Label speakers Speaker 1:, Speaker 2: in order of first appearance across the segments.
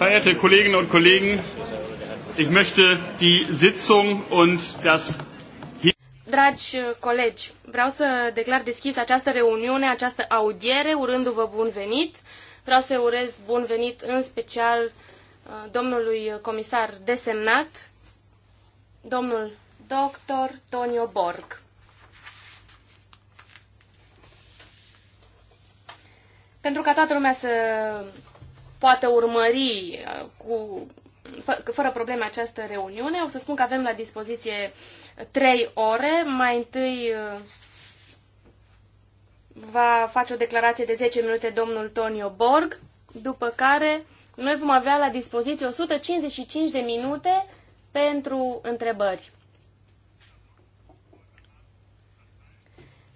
Speaker 1: Verehrte Kolleginnen und Kollegen, ich möchte die Sitzung und das
Speaker 2: Dragi colegi, vreau să declar deschis această reuniune, această audiere, urându-vă bun venit. Vreau să urez bun venit în special uh, domnului comisar desemnat, domnul doctor Tonio Borg. Pentru ca toată lumea să poate urmări uh, cu, fă, fără probleme această reuniune. O să spun că avem la dispoziție trei ore. Mai întâi uh, va face o declarație de 10 minute domnul Tonio Borg, după care noi vom avea la dispoziție 155 de minute pentru întrebări.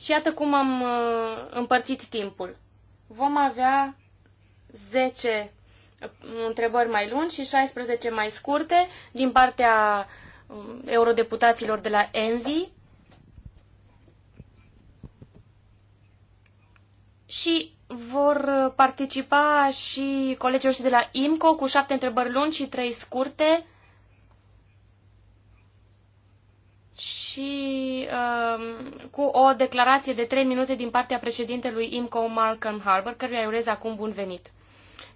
Speaker 2: Și iată cum am uh, împărțit timpul. Vom avea 10 uh, întrebări mai lungi și 16 mai scurte din partea um, eurodeputaților de la Envi. Și vor uh, participa și colegii noștri de la IMCO cu 7 întrebări lungi și trei scurte. și um, cu o declarație de 3 minute din partea președintelui IMCO Malcolm Harbour, căruia îi urez acum bun venit.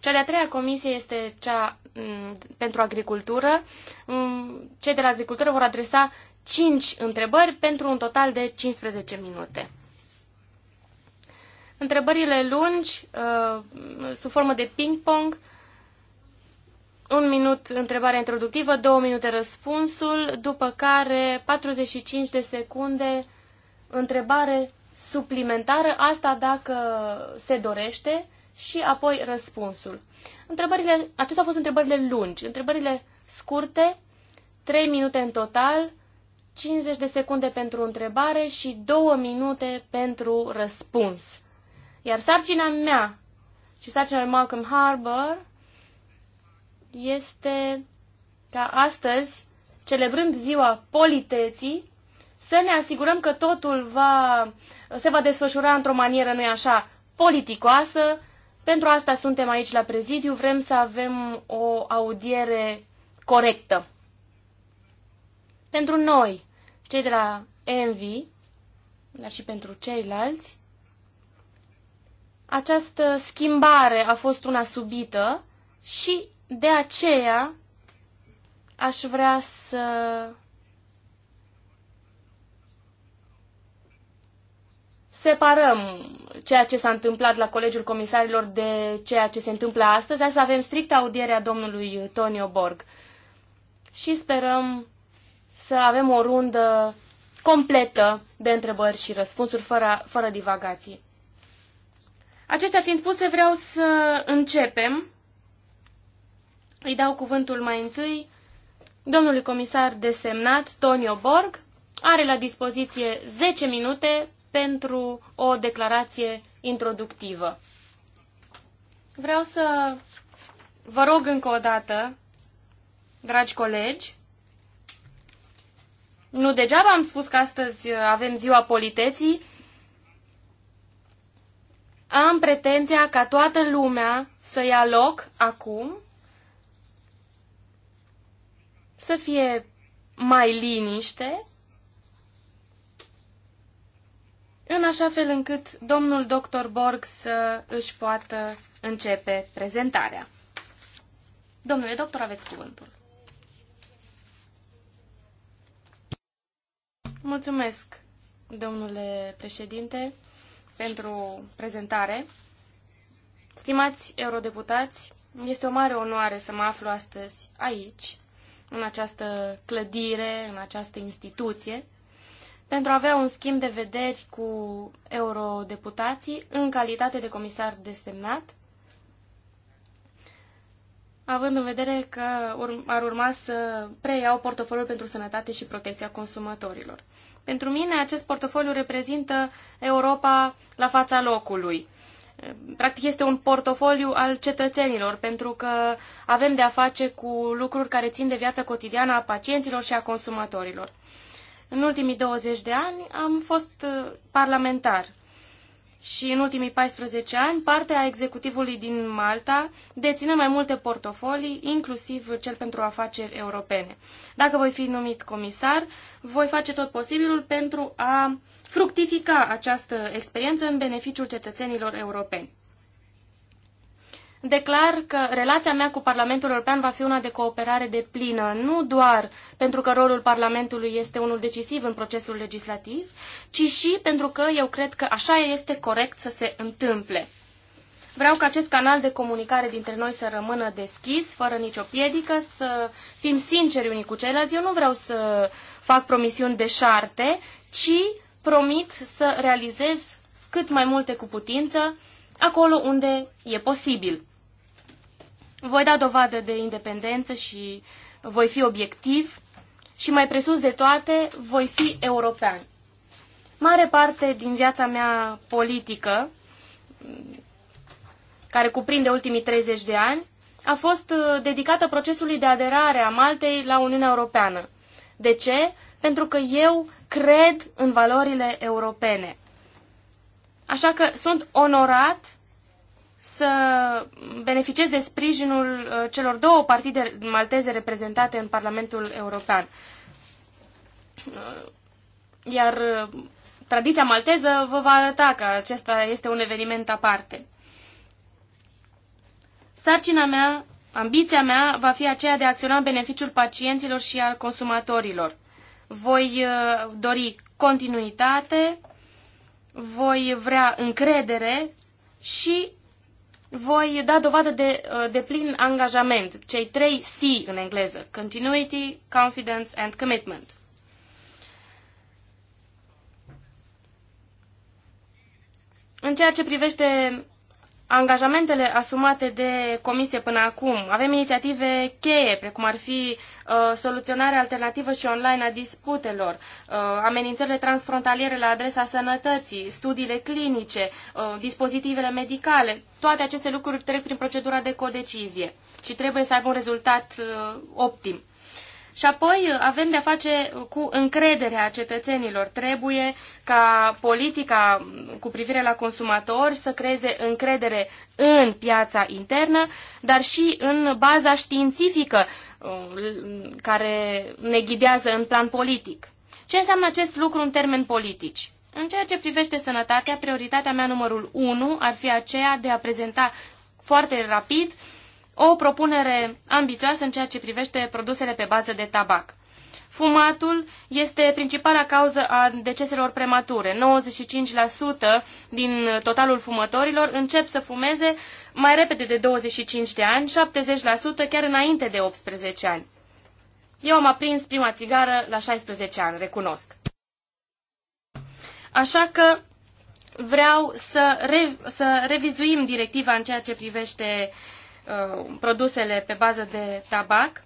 Speaker 2: Cea de-a treia comisie este cea mm, pentru agricultură. Mm, cei de la agricultură vor adresa 5 întrebări pentru un total de 15 minute. Întrebările lungi, uh, sub formă de ping-pong, un minut întrebarea introductivă, două minute răspunsul, după care 45 de secunde întrebare suplimentară, asta dacă se dorește, și apoi răspunsul. Întrebările, acestea au fost întrebările lungi. Întrebările scurte, 3 minute în total, 50 de secunde pentru întrebare și 2 minute pentru răspuns. Iar sarcina mea și sarcina lui Malcolm Harbour este ca astăzi, celebrând ziua politeții, să ne asigurăm că totul va, se va desfășura într-o manieră, nu așa, politicoasă, pentru asta suntem aici la prezidiu, vrem să avem o audiere corectă. Pentru noi, cei de la Envy, dar și pentru ceilalți, această schimbare a fost una subită și de aceea aș vrea să separăm ceea ce s-a întâmplat la Colegiul Comisarilor de ceea ce se întâmplă astăzi. Azi avem strict audierea domnului Tonio Borg și sperăm să avem o rundă completă de întrebări și răspunsuri fără, fără divagații. Acestea fiind spuse, vreau să începem. Îi dau cuvântul mai întâi domnului comisar desemnat, Tonio Borg. Are la dispoziție 10 minute pentru o declarație introductivă. Vreau să vă rog încă o dată, dragi colegi, nu degeaba am spus că astăzi avem ziua politeții, am pretenția ca toată lumea să ia loc acum, să fie mai liniște în așa fel încât domnul doctor Borg să își poată începe prezentarea. Domnule doctor, aveți cuvântul. Mulțumesc, domnule președinte, pentru prezentare. Stimați eurodeputați, este o mare onoare să mă aflu astăzi aici, în această clădire, în această instituție, pentru a avea un schimb de vederi cu eurodeputații în calitate de comisar desemnat, având în vedere că ar urma să preiau portofoliul pentru sănătate și protecția consumatorilor. Pentru mine, acest portofoliu reprezintă Europa la fața locului. Practic este un portofoliu al cetățenilor, pentru că avem de a face cu lucruri care țin de viața cotidiană a pacienților și a consumatorilor. În ultimii 20 de ani am fost uh, parlamentar și în ultimii 14 ani partea executivului din Malta deține mai multe portofolii, inclusiv cel pentru afaceri europene. Dacă voi fi numit comisar, voi face tot posibilul pentru a fructifica această experiență în beneficiul cetățenilor europeni declar că relația mea cu Parlamentul European va fi una de cooperare de plină, nu doar pentru că rolul Parlamentului este unul decisiv în procesul legislativ, ci și pentru că eu cred că așa este corect să se întâmple. Vreau ca acest canal de comunicare dintre noi să rămână deschis, fără nicio piedică, să fim sinceri unii cu ceilalți. Eu nu vreau să fac promisiuni de șarte, ci promit să realizez cât mai multe cu putință, acolo unde e posibil. Voi da dovadă de independență și voi fi obiectiv și mai presus de toate, voi fi european. Mare parte din viața mea politică, care cuprinde ultimii 30 de ani, a fost uh, dedicată procesului de aderare a Maltei la Uniunea Europeană. De ce? Pentru că eu cred în valorile europene. Așa că sunt onorat să beneficiez de sprijinul uh, celor două partide malteze reprezentate în Parlamentul European. Uh, iar uh, tradiția malteză vă va arăta că acesta este un eveniment aparte. Sarcina mea, ambiția mea, va fi aceea de a acționa în beneficiul pacienților și al consumatorilor. Voi dori continuitate, voi vrea încredere și voi da dovadă de, uh, de plin angajament, cei trei C în engleză, continuity, confidence and commitment. În ceea ce privește angajamentele asumate de comisie până acum, avem inițiative cheie, precum ar fi Uh, soluționare alternativă și online a disputelor, uh, amenințările transfrontaliere la adresa sănătății, studiile clinice, uh, dispozitivele medicale, toate aceste lucruri trec prin procedura de codecizie și trebuie să aibă un rezultat optim. Și apoi avem de-a face cu încrederea cetățenilor. Trebuie ca politica mm, cu privire la consumatori să creeze încredere în piața internă, dar și în baza științifică Uh, care ne ghidează în plan politic. Ce înseamnă acest lucru în termeni politici? În ceea ce privește sănătatea, prioritatea mea numărul 1 ar fi aceea de a prezenta foarte rapid o propunere ambițioasă în ceea ce privește produsele pe bază de tabac. Fumatul este principala cauză a deceselor premature. 95% din totalul fumătorilor încep să fumeze mai repede de 25 de ani, 70% chiar înainte de 18 ani. Eu am aprins prima țigară la 16 ani, recunosc. Așa că vreau să, re, să revizuim directiva în ceea ce privește uh, produsele pe bază de tabac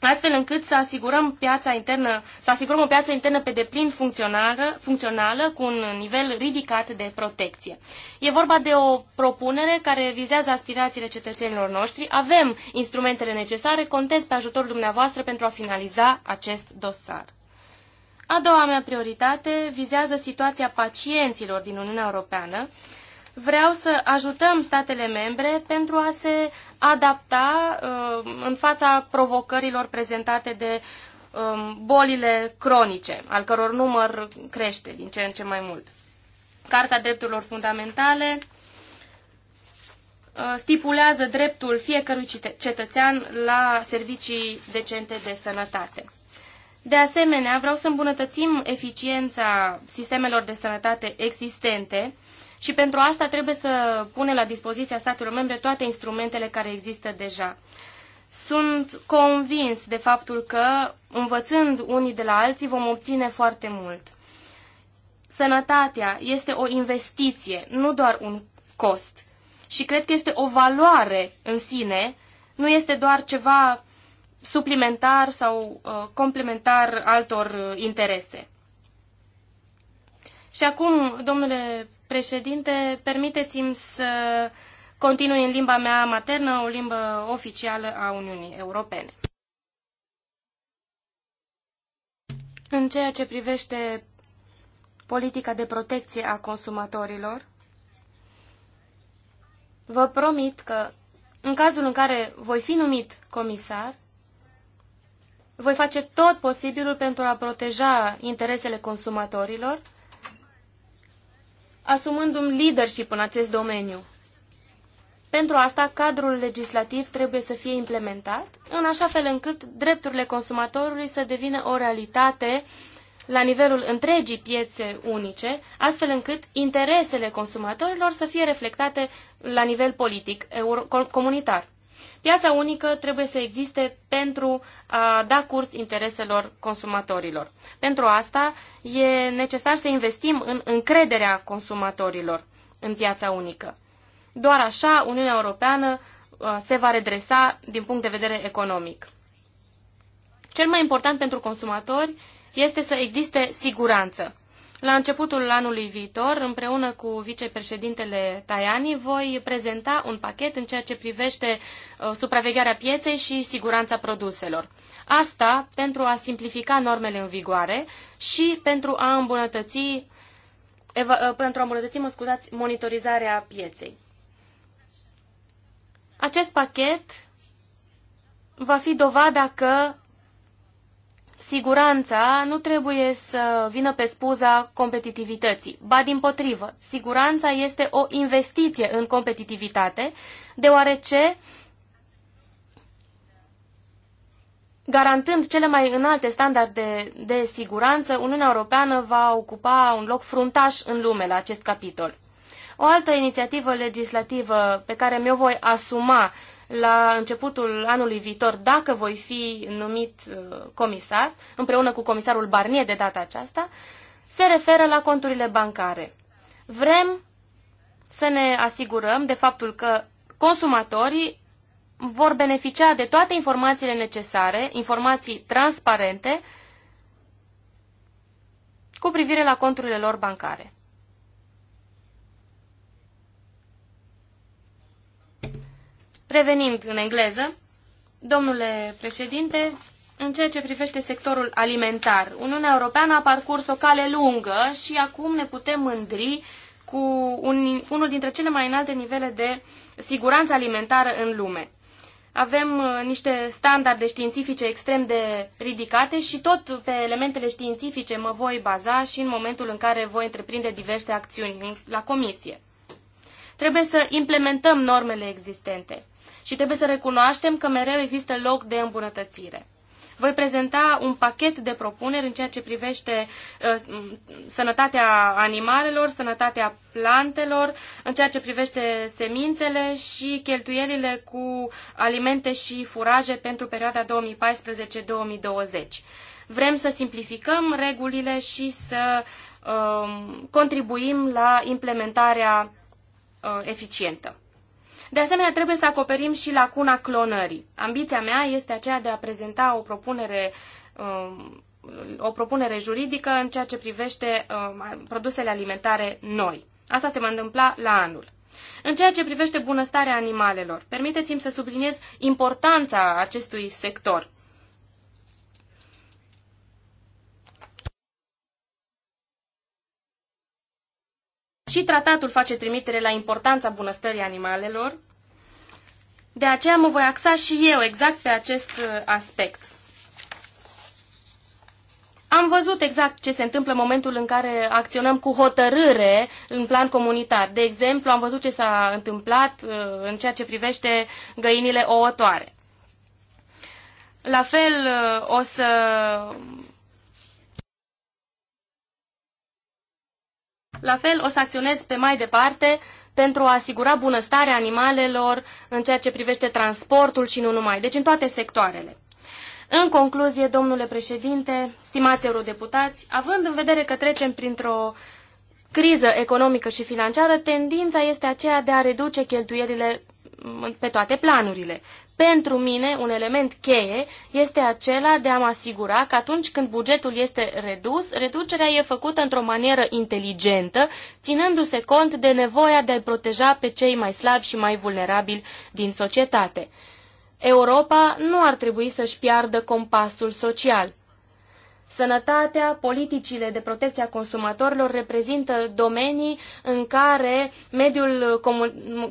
Speaker 2: astfel încât să asigurăm, piața internă, să asigurăm o piață internă pe deplin funcțională, funcțională, cu un nivel ridicat de protecție. E vorba de o propunere care vizează aspirațiile cetățenilor noștri. Avem instrumentele necesare, contez pe ajutorul dumneavoastră pentru a finaliza acest dosar. A doua mea prioritate vizează situația pacienților din Uniunea Europeană, vreau să ajutăm statele membre pentru a se adapta uh, în fața provocărilor prezentate de um, bolile cronice, al căror număr crește din ce în ce mai mult. Carta Drepturilor Fundamentale uh, stipulează dreptul fiecărui cetățean la servicii decente de sănătate. De asemenea, vreau să îmbunătățim eficiența sistemelor de sănătate existente, și pentru asta trebuie să pune la dispoziția statelor membre toate instrumentele care există deja. Sunt convins de faptul că, învățând unii de la alții, vom obține foarte mult. Sănătatea este o investiție, nu doar un cost. Și cred că este o valoare în sine, nu este doar ceva suplimentar sau uh, complementar altor uh, interese. Și acum, domnule președinte, permiteți-mi să continui în limba mea maternă, o limbă oficială a Uniunii Europene. În ceea ce privește politica de protecție a consumatorilor, vă promit că în cazul în care voi fi numit comisar, voi face tot posibilul pentru a proteja interesele consumatorilor asumându-mi leadership în acest domeniu. Pentru asta, cadrul legislativ trebuie să fie implementat, în așa fel încât drepturile consumatorului să devină o realitate la nivelul întregii piețe unice, astfel încât interesele consumatorilor să fie reflectate la nivel politic, comunitar. Piața unică trebuie să existe pentru a da curs intereselor consumatorilor. Pentru asta e necesar să investim în încrederea consumatorilor în piața unică. Doar așa Uniunea Europeană uh, se va redresa din punct de vedere economic. Cel mai important pentru consumatori este să existe siguranță. La începutul anului viitor, împreună cu vicepreședintele Tajani, voi prezenta un pachet în ceea ce privește uh, supravegherea pieței și siguranța produselor. Asta pentru a simplifica normele în vigoare și pentru a îmbunătăți, uh, pentru a îmbunătăți mă scuzați, monitorizarea pieței. Acest pachet va fi dovada că siguranța nu trebuie să vină pe spuza competitivității. Ba din potrivă, siguranța este o investiție în competitivitate, deoarece garantând cele mai înalte standarde de, de siguranță, Uniunea Europeană va ocupa un loc fruntaș în lume la acest capitol. O altă inițiativă legislativă pe care mi-o voi asuma la începutul anului viitor, dacă voi fi numit uh, comisar, împreună cu comisarul Barnier de data aceasta, se referă la conturile bancare. Vrem să ne asigurăm de faptul că consumatorii vor beneficia de toate informațiile necesare, informații transparente, cu privire la conturile lor bancare. Revenind în engleză, domnule președinte, în ceea ce privește sectorul alimentar, Uniunea Europeană a parcurs o cale lungă și acum ne putem mândri cu un, unul dintre cele mai înalte nivele de siguranță alimentară în lume. Avem uh, niște standarde științifice extrem de ridicate și tot pe elementele științifice mă voi baza și în momentul în care voi întreprinde diverse acțiuni la comisie. Trebuie să implementăm normele existente și trebuie să recunoaștem că mereu există loc de îmbunătățire. Voi prezenta un pachet de propuneri în ceea ce privește uh, sănătatea animalelor, sănătatea plantelor, în ceea ce privește semințele și cheltuielile cu alimente și furaje pentru perioada 2014-2020. Vrem să simplificăm regulile și să uh, contribuim la implementarea uh, eficientă. De asemenea, trebuie să acoperim și lacuna clonării. Ambiția mea este aceea de a prezenta o propunere um, o propunere juridică în ceea ce privește um, produsele alimentare noi. Asta se va întâmpla la anul. În ceea ce privește bunăstarea animalelor, permiteți-mi să subliniez importanța acestui sector. Și tratatul face trimitere la importanța bunăstării animalelor. De aceea mă voi axa și eu exact pe acest uh, aspect. Am văzut exact ce se întâmplă în momentul în care acționăm cu hotărâre în plan comunitar. De exemplu, am văzut ce s-a întâmplat uh, în ceea ce privește găinile ouătoare. La fel uh, o să La fel, o să acționez pe mai departe pentru a asigura bunăstarea animalelor în ceea ce privește transportul și nu numai, deci în toate sectoarele. În concluzie, domnule președinte, stimați eurodeputați, având în vedere că trecem printr-o criză economică și financiară, tendința este aceea de a reduce cheltuielile pe toate planurile. Pentru mine, un element cheie este acela de a mă asigura că atunci când bugetul este redus, reducerea e făcută într-o manieră inteligentă, ținându-se cont de nevoia de a proteja pe cei mai slabi și mai vulnerabili din societate. Europa nu ar trebui să-și piardă compasul social. Sănătatea, politicile de protecție a consumatorilor reprezintă domenii în care mediul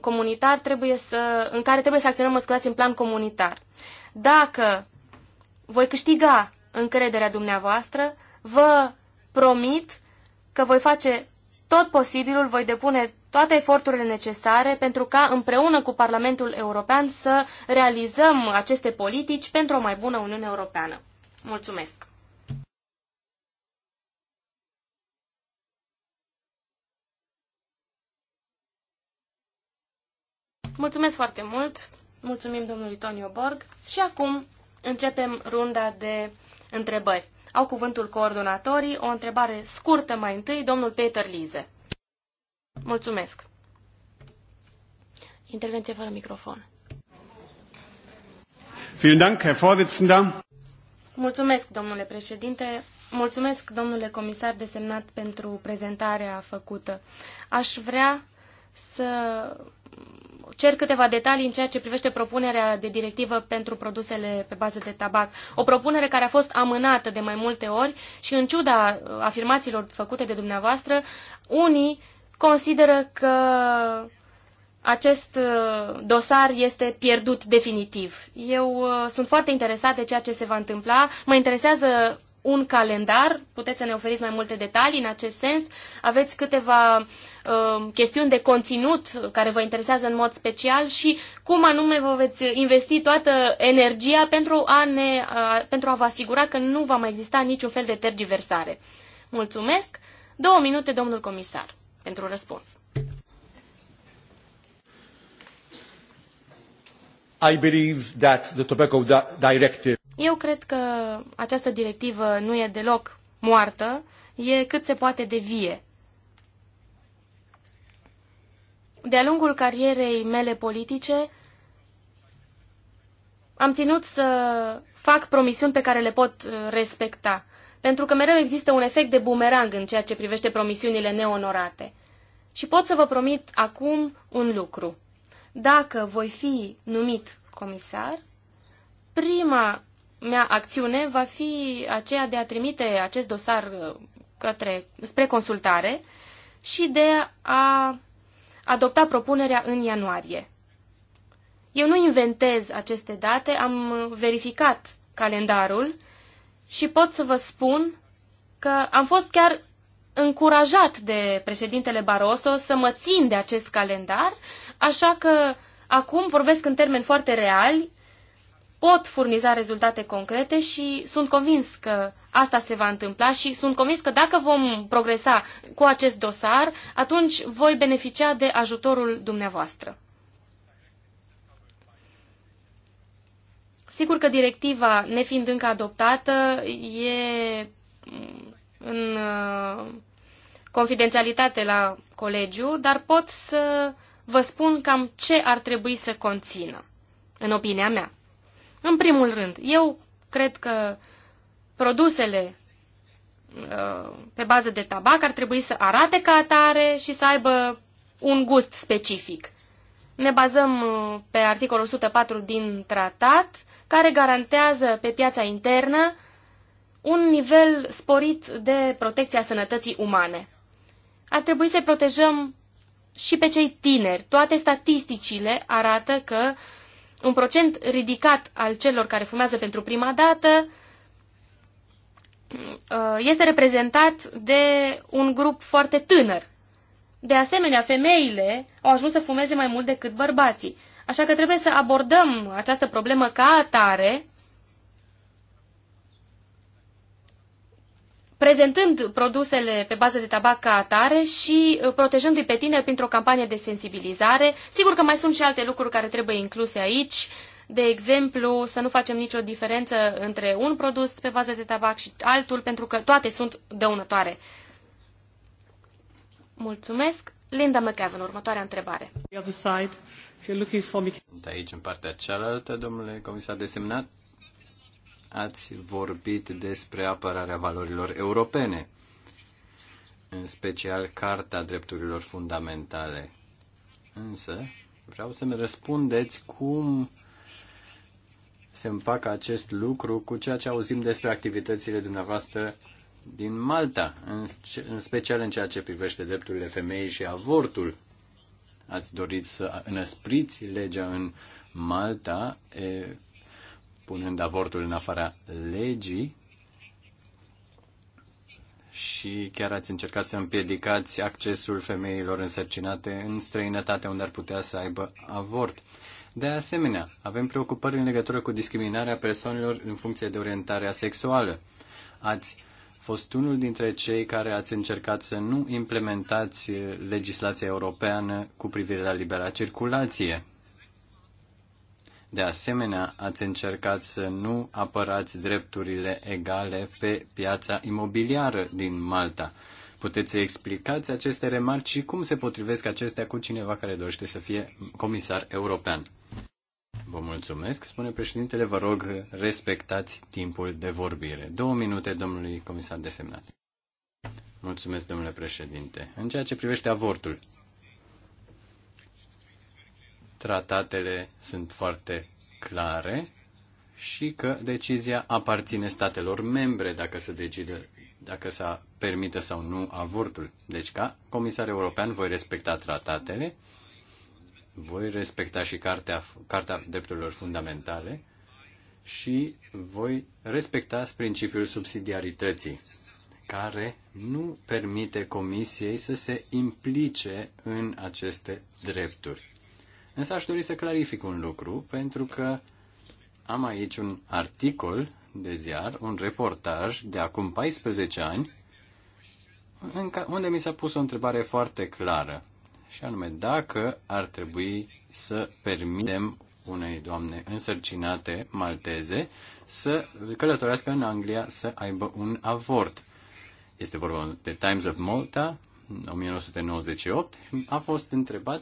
Speaker 2: comunitar trebuie să, în care trebuie să acționăm, mă în plan comunitar. Dacă voi câștiga încrederea dumneavoastră, vă promit că voi face tot posibilul, voi depune toate eforturile necesare pentru ca împreună cu Parlamentul European să realizăm aceste politici pentru o mai bună Uniune Europeană. Mulțumesc! Mulțumesc foarte mult! Mulțumim domnului Tonio Borg și acum începem runda de întrebări. Au cuvântul coordonatorii, o întrebare scurtă mai întâi, domnul Peter Lize. Mulțumesc. Intervenție fără microfon. Mulțumesc, domnule președinte. Mulțumesc, domnule comisar desemnat, pentru prezentarea făcută. Aș vrea să cer câteva detalii în ceea ce privește propunerea de directivă pentru produsele pe bază de tabac. O propunere care a fost amânată de mai multe ori și în ciuda uh, afirmațiilor făcute de dumneavoastră, unii consideră că acest uh, dosar este pierdut definitiv. Eu uh, sunt foarte interesată de ceea ce se va întâmpla. Mă interesează un calendar, puteți să ne oferiți mai multe detalii în acest sens, aveți câteva uh, chestiuni de conținut care vă interesează în mod special și cum anume vă veți investi toată energia pentru a, ne, uh, pentru a vă asigura că nu va mai exista niciun fel de tergiversare. Mulțumesc! Două minute, domnul comisar, pentru răspuns.
Speaker 1: I believe that the tobacco directive
Speaker 2: eu cred că această directivă nu e deloc moartă, e cât se poate de vie. De-a lungul carierei mele politice, am ținut să fac promisiuni pe care le pot uh, respecta, pentru că mereu există un efect de bumerang în ceea ce privește promisiunile neonorate. Și pot să vă promit acum un lucru. Dacă voi fi numit comisar, prima mea acțiune va fi aceea de a trimite acest dosar uh, către, spre consultare și de a adopta propunerea în ianuarie. Eu nu inventez aceste date, am verificat calendarul și pot să vă spun că am fost chiar încurajat de președintele Barroso să mă țin de acest calendar, așa că acum vorbesc în termeni foarte reali, pot furniza rezultate concrete și sunt convins că asta se va întâmpla și sunt convins că dacă vom progresa cu acest dosar, atunci voi beneficia de ajutorul dumneavoastră. Sigur că directiva, nefiind încă adoptată, e în uh, confidențialitate la colegiu, dar pot să vă spun cam ce ar trebui să conțină, în opinia mea. În primul rând, eu cred că produsele uh, pe bază de tabac ar trebui să arate ca atare și să aibă un gust specific. Ne bazăm uh, pe articolul 104 din tratat, care garantează pe piața internă un nivel sporit de protecția sănătății umane. Ar trebui să protejăm și pe cei tineri. Toate statisticile arată că uh, un procent ridicat al celor care fumează pentru prima dată uh, este reprezentat de un grup foarte tânăr. De asemenea, femeile au ajuns să fumeze mai mult decât bărbații. Așa că trebuie să abordăm această problemă ca atare prezentând produsele pe bază de tabac ca atare și uh, protejându-i pe tineri printr-o campanie de sensibilizare. Sigur că mai sunt și alte lucruri care trebuie incluse aici, de exemplu, să nu facem nicio diferență între un produs pe bază de tabac și altul, pentru că toate sunt dăunătoare. Mulțumesc. Linda McEvan, următoarea întrebare.
Speaker 3: Sunt aici, în partea cealaltă, domnule comisar desemnat ați vorbit despre apărarea valorilor europene, în special Carta Drepturilor Fundamentale. Însă, vreau să-mi răspundeți cum se împacă acest lucru cu ceea ce auzim despre activitățile dumneavoastră din Malta, în special în ceea ce privește drepturile femeii și avortul. Ați dorit să înăspriți legea în Malta e, punând avortul în afara legii și chiar ați încercat să împiedicați accesul femeilor însărcinate în străinătate unde ar putea să aibă avort. De asemenea, avem preocupări în legătură cu discriminarea persoanelor în funcție de orientarea sexuală. Ați fost unul dintre cei care ați încercat să nu implementați legislația europeană cu privire la libera circulație. De asemenea, ați încercat să nu apărați drepturile egale pe piața imobiliară din Malta. Puteți să explicați aceste remarci și cum se potrivesc acestea cu cineva care dorește să fie comisar european? Vă mulțumesc, spune președintele, vă rog, respectați timpul de vorbire. Două minute, domnului comisar desemnat. Mulțumesc, domnule președinte. În ceea ce privește avortul, tratatele sunt foarte clare și că decizia aparține statelor membre dacă se decide dacă se permite sau nu avortul. Deci, ca comisar european, voi respecta tratatele, voi respecta și Cartea, Cartea Drepturilor Fundamentale și voi respecta principiul subsidiarității, care nu permite comisiei să se implice în aceste drepturi. Însă aș dori să clarific un lucru, pentru că am aici un articol de ziar, un reportaj de acum 14 ani, unde mi s-a pus o întrebare foarte clară, și anume dacă ar trebui să permitem unei doamne însărcinate malteze să călătorească în Anglia să aibă un avort. Este vorba de Times of Malta, 1998, a fost întrebat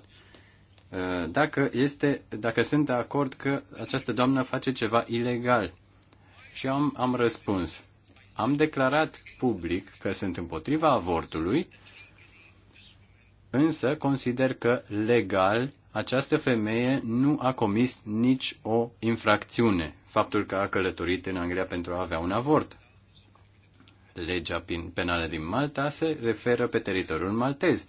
Speaker 3: Uh, dacă, este, dacă sunt de acord că această doamnă face ceva ilegal. Și am, am răspuns. Am declarat public că sunt împotriva avortului, însă consider că legal această femeie nu a comis nici o infracțiune, faptul că a călătorit în Anglia pentru a avea un avort. Legea penală din Malta se referă pe teritoriul maltez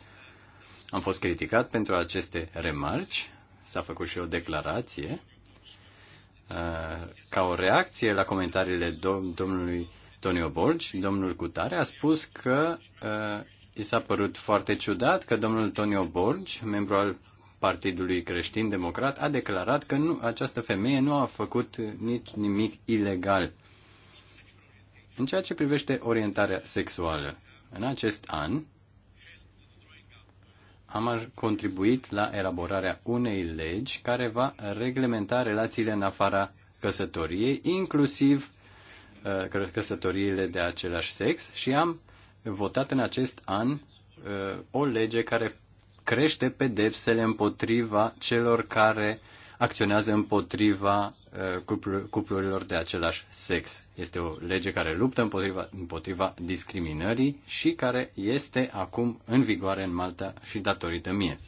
Speaker 3: am fost criticat pentru aceste remarci, s-a făcut și o declarație uh, ca o reacție la comentariile domnului Tonio Borgi, domnul Cutare a spus că uh, i s-a părut foarte ciudat că domnul Tonio Borgi, membru al Partidului Creștin Democrat, a declarat că nu, această femeie nu a făcut nici nimic ilegal. În ceea ce privește orientarea sexuală, în acest an, am contribuit la elaborarea unei legi care va reglementa relațiile în afara căsătoriei, inclusiv uh, căsătoriile de același sex și am votat în acest an uh, o lege care crește pedepsele împotriva celor care acționează împotriva uh, cuplurilor de același sex. Este o lege care luptă împotriva, împotriva discriminării și care este acum în vigoare în Malta și datorită mie.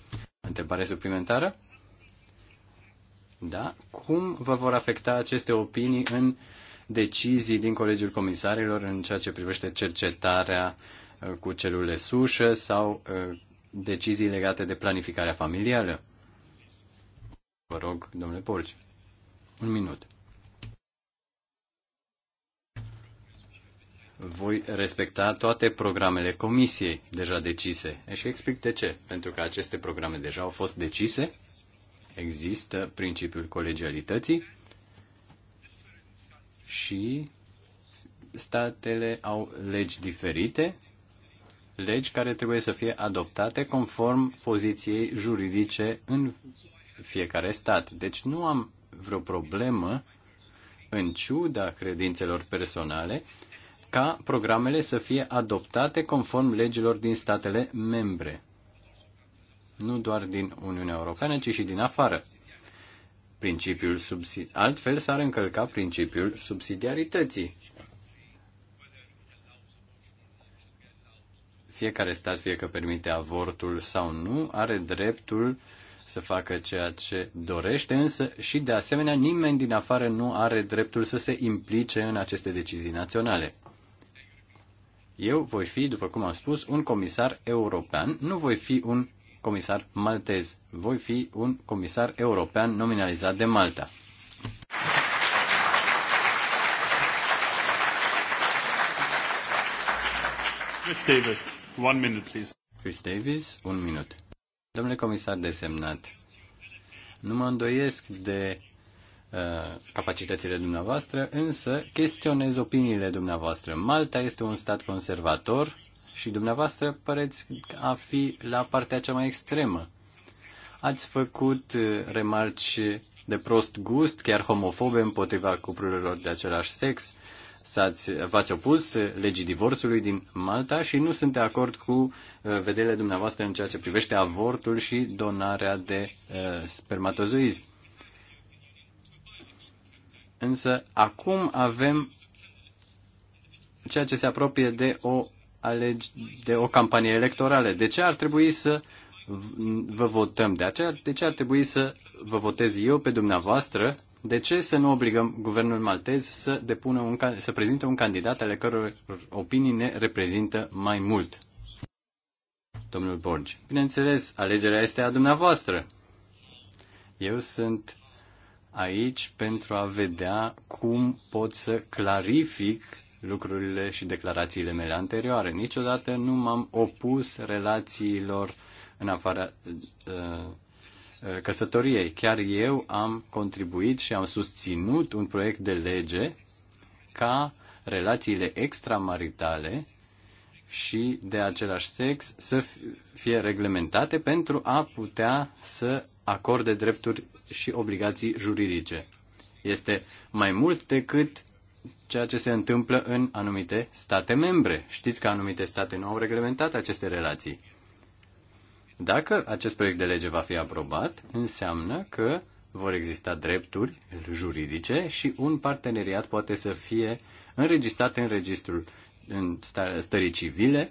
Speaker 3: Întrebare suplimentară? Da? Cum vă vor afecta aceste opinii în decizii din Colegiul Comisarilor în ceea ce privește cercetarea uh, cu celule sușă sau uh, decizii legate de planificarea familială? Vă rog, domnule Polci. Un minut. Voi respecta toate programele comisiei deja decise. și explic de ce. Pentru că aceste programe deja au fost decise. Există principiul colegialității și statele au legi diferite, legi care trebuie să fie adoptate conform poziției juridice în fiecare stat. Deci nu am vreo problemă, în ciuda credințelor personale, ca programele să fie adoptate conform legilor din statele membre. Nu doar din Uniunea Europeană, ci și din afară. Principiul Altfel s-ar încălca principiul subsidiarității. Fiecare stat, fie că permite avortul sau nu, are dreptul uh, să facă ceea ce dorește, însă și de asemenea nimeni din afară nu are dreptul să se implice în aceste decizii naționale. Eu voi fi, după cum am spus, un comisar european, nu voi fi un comisar maltez. Voi fi un comisar european nominalizat de Malta. Chris Davis, one minute, please. Chris Davis, un minut. Domnule comisar desemnat, nu mă îndoiesc de uh, capacitățile dumneavoastră, însă chestionez opiniile dumneavoastră. Malta este un stat conservator și dumneavoastră păreți a fi la partea cea mai extremă. Ați făcut uh, remarci de prost gust, chiar homofobe împotriva cuplurilor de același sex v-ați opus legii divorțului din Malta și nu sunt de acord cu uh, vederile dumneavoastră în ceea ce privește avortul și donarea de uh, spermatozoizi. Însă acum avem ceea ce se apropie de o, alege, de o campanie electorală. De ce ar trebui să vă votăm? De, aceea, de ce ar trebui să vă votez eu pe dumneavoastră de ce să nu obligăm guvernul maltez să, depună un, să prezinte un candidat ale căror opinii ne reprezintă mai mult? Domnul Borgi. Bineînțeles, alegerea este a dumneavoastră. Eu sunt aici pentru a vedea cum pot să clarific lucrurile și declarațiile mele anterioare. Niciodată nu m-am opus relațiilor în afara uh, Eh, căsătoriei. Chiar eu am contribuit și am susținut un proiect de lege ca relațiile extramaritale și de același sex să fie reglementate pentru a putea să acorde drepturi și obligații juridice. Este mai mult decât ceea ce se întâmplă în anumite state membre. Știți că anumite state nu au reglementat aceste relații. Dacă acest proiect de lege va fi aprobat, înseamnă că vor exista drepturi juridice și un parteneriat poate să fie înregistrat în registrul în stării civile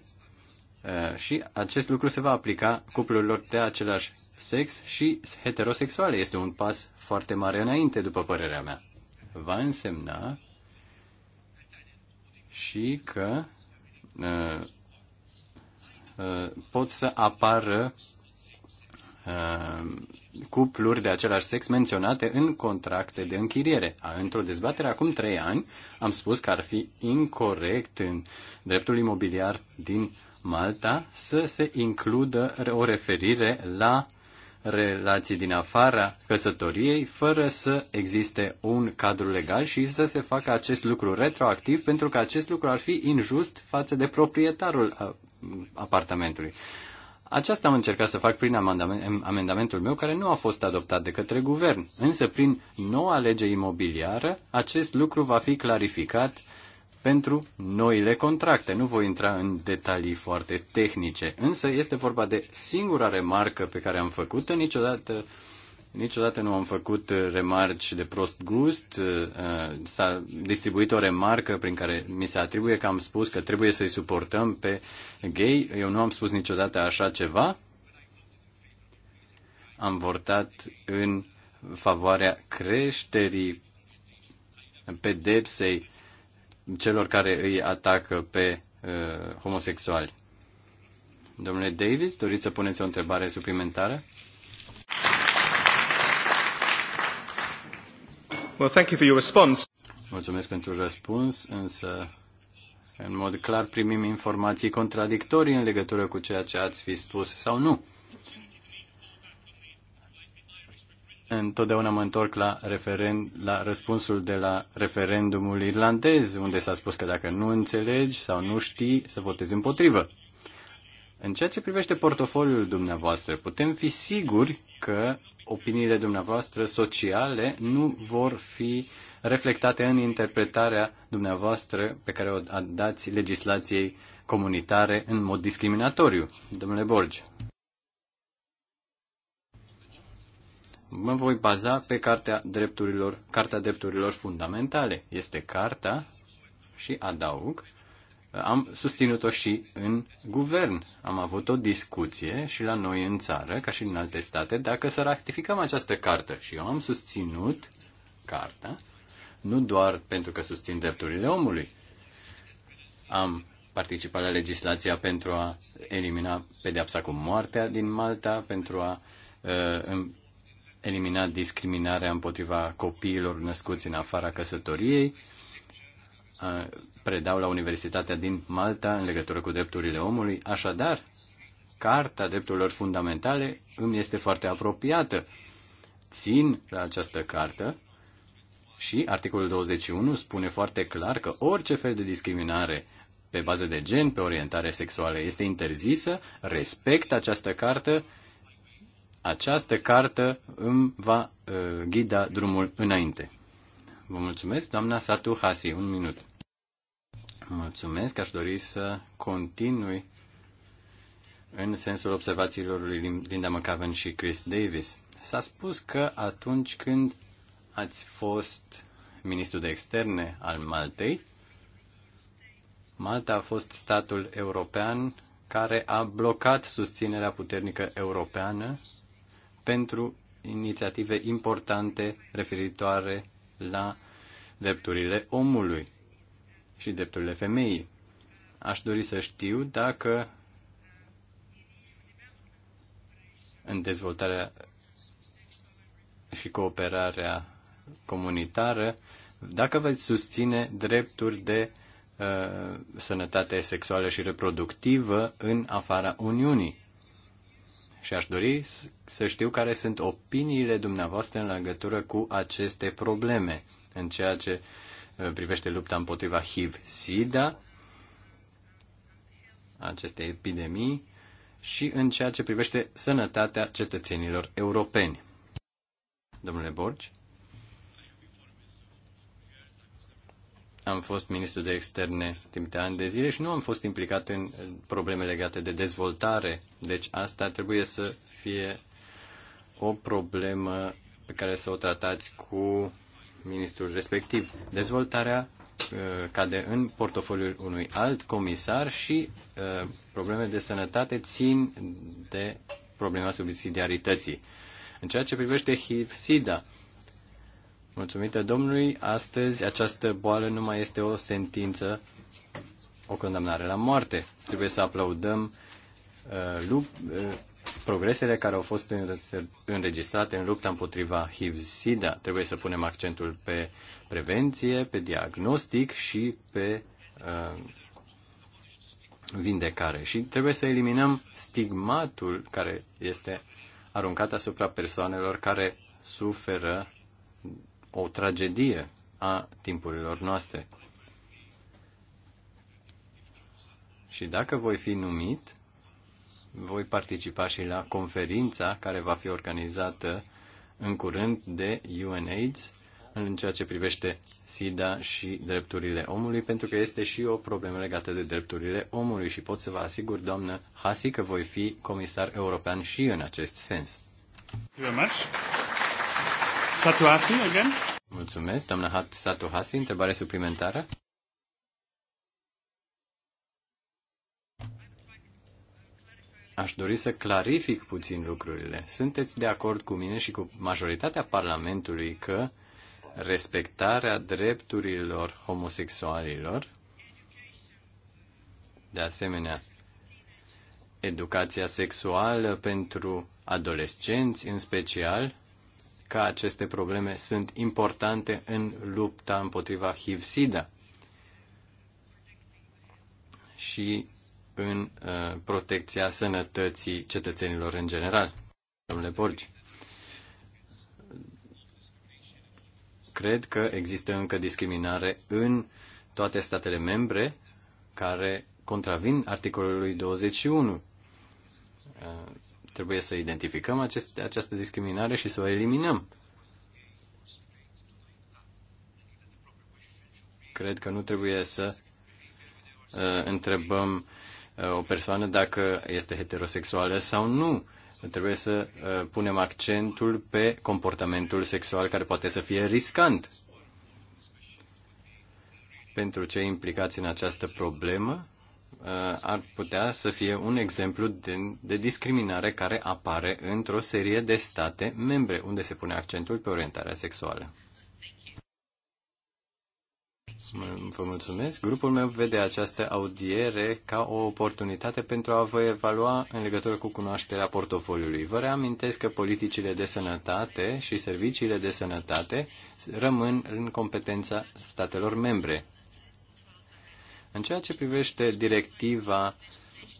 Speaker 3: uh, și acest lucru se va aplica cuplurilor de același sex și heterosexuale. Este un pas foarte mare înainte, după părerea mea. Va însemna și că uh, Uh, pot să apară uh, cupluri de același sex menționate în contracte de închiriere. Într-o dezbatere acum trei ani am spus că ar fi incorrect în dreptul imobiliar din Malta să se includă o referire la relații din afara căsătoriei fără să existe un cadru legal și să se facă acest lucru retroactiv pentru că acest lucru ar fi injust față de proprietarul uh, apartamentului. Aceasta am încercat să fac prin amendamentul meu care nu a fost adoptat de către guvern, însă prin noua lege imobiliară acest lucru va fi clarificat pentru noile contracte. Nu voi intra în detalii foarte tehnice, însă este vorba de singura remarcă pe care am făcut-o. Niciodată, niciodată nu am făcut remarci de prost gust. Uh, s-a distribuit o remarcă prin care mi se atribuie că am spus că trebuie să-i suportăm pe gay. Eu nu am spus niciodată așa ceva. Am votat în favoarea creșterii pedepsei celor care îi atacă pe uh, homosexuali. Domnule Davis, doriți să puneți o întrebare suplimentară? Well, thank you for your response. Mulțumesc pentru răspuns, însă în mod clar primim informații contradictorii în legătură cu ceea ce ați fi spus sau nu. Întotdeauna mă întorc la, referen, la răspunsul de la referendumul irlandez, unde s-a spus că dacă nu înțelegi sau nu știi, să votezi împotrivă. În ceea ce privește portofoliul dumneavoastră, putem fi siguri că opiniile dumneavoastră sociale nu vor fi reflectate în interpretarea dumneavoastră pe care o dați legislației comunitare în mod discriminatoriu. Domnule Borgi. mă voi baza pe Cartea Drepturilor, Cartea Drepturilor Fundamentale. Este carta și adaug, am susținut-o și în guvern. Am avut o discuție și la noi în țară, ca și în alte state, dacă să ratificăm această carte. Și eu am susținut carta, nu doar pentru că susțin drepturile omului. Am participat la legislația pentru a elimina pedeapsa cu moartea din Malta, pentru a uh, elimina discriminarea împotriva copiilor născuți în afara căsătoriei, predau la Universitatea din Malta în legătură cu drepturile omului, așadar, Carta Drepturilor Fundamentale îmi este foarte apropiată. Țin la această cartă și articolul 21 spune foarte clar că orice fel de discriminare pe bază de gen, pe orientare sexuală este interzisă, respect această cartă această carte îmi va uh, ghida drumul înainte. Vă mulțumesc, doamna Satu Hasi, un minut. Mulțumesc, aș dori să continui în sensul observațiilor lui Linda McAven și Chris Davis. S-a spus că atunci când ați fost ministru de externe al Maltei, Malta a fost statul european care a blocat susținerea puternică europeană pentru inițiative importante referitoare la drepturile omului și drepturile femeii. Aș dori să știu dacă în dezvoltarea și cooperarea comunitară, dacă veți susține drepturi de uh, sănătate sexuală și reproductivă în afara Uniunii. Și aș dori să știu care sunt opiniile dumneavoastră în legătură cu aceste probleme în ceea ce uh, privește lupta împotriva HIV-SIDA, aceste epidemii, și în ceea ce privește sănătatea cetățenilor europeni. Domnule Borci? Am fost ministru de externe timp de ani de zile și nu am fost implicat în probleme legate de dezvoltare. Deci asta trebuie să fie o problemă pe care să o tratați cu ministrul respectiv. Dezvoltarea uh, cade în portofoliul unui alt comisar și uh, probleme de sănătate țin de problema subsidiarității. În ceea ce privește HIV-SIDA, Mulțumită Domnului, astăzi această boală nu mai este o sentință, o condamnare la moarte. Trebuie să aplaudăm uh, lup, uh, progresele care au fost înregistrate în lupta împotriva HIV-SIDA. Trebuie să punem accentul pe prevenție, pe diagnostic și pe uh, vindecare. Și trebuie să eliminăm stigmatul care este aruncat asupra persoanelor care suferă o tragedie a timpurilor noastre. Și dacă voi fi numit, voi participa și la conferința care va fi organizată în curând de UNAIDS în ceea ce privește SIDA și drepturile omului, pentru că este și o problemă legată de drepturile omului și pot să vă asigur, doamnă Hasi, că voi fi comisar european și în acest sens.
Speaker 1: Thank you very much. Satuasi, again.
Speaker 3: Mulțumesc, doamna Satu Hasi. Întrebare suplimentară? Aș dori să clarific puțin lucrurile. Sunteți de acord cu mine și cu majoritatea Parlamentului că respectarea drepturilor homosexualilor, de asemenea, educația sexuală pentru adolescenți în special, că aceste probleme sunt importante în lupta împotriva HIV-SIDA și în uh, protecția sănătății cetățenilor în general. Domnule Borgi, cred că există încă discriminare în toate statele membre care contravin articolului 21. Uh, Trebuie să identificăm acest, această discriminare și să o eliminăm. Cred că nu trebuie să uh, întrebăm uh, o persoană dacă este heterosexuală sau nu. Trebuie să uh, punem accentul pe comportamentul sexual care poate să fie riscant. Pentru cei implicați în această problemă, Uh, ar putea să fie un exemplu de, de discriminare care apare într-o serie de state membre unde se pune accentul pe orientarea sexuală. Vă mulțumesc. Grupul meu vede această audiere ca o oportunitate pentru a vă evalua în legătură cu cunoașterea portofoliului. Vă reamintesc că politicile de sănătate și serviciile de sănătate rămân în competența statelor membre. În ceea ce privește directiva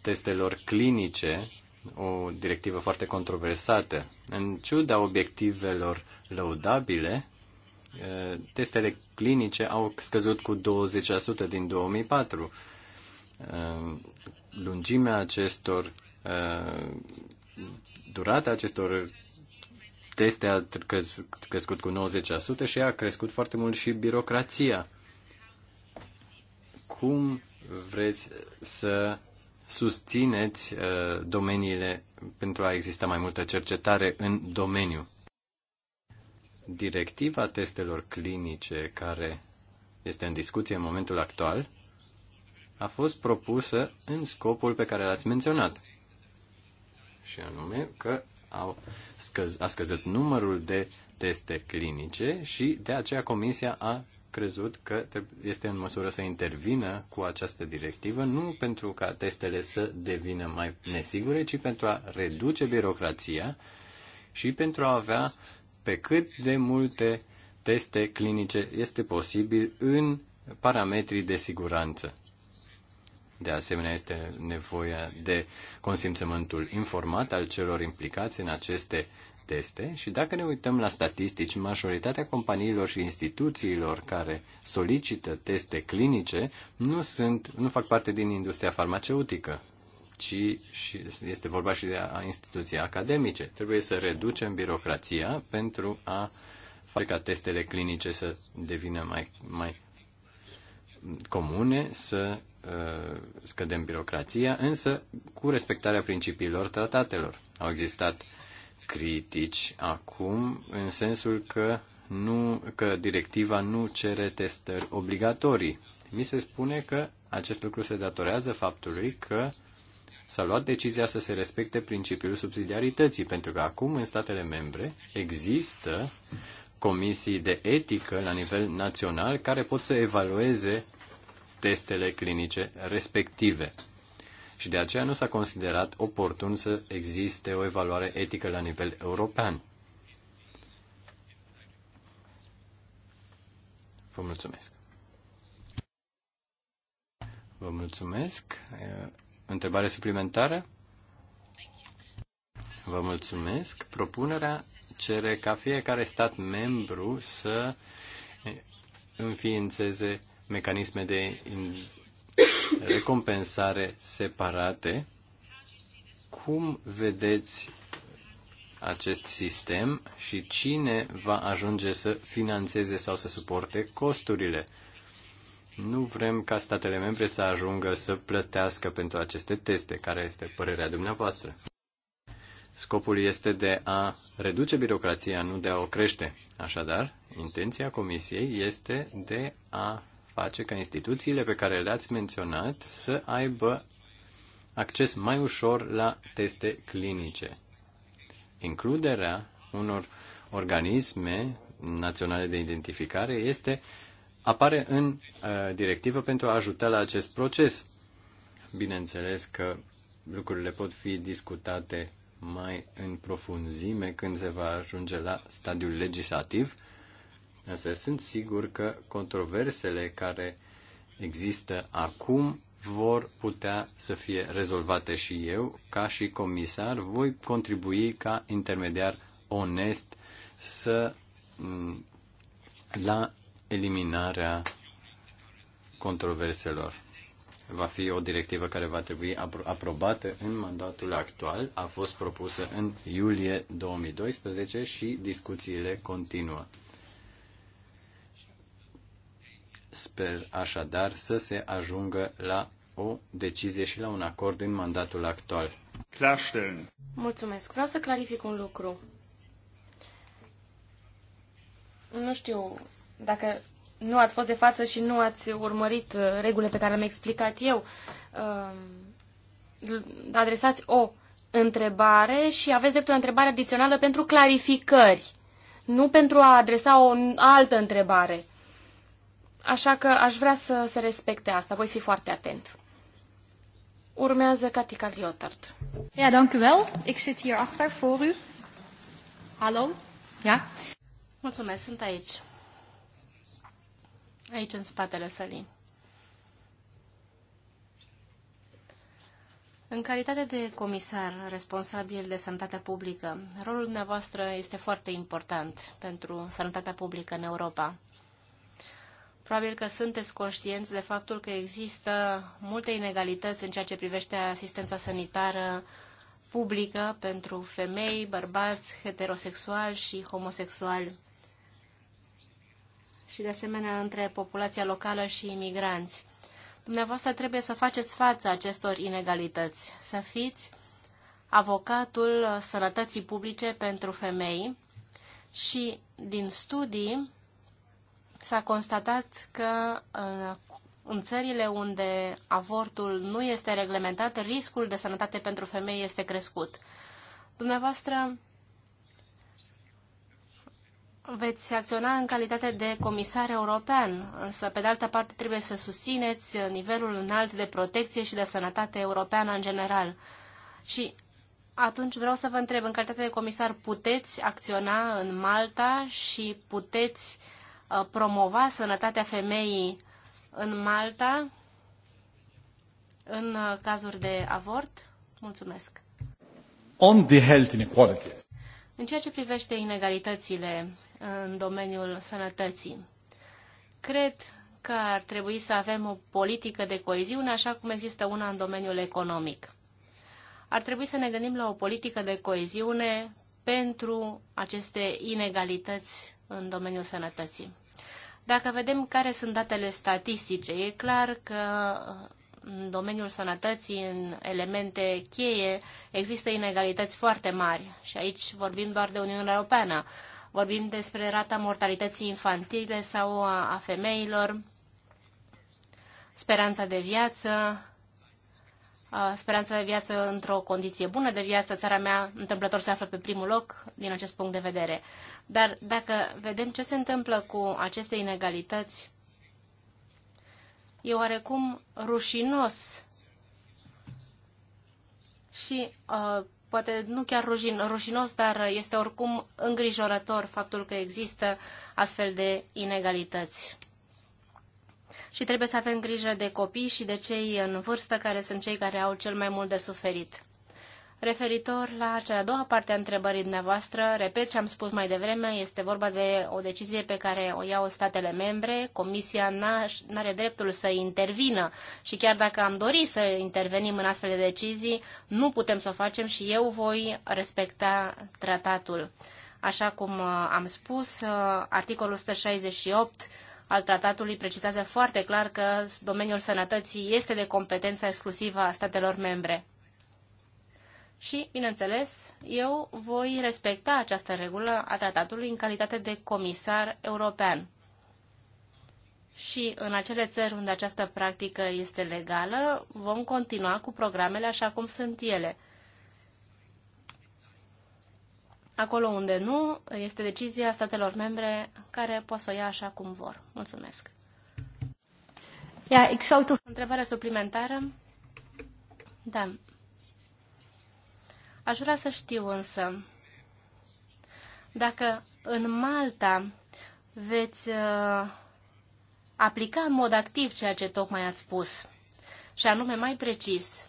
Speaker 3: testelor clinice, o directivă foarte controversată, în ciuda obiectivelor lăudabile, testele clinice au scăzut cu 20% din 2004. Lungimea acestor, durata acestor teste a crescut cu 90% și a crescut foarte mult și birocrația cum vreți să susțineți uh, domeniile pentru a exista mai multă cercetare în domeniu. Directiva testelor clinice care este în discuție în momentul actual a fost propusă în scopul pe care l-ați menționat. Și anume că au scăz, a scăzut numărul de teste clinice și de aceea Comisia a crezut că este în măsură să intervină cu această directivă, nu pentru ca testele să devină mai nesigure, ci pentru a reduce birocrația și pentru a avea pe cât de multe teste clinice este posibil în parametrii de siguranță. De asemenea, este nevoia de consimțământul informat al celor implicați în aceste teste și dacă ne uităm la statistici, majoritatea companiilor și instituțiilor care solicită teste clinice nu, sunt, nu fac parte din industria farmaceutică, ci și este vorba și de a instituții academice. Trebuie să reducem birocrația pentru a face ca testele clinice să devină mai, mai comune, să uh, scădem birocrația, însă cu respectarea principiilor tratatelor. Au existat critici acum, în sensul că, nu, că directiva nu cere testări obligatorii. Mi se spune că acest lucru se datorează faptului că s-a luat decizia să se respecte principiul subsidiarității, pentru că acum în statele membre există comisii de etică la nivel național care pot să evalueze testele clinice respective și de aceea nu s-a considerat oportun să existe o evaluare etică la nivel european. Vă mulțumesc. Vă mulțumesc. Întrebare suplimentară? Vă mulțumesc. Propunerea cere ca fiecare stat membru să înființeze mecanisme de recompensare separate. Cum vedeți acest sistem și cine va ajunge să financeze sau să suporte costurile? Nu vrem ca statele membre să ajungă să plătească pentru aceste teste. Care este părerea dumneavoastră? Scopul este de a reduce birocrația, nu de a o crește. Așadar, intenția Comisiei este de a face ca instituțiile pe care le-ați menționat să aibă acces mai ușor la teste clinice. Includerea unor organisme naționale de identificare este apare în uh, directivă pentru a ajuta la acest proces. Bineînțeles că lucrurile pot fi discutate mai în profunzime când se va ajunge la stadiul legislativ, Însă sunt sigur că controversele care există acum vor putea să fie rezolvate și eu, ca și comisar, voi contribui ca intermediar onest să la eliminarea controverselor. Va fi o directivă care va trebui aprobată în mandatul actual, a fost propusă în iulie 2012 și discuțiile continuă. Sper așadar să se ajungă la o decizie și la un acord în mandatul actual. Klarstellen.
Speaker 2: Mulțumesc. Vreau să clarific un lucru. Nu știu dacă nu ați fost de față și nu ați urmărit uh, regulile pe care le-am explicat eu. Uh, adresați o întrebare și aveți dreptul la întrebare adițională pentru clarificări, nu pentru a adresa o altă întrebare. Așa că aș vrea să se respecte asta. Voi fi foarte atent. Urmează Katika Liotard. Ja, dank u wel. Ik zit hier achter voor u. Hallo? Ja?
Speaker 4: Mulțumesc, sunt aici. Aici, în spatele sălii. În calitate de comisar responsabil de sănătatea publică, rolul dumneavoastră este foarte important pentru sănătatea publică în Europa. Probabil că sunteți conștienți de faptul că există multe inegalități în ceea ce privește asistența sanitară publică pentru femei, bărbați, heterosexuali și homosexuali și de asemenea între populația locală și imigranți. Dumneavoastră trebuie să faceți față acestor inegalități, să fiți avocatul sănătății publice pentru femei și din studii s-a constatat că uh, în țările unde avortul nu este reglementat, riscul de sănătate pentru femei este crescut. Dumneavoastră veți acționa în calitate de comisar european, însă, pe de altă parte, trebuie să susțineți nivelul înalt de protecție și de sănătate europeană în general. Și atunci vreau să vă întreb, în calitate de comisar, puteți acționa în Malta și puteți uh, Uh, promova sănătatea femeii în Malta în uh, cazuri de avort? Mulțumesc.
Speaker 1: On the health inequalities.
Speaker 4: În ceea ce privește inegalitățile în domeniul sănătății, cred că ar trebui să avem o politică de coeziune, așa cum există una în domeniul economic. Ar trebui să ne gândim la o politică de coeziune pentru aceste inegalități în domeniul sănătății. Dacă vedem care sunt datele statistice, e clar că în domeniul sănătății, în elemente cheie, există inegalități foarte mari. Și aici vorbim doar de Uniunea Europeană. Vorbim despre rata mortalității infantile sau a, a femeilor, speranța de viață, speranța de viață într-o condiție bună de viață. Țara mea, întâmplător, se află pe primul loc din acest punct de vedere. Dar dacă vedem ce se întâmplă cu aceste inegalități, e oarecum rușinos și uh, poate nu chiar rușin, rușinos, dar este oricum îngrijorător faptul că există astfel de inegalități și trebuie să avem grijă de copii și de cei în vârstă care sunt cei care au cel mai mult de suferit. Referitor la cea a doua parte a întrebării dumneavoastră, repet ce am spus mai devreme, este vorba de o decizie pe care o iau statele membre. Comisia nu are dreptul să intervină și chiar dacă am dori să intervenim în astfel de decizii, nu putem să o facem și eu voi respecta tratatul. Așa cum uh, am spus, uh, articolul 168 al tratatului precizează foarte clar că domeniul sănătății este de competența exclusivă a statelor membre. Și, bineînțeles, eu voi respecta această regulă a tratatului în calitate de comisar european. Și în acele țări unde această practică este legală, vom continua cu programele așa cum sunt ele – Acolo unde nu, este decizia statelor membre care pot să o ia așa cum vor. Mulțumesc.
Speaker 1: Ja, ik zou toch...
Speaker 4: Întrebare suplimentară? Da. Aș vrea să știu însă dacă în Malta veți uh, aplica în mod activ ceea ce tocmai ați spus, și anume mai precis,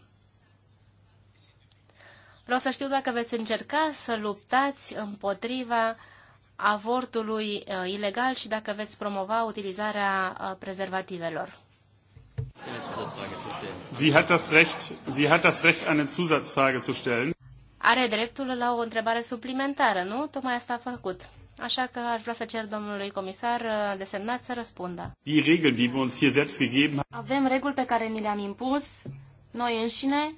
Speaker 4: Vreau să știu dacă veți încerca să luptați împotriva avortului uh, ilegal și dacă veți promova utilizarea uh, prezervativelor.
Speaker 1: Sie hat das Recht, sie hat das Recht eine Zusatzfrage zu stellen.
Speaker 4: Are dreptul la o întrebare suplimentară, nu? Tocmai asta a făcut. Așa că aș vrea să cer domnului comisar uh,
Speaker 2: desemnat să răspundă. Avem reguli pe care ni le-am impus noi înșine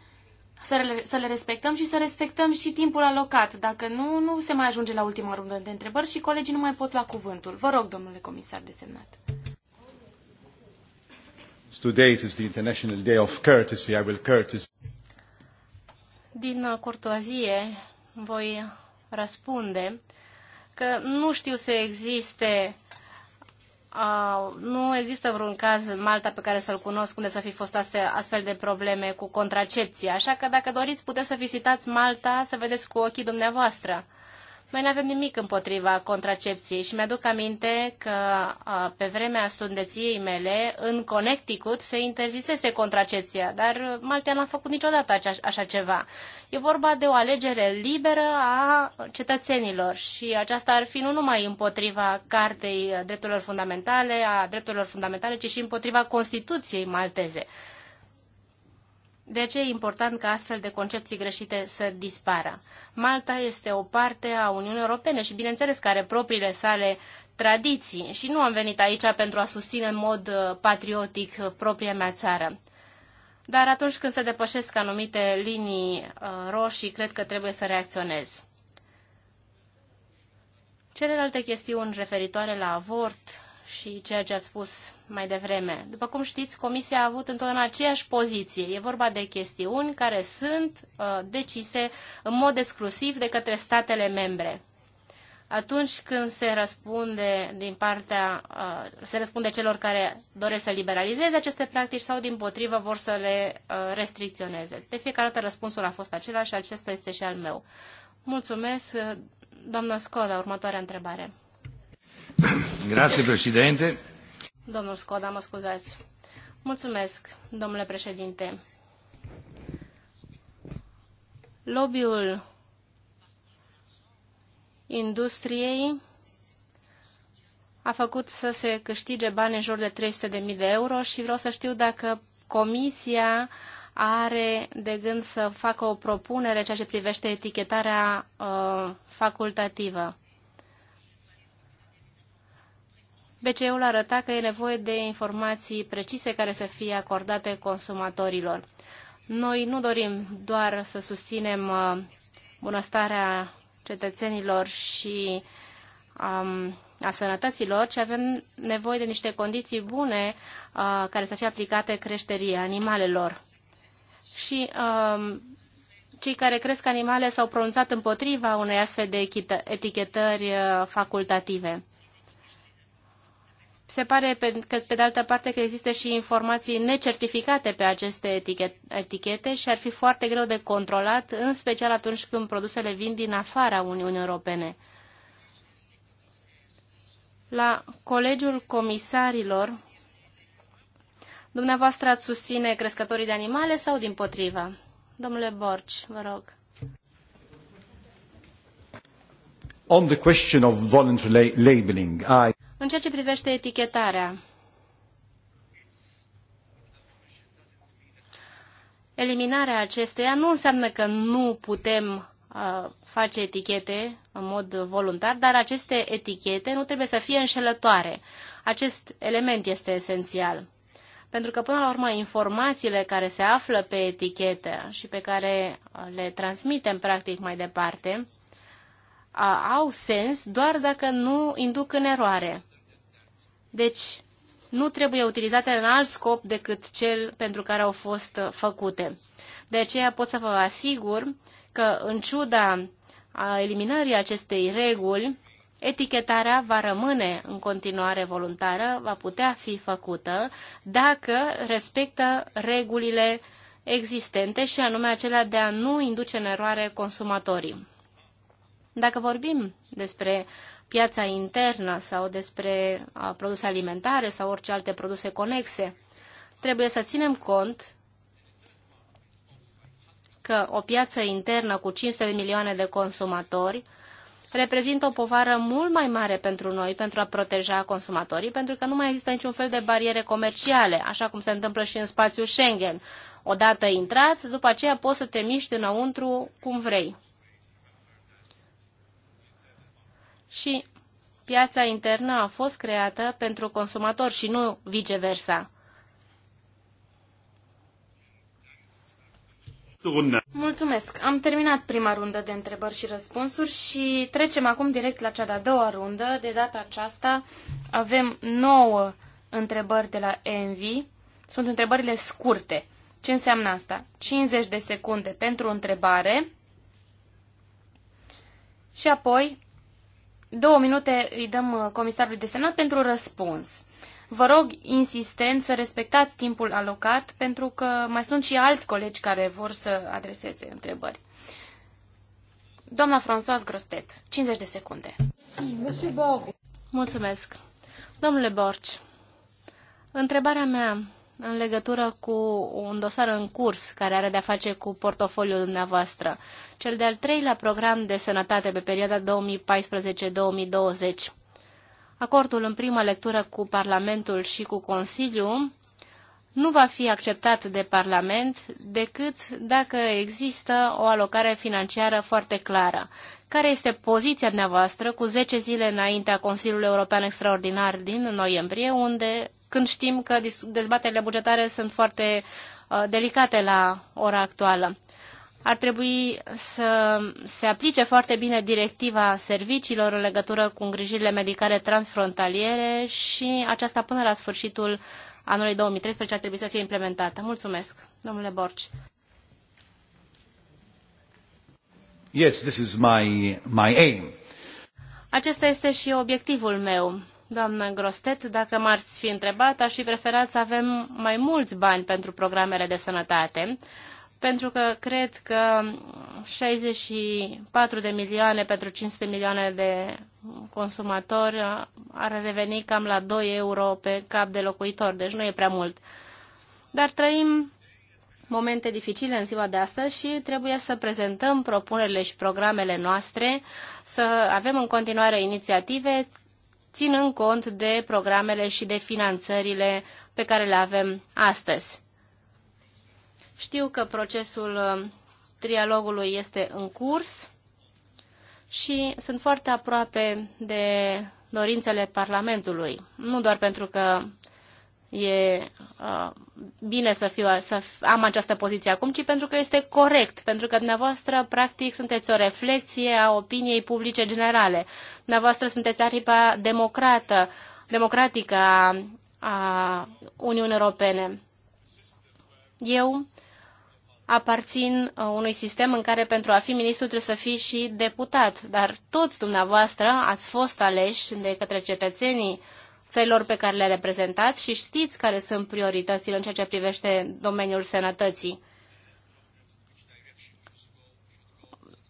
Speaker 2: să le respectăm și să respectăm și timpul alocat. Dacă nu, nu se mai ajunge la ultima rundă de întrebări și colegii nu mai pot lua cuvântul. Vă rog, domnule comisar
Speaker 1: desemnat. Today is the International Day of Courtesy. I will courtesy.
Speaker 4: Din curtoazie voi răspunde că nu știu să existe a, nu există vreun caz în Malta pe care să-l cunosc unde să fi fost astfel de probleme cu contracepție, așa că dacă doriți puteți să vizitați Malta să vedeți cu ochii dumneavoastră. Noi nu avem nimic împotriva contracepției și mi-aduc aminte că pe vremea studenției mele, în Connecticut, se interzisese contracepția, dar Malta n-a făcut niciodată așa, așa ceva. E vorba de o alegere liberă a cetățenilor și aceasta ar fi nu numai împotriva Cartei Drepturilor Fundamentale, a Drepturilor Fundamentale, ci și împotriva Constituției malteze. De ce e important ca astfel de concepții greșite să dispară? Malta este o parte a Uniunii Europene și, bineînțeles, că are propriile sale tradiții și nu am venit aici pentru a susține în mod uh, patriotic uh, propria mea țară. Dar atunci când se depășesc anumite linii uh, roșii, cred că trebuie să reacționez. Celelalte chestiuni referitoare la avort, și ceea ce ați spus mai devreme. După cum știți, Comisia a avut întotdeauna aceeași poziție. E vorba de chestiuni care sunt uh, decise în mod exclusiv de către statele membre. Atunci când se răspunde din partea, uh, se răspunde celor care doresc să liberalizeze aceste practici sau din potrivă vor să le uh, restricționeze. De fiecare dată răspunsul a fost același și acesta este și al meu. Mulțumesc, uh, doamna Scoda, următoarea întrebare.
Speaker 3: Grazie, președinte.
Speaker 4: Domnul Scoda, mă scuzați. Mulțumesc, domnule președinte. Lobbyul industriei a făcut să se câștige bani în jur de 300.000 de euro și vreau să știu dacă comisia are de gând să facă o propunere ceea ce privește etichetarea uh, facultativă. BCE-ul arăta că e nevoie de informații precise care să fie acordate consumatorilor. Noi nu dorim doar să susținem uh, bunăstarea cetățenilor și a, um, a sănătăților, ci avem nevoie de niște condiții bune a, uh, care să fie aplicate creșterii animalelor. Și a, um, cei care cresc animale s-au pronunțat împotriva unei astfel de etichetări uh, facultative se pare că, pe de altă parte, că există și informații necertificate pe aceste etichete și ar fi foarte greu de controlat, în special atunci când produsele vin din afara Uniunii Europene. La Colegiul Comisarilor, dumneavoastră ați susține crescătorii de animale sau din potriva? Domnule Borci, vă rog.
Speaker 1: On the question of voluntary labeling, I
Speaker 4: în ceea ce privește etichetarea, eliminarea acesteia nu înseamnă că nu putem uh, face etichete în mod voluntar, dar aceste etichete nu trebuie să fie înșelătoare. Acest element este esențial. Pentru că, până la urmă, informațiile care se află pe etichetă și pe care uh, le transmitem, practic, mai departe, au sens doar dacă nu induc în eroare. Deci, nu trebuie utilizate în alt scop decât cel pentru care au fost uh, făcute. De aceea pot să vă asigur că, în ciuda a eliminării acestei reguli, Etichetarea va rămâne în continuare voluntară, va putea fi făcută dacă respectă regulile existente și anume acelea de a nu induce în eroare consumatorii. Dacă vorbim despre piața internă sau despre produse alimentare sau orice alte produse conexe. Trebuie să ținem cont că o piață internă cu 500 de milioane de consumatori reprezintă o povară mult mai mare pentru noi pentru a proteja consumatorii, pentru că nu mai există niciun fel de bariere comerciale, așa cum se întâmplă și în spațiul Schengen. Odată intrați, după aceea poți să te miști înăuntru cum vrei. și piața internă a fost creată pentru
Speaker 2: consumator și nu viceversa. Mulțumesc. Am terminat prima rundă de întrebări și răspunsuri și trecem acum direct la cea de-a doua rundă. De data aceasta avem nouă întrebări de la Envy. Sunt întrebările scurte. Ce înseamnă asta? 50 de secunde pentru o întrebare și apoi Două minute îi dăm uh, comisarului de senat pentru răspuns. Vă rog insistent să respectați timpul alocat, pentru că mai sunt și alți colegi care vor să adreseze întrebări. Doamna Françoise Grostet, 50 de secunde. Mulțumesc. Domnule Borci,
Speaker 4: întrebarea mea în legătură cu un dosar în curs care are de-a face cu portofoliul dumneavoastră. Cel de-al treilea program de sănătate pe perioada 2014-2020. Acordul în prima lectură cu Parlamentul și cu Consiliu nu va fi acceptat de Parlament decât dacă există o alocare financiară foarte clară. Care este poziția dumneavoastră cu 10 zile înaintea Consiliului European Extraordinar din noiembrie, unde când știm că dezbaterile bugetare sunt foarte uh, delicate la ora actuală. Ar trebui să se aplice foarte bine directiva serviciilor în legătură cu îngrijirile medicale transfrontaliere și aceasta până la sfârșitul anului 2013 ar trebui să fie implementată. Mulțumesc, domnule Borci.
Speaker 1: Yes, this is my, my aim.
Speaker 4: Acesta este și obiectivul meu doamnă Grostet, dacă m-ați fi întrebat, aș fi preferat să avem mai mulți bani pentru programele de sănătate, pentru că cred că 64 de milioane pentru 500 milioane de consumatori ar reveni cam la 2 euro pe cap de locuitor, deci nu e prea mult. Dar trăim momente dificile în ziua de astăzi și trebuie să prezentăm propunerile și programele noastre, să avem în continuare inițiative ținând cont de programele și de finanțările pe care le avem astăzi. Știu că procesul uh, trialogului este în curs și sunt foarte aproape de dorințele Parlamentului, nu doar pentru că e uh, bine să, fiu, să am această poziție acum, ci pentru că este corect, pentru că dumneavoastră, practic, sunteți o reflexie a opiniei publice generale. Dumneavoastră sunteți aripa democrată, democratică a, a Uniunii Europene. Eu aparțin uh, unui sistem în care pentru a fi ministru trebuie să fii și deputat, dar toți dumneavoastră ați fost aleși de către cetățenii uh, țărilor pe care le reprezentați și știți care sunt prioritățile în ceea ce privește domeniul sănătății.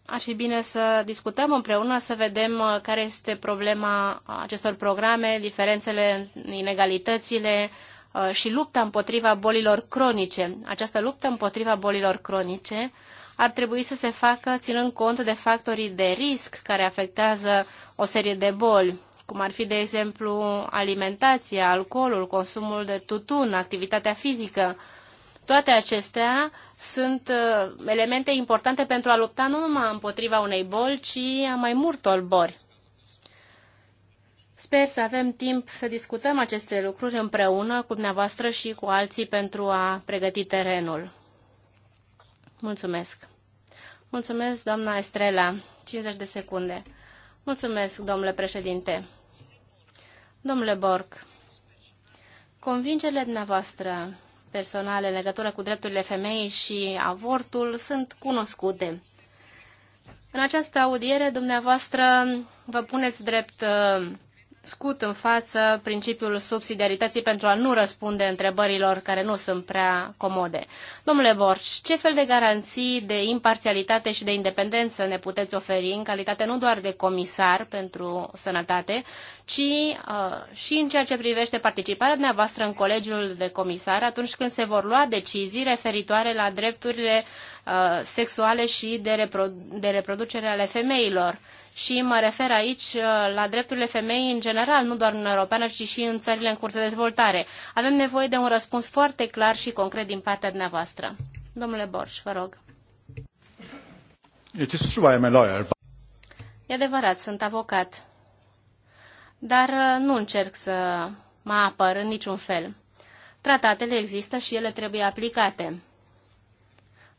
Speaker 4: Ar fi bine să discutăm împreună, să vedem uh, care este problema acestor programe, diferențele, inegalitățile uh, și lupta împotriva bolilor cronice. Această luptă împotriva bolilor cronice ar trebui să se facă ținând cont de factorii de risc care afectează o serie de boli cum ar fi, de exemplu, alimentația, alcoolul, consumul de tutun, activitatea fizică. Toate acestea sunt uh, elemente importante pentru a lupta nu numai împotriva unei boli, ci a mai multor boli. Sper să avem timp să discutăm aceste lucruri împreună cu dumneavoastră și cu alții pentru a pregăti terenul. Mulțumesc. Mulțumesc, doamna Estrela. 50 de secunde. Mulțumesc, domnule președinte. Domnule Borg, convingerile dumneavoastră personale în legătură cu drepturile femeii și avortul sunt cunoscute. În această audiere, dumneavoastră vă puneți drept uh, scut în față principiul subsidiarității pentru a nu răspunde întrebărilor care nu sunt prea comode. Domnule Borș, ce fel de garanții de imparțialitate și de independență ne puteți oferi în calitate nu doar de comisar pentru sănătate, ci uh, și în ceea ce privește participarea dumneavoastră în colegiul de comisar atunci când se vor lua decizii referitoare la drepturile uh, Uh, sexuale și de, reprodu- de reproducere ale femeilor. Și mă refer aici uh, la drepturile femeii în general, nu doar în Europeană, ci și în țările în curs de dezvoltare. Avem nevoie de un răspuns foarte clar și concret din partea dumneavoastră. Domnule Borș, vă rog. lawyer. E adevărat, sunt avocat. Dar uh, nu încerc să mă apăr în niciun fel. Tratatele există și ele trebuie aplicate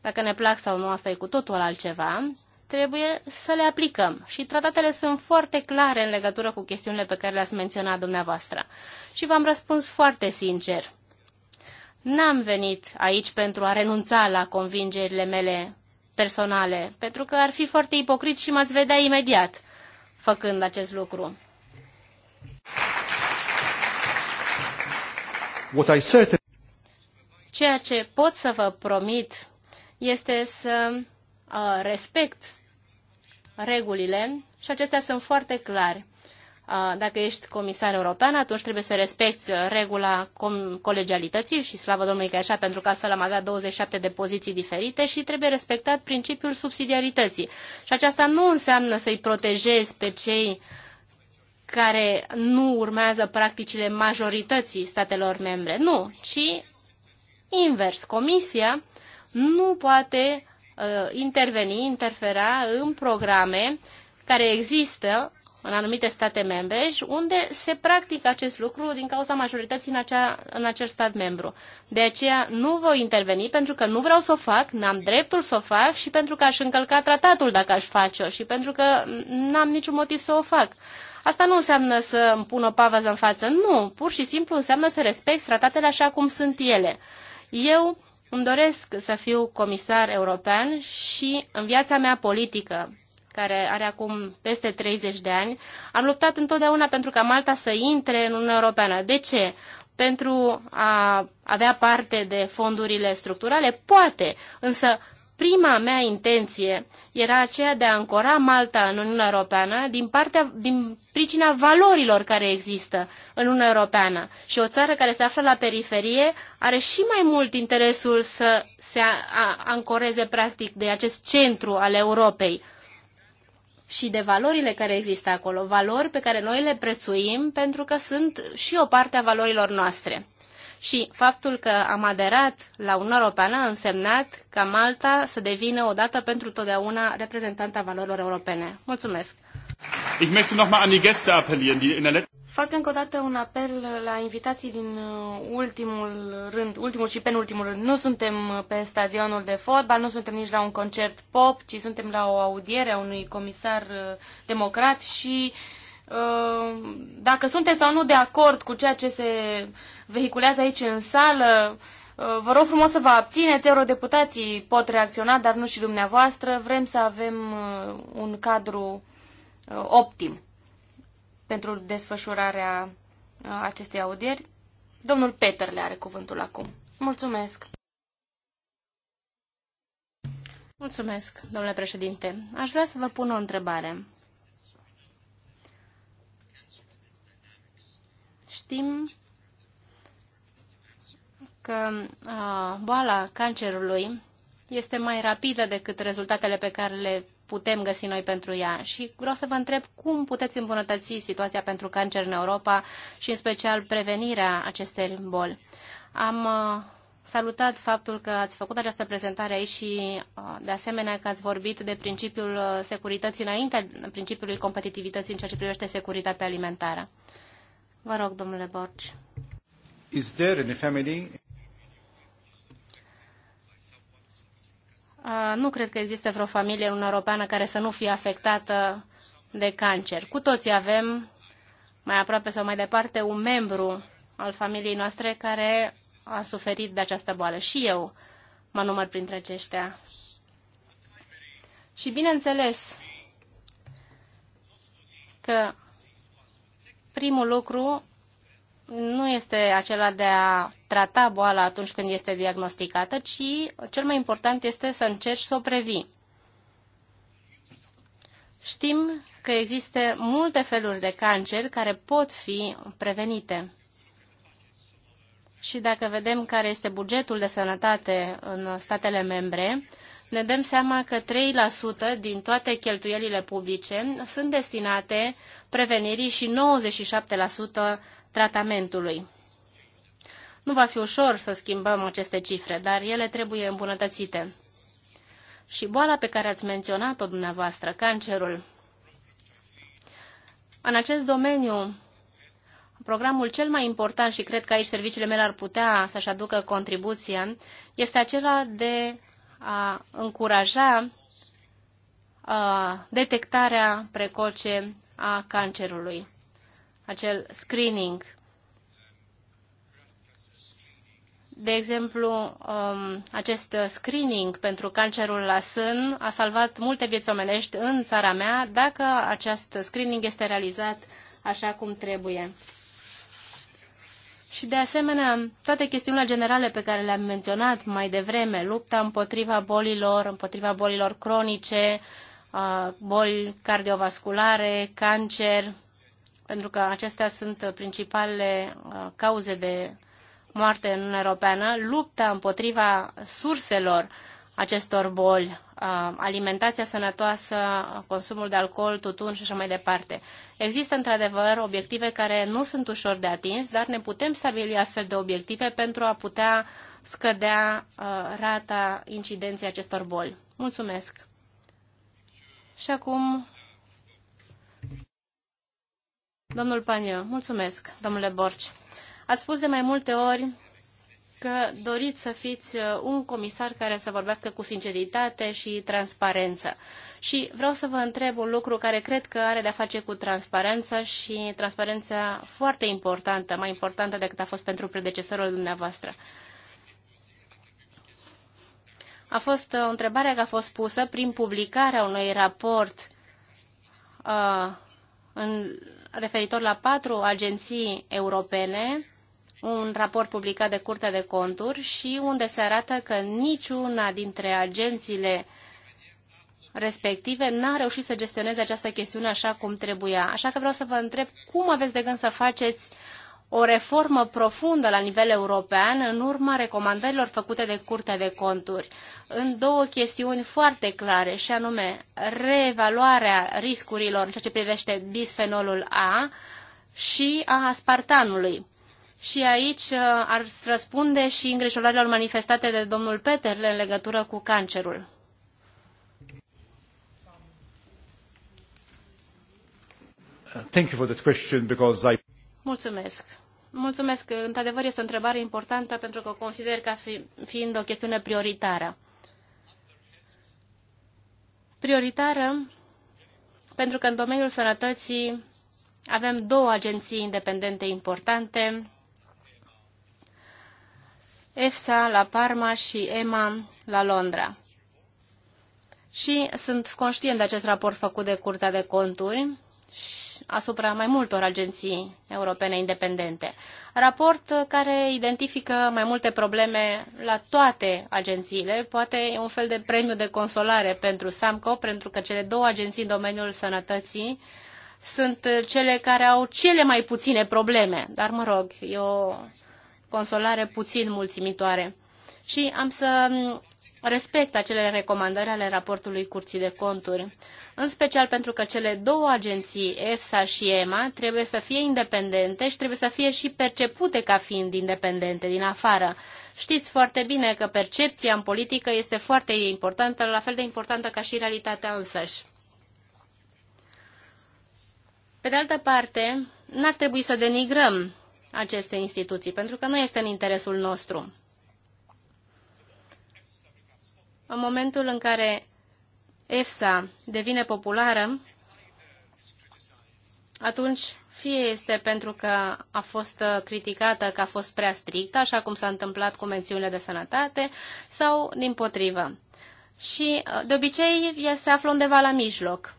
Speaker 4: dacă ne plac sau nu, asta e cu totul altceva, trebuie să le aplicăm. Și tratatele sunt foarte clare în legătură cu chestiunile pe care le-ați menționat dumneavoastră. Și v-am răspuns foarte sincer. N-am venit aici pentru a renunța la convingerile mele personale, pentru că ar fi foarte ipocrit și m-ați vedea imediat făcând acest lucru. Ceea ce pot să vă promit este să uh, respect regulile și acestea sunt foarte clare. Uh, dacă ești comisar european, atunci trebuie să respecti regula colegialității și slavă Domnului că e așa, pentru că altfel am avea 27 de poziții diferite și trebuie respectat principiul subsidiarității. Și aceasta nu înseamnă să-i protejezi pe cei care nu urmează practicile majorității statelor membre. Nu, ci invers. Comisia nu poate uh, interveni, interfera în programe care există în anumite state membre și unde se practică acest lucru din cauza majorității în, acea, în acel stat membru. De aceea nu voi interveni pentru că nu vreau să o fac, n-am dreptul să o fac și pentru că aș încălca tratatul dacă aș face-o și pentru că n-am niciun motiv să o fac. Asta nu înseamnă să îmi pun o pavăză în față, nu, pur și simplu înseamnă să respect tratatele așa cum sunt ele. Eu îmi doresc să fiu comisar european și în viața mea politică, care are acum peste 30 de ani, am luptat întotdeauna pentru ca Malta să intre în Uniunea Europeană. De ce? Pentru a avea parte de fondurile structurale? Poate, însă prima mea intenție era aceea de a încora Malta în Uniunea Europeană din, partea, din pricina valorilor care există în Uniunea Europeană. Și o țară care se află la periferie are și mai mult interesul să se ancoreze practic de acest centru al Europei și de valorile care există acolo, valori pe care noi le prețuim pentru că sunt și o parte a valorilor noastre. Și faptul că am aderat la Uniunea Europeană a însemnat ca Malta să devină odată pentru totdeauna reprezentanta valorilor europene. Mulțumesc!
Speaker 1: Ich möchte noch mal an die Gäste appellieren, die in der letzten
Speaker 2: Fac încă o dată un apel la invitații din uh, ultimul rând, ultimul și penultimul rând. Nu suntem uh, pe stadionul de fotbal, nu suntem nici la un concert pop, ci suntem la o audiere a unui comisar uh, democrat și dacă sunteți sau nu de acord cu ceea ce se vehiculează aici în sală. Uh, vă rog frumos să vă abțineți, eurodeputații pot reacționa, dar nu și dumneavoastră. Vrem să avem uh, un cadru uh, optim pentru desfășurarea acestei audieri. Domnul Peter le are cuvântul acum. Mulțumesc!
Speaker 4: Mulțumesc, domnule președinte. Aș vrea să vă pun o întrebare. Știm că boala cancerului este mai rapidă decât rezultatele pe care le putem găsi noi pentru ea. Și vreau să vă întreb cum puteți îmbunătăți situația pentru cancer în Europa și în special prevenirea acestei boli. Am salutat faptul că ați făcut această prezentare aici și de asemenea că ați vorbit de principiul securității înainte principiului competitivității în ceea ce privește securitatea alimentară. Vă rog, domnule Borci.
Speaker 1: Is there in a family
Speaker 4: nu cred că există vreo familie în Europeană care să nu fie afectată de cancer. Cu toții avem, mai aproape sau mai departe, un membru al familiei noastre care a suferit de această boală. Și eu mă număr printre aceștia. Și bineînțeles că primul lucru nu este acela de a trata boala atunci când este diagnosticată, ci cel mai important este să încerci să o previi. Știm că există multe feluri de cancer care pot fi prevenite. Și dacă vedem care este bugetul de sănătate în statele membre, ne dăm seama că 3% din toate cheltuielile publice sunt destinate prevenirii și 97% tratamentului. Nu va fi ușor să schimbăm aceste cifre, dar ele trebuie îmbunătățite. Și boala pe care ați menționat-o dumneavoastră, cancerul. În acest domeniu, programul cel mai important și cred că aici serviciile mele ar putea să-și aducă contribuția, este acela de a încuraja a, detectarea precoce a cancerului acel screening. De exemplu, um, acest screening pentru cancerul la sân a salvat multe vieți omenești în țara mea dacă acest screening este realizat așa cum trebuie. Și de asemenea, toate chestiunile generale pe care le-am menționat mai devreme, lupta împotriva bolilor, împotriva bolilor cronice, uh, boli cardiovasculare, cancer, pentru că acestea sunt principalele uh, cauze de moarte în Uniunea Europeană, lupta împotriva surselor acestor boli, uh, alimentația sănătoasă, consumul de alcool, tutun și așa mai departe. Există într-adevăr obiective care nu sunt ușor de atins, dar ne putem stabili astfel de obiective pentru a putea scădea uh, rata incidenței acestor boli. Mulțumesc! Și acum Domnul Paniu, mulțumesc, domnule Borci. Ați spus de mai multe ori că doriți să fiți uh, un comisar care să vorbească cu sinceritate și transparență. Și vreau să vă întreb un lucru care cred că are de-a face cu transparența și transparența foarte importantă, mai importantă decât a fost pentru predecesorul dumneavoastră. A fost uh, o întrebare care a fost pusă prin publicarea unui raport uh, în, referitor la patru agenții europene, un raport publicat de Curtea de Conturi și unde se arată că niciuna dintre agențiile respective n-a reușit să gestioneze această chestiune așa cum trebuia. Așa că vreau să vă întreb cum aveți de gând să faceți o reformă profundă la nivel european în urma recomandărilor făcute de Curtea de Conturi în două chestiuni foarte clare, și anume reevaluarea riscurilor în ceea ce privește bisfenolul A și a aspartanului. Și aici uh, ar răspunde și îngrijorărilor manifestate de domnul Peter în legătură cu cancerul.
Speaker 1: Thank you for that question because I...
Speaker 4: Mulțumesc. Mulțumesc. Într-adevăr, este o întrebare importantă pentru că o consider ca fi, fiind o chestiune prioritară. Prioritară pentru că în domeniul sănătății avem două agenții independente importante, EFSA la Parma și EMA la Londra. Și sunt conștient de acest raport făcut de Curtea de Conturi și asupra mai multor agenții europene independente. Raport care identifică mai multe probleme la toate agențiile, poate e un fel de premiu de consolare pentru SAMCO, pentru că cele două agenții în domeniul sănătății sunt cele care au cele mai puține probleme, dar mă rog, e o consolare puțin mulțumitoare. Și am să respect acele recomandări ale raportului Curții de Conturi în special pentru că cele două agenții, EFSA și EMA, trebuie să fie independente și trebuie să fie și percepute ca fiind independente din afară. Știți foarte bine că percepția în politică este foarte importantă, la fel de importantă ca și realitatea însăși. Pe de altă parte, n-ar trebui să denigrăm aceste instituții, pentru că nu este în interesul nostru. În momentul în care EFSA devine populară, atunci fie este pentru că a fost uh, criticată că a fost prea strictă, așa cum s-a întâmplat cu mențiunile de sănătate, sau din potrivă. Și uh, de obicei se află undeva la mijloc.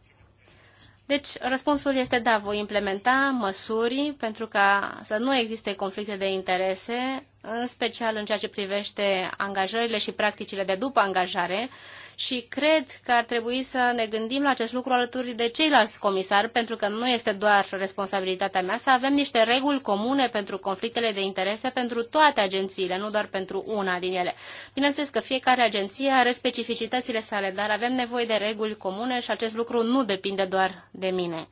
Speaker 4: Deci, răspunsul este da, voi implementa măsuri pentru ca să nu existe conflicte de interese în special în ceea ce privește angajările și practicile de după angajare și cred că ar trebui să ne gândim la acest lucru alături de ceilalți comisari, pentru că nu este doar responsabilitatea mea, să avem niște reguli comune pentru conflictele de interese pentru toate agențiile, nu doar pentru una din ele. Bineînțeles că fiecare agenție are specificitățile sale, dar avem nevoie de reguli comune și acest lucru nu depinde doar de mine.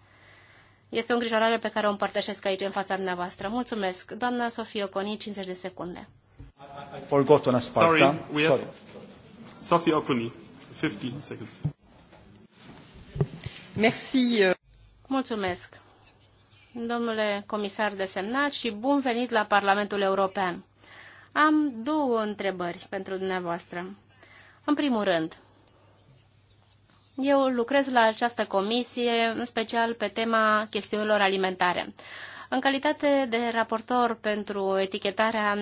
Speaker 4: Este o îngrijorare pe care o împărtășesc aici în fața dumneavoastră. Mulțumesc. Doamna Sofia Oconi, 50 de secunde.
Speaker 1: Forgot Asparta. Sorry, we have... Sorry. Oconi, 50 seconds.
Speaker 4: Merci. Euh. Mulțumesc. Domnule comisar desemnat și bun venit la Parlamentul European. Am două întrebări pentru dumneavoastră. În primul rând, eu lucrez la această comisie, în special pe tema chestiunilor alimentare. În calitate de raportor pentru etichetarea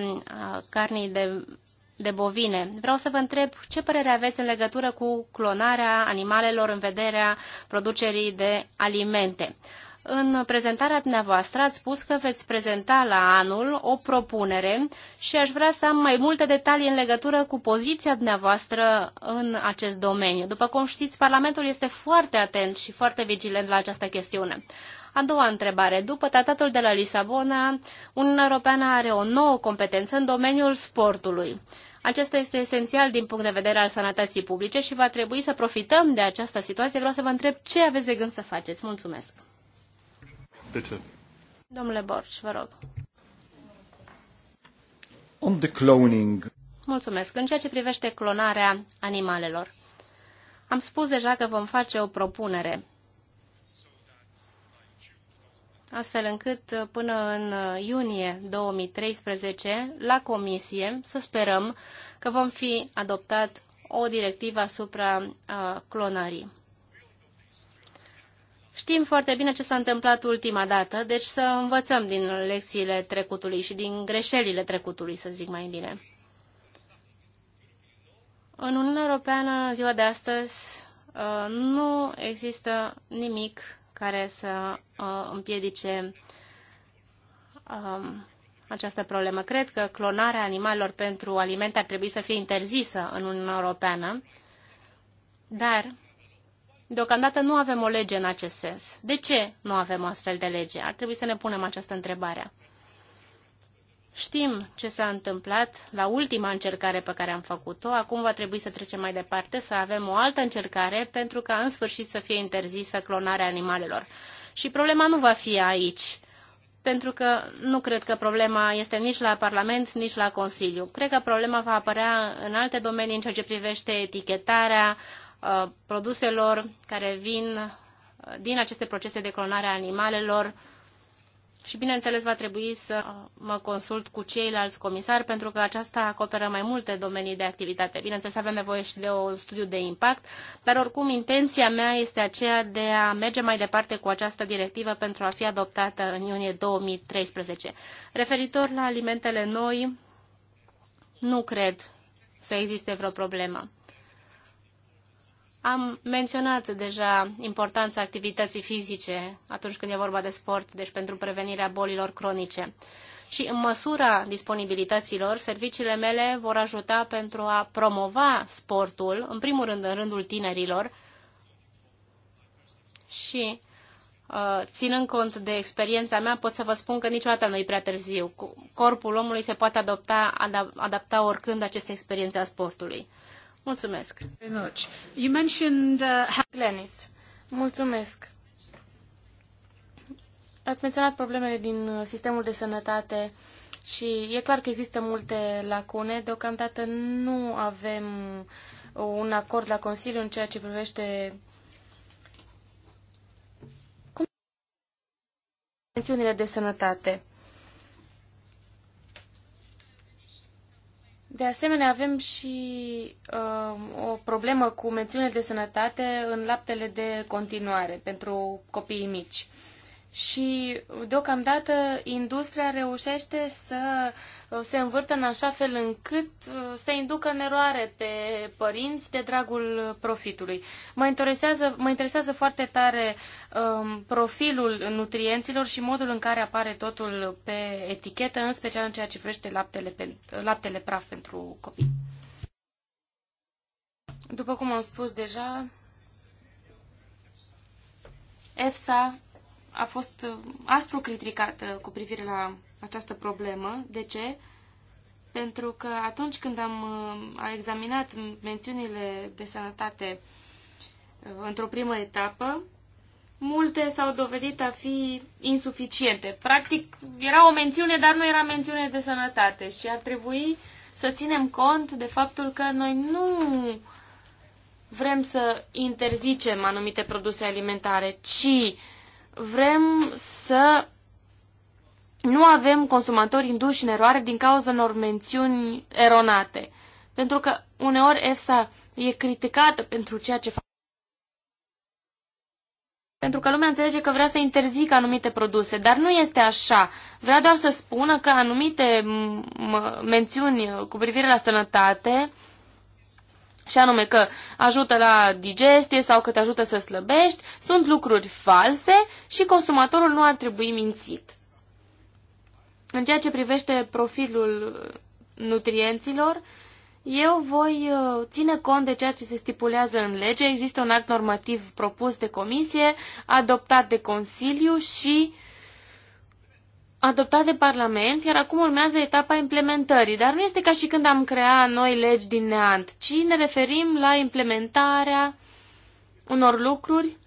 Speaker 4: carnii de, de bovine, vreau să vă întreb ce părere aveți în legătură cu clonarea animalelor în vederea producerii de alimente. În prezentarea dumneavoastră ați spus că veți prezenta la anul o propunere și aș vrea să am mai multe detalii în legătură cu poziția dumneavoastră în acest domeniu. După cum știți, Parlamentul este foarte atent și foarte vigilent la această chestiune. A doua întrebare. După tratatul de la Lisabona, Uniunea Europeană are o nouă competență în domeniul sportului. Acesta este esențial din punct de vedere al sănătății publice și va trebui să profităm de această situație. Vreau să vă întreb ce aveți de gând să faceți. Mulțumesc! bitte. Domnule Borș, vă rog.
Speaker 1: On the cloning.
Speaker 4: Mulțumesc. În ceea ce privește clonarea animalelor, am spus deja că vom face o propunere astfel încât până în iunie 2013, la comisie, să sperăm că vom fi adoptat o directivă asupra uh, clonării. Știm foarte bine ce s-a întâmplat ultima dată, deci să învățăm din lecțiile trecutului și din greșelile trecutului, să zic mai bine. În Uniunea Europeană, ziua de astăzi, uh, nu există nimic care să uh, împiedice um, această problemă. Cred că clonarea animalelor pentru alimente ar trebui să fie interzisă în Uniunea Europeană, dar Deocamdată nu avem o lege în acest sens. De ce nu avem o astfel de lege? Ar trebui să ne punem această întrebare. Știm ce s-a întâmplat la ultima încercare pe care am făcut-o. Acum va trebui să trecem mai departe, să avem o altă încercare pentru ca în sfârșit să fie interzisă clonarea animalelor. Și problema nu va fi aici, pentru că nu cred că problema este nici la Parlament, nici la Consiliu. Cred că problema va apărea în alte domenii în ceea ce privește etichetarea, Uh, produselor care vin uh, din aceste procese de clonare a animalelor și, bineînțeles, va trebui să uh, mă consult cu ceilalți comisari, pentru că aceasta acoperă mai multe domenii de activitate. Bineînțeles, avem nevoie și de un studiu de impact, dar, oricum, intenția mea este aceea de a merge mai departe cu această directivă pentru a fi adoptată în iunie 2013. Referitor la alimentele noi, nu cred să existe vreo problemă. Am menționat deja importanța activității fizice atunci când e vorba de sport, deci pentru prevenirea bolilor cronice. Și în măsura disponibilităților, serviciile mele vor ajuta pentru a promova sportul, în primul rând în rândul tinerilor, și uh, ținând cont de experiența mea, pot să vă spun că niciodată nu e prea târziu. Corpul omului se poate adopta, adapta oricând aceste experiențe a sportului. Mulțumesc.
Speaker 2: You mentioned uh, Glenis. Mulțumesc. Ați menționat problemele din uh, sistemul de sănătate și e clar că există multe lacune. Deocamdată nu avem un acord la Consiliu în ceea ce privește mențiunile de sănătate. De asemenea, avem și uh, o problemă cu mențiunile de sănătate în laptele de continuare pentru copiii mici și deocamdată industria reușește să uh, se învârtă în așa fel încât uh, să inducă în eroare pe părinți de dragul profitului. Mă interesează, mă interesează foarte tare um, profilul nutrienților și modul în care apare totul pe etichetă, în special în ceea ce privește laptele, pe, laptele praf pentru copii. După cum am spus deja, EFSA a fost uh, aspru criticată uh, cu privire la această problemă. De ce? Pentru că atunci când am uh, examinat mențiunile de sănătate într-o primă etapă, multe s-au dovedit a fi insuficiente. Practic, era o mențiune, dar nu era mențiune de sănătate și ar trebui să ținem cont de faptul că noi nu vrem să interzicem anumite produse alimentare, ci vrem să nu avem consumatori induși în eroare din cauza unor mențiuni eronate. Pentru că uneori EFSA e criticată pentru ceea ce face. Pentru că lumea înțelege că vrea să interzică anumite produse, dar nu este așa. Vrea doar să spună că anumite mențiuni cu privire la sănătate uh, și anume că ajută la digestie sau că te ajută să slăbești, sunt lucruri false și consumatorul nu ar trebui mințit. În ceea ce privește profilul nutrienților, eu voi uh, ține cont de ceea ce se stipulează în lege. Există un act normativ propus de comisie, adoptat de Consiliu și uh, adoptat de Parlament, iar acum urmează etapa implementării. Dar nu este ca și când am crea noi legi din neant, ci ne referim la implementarea unor lucruri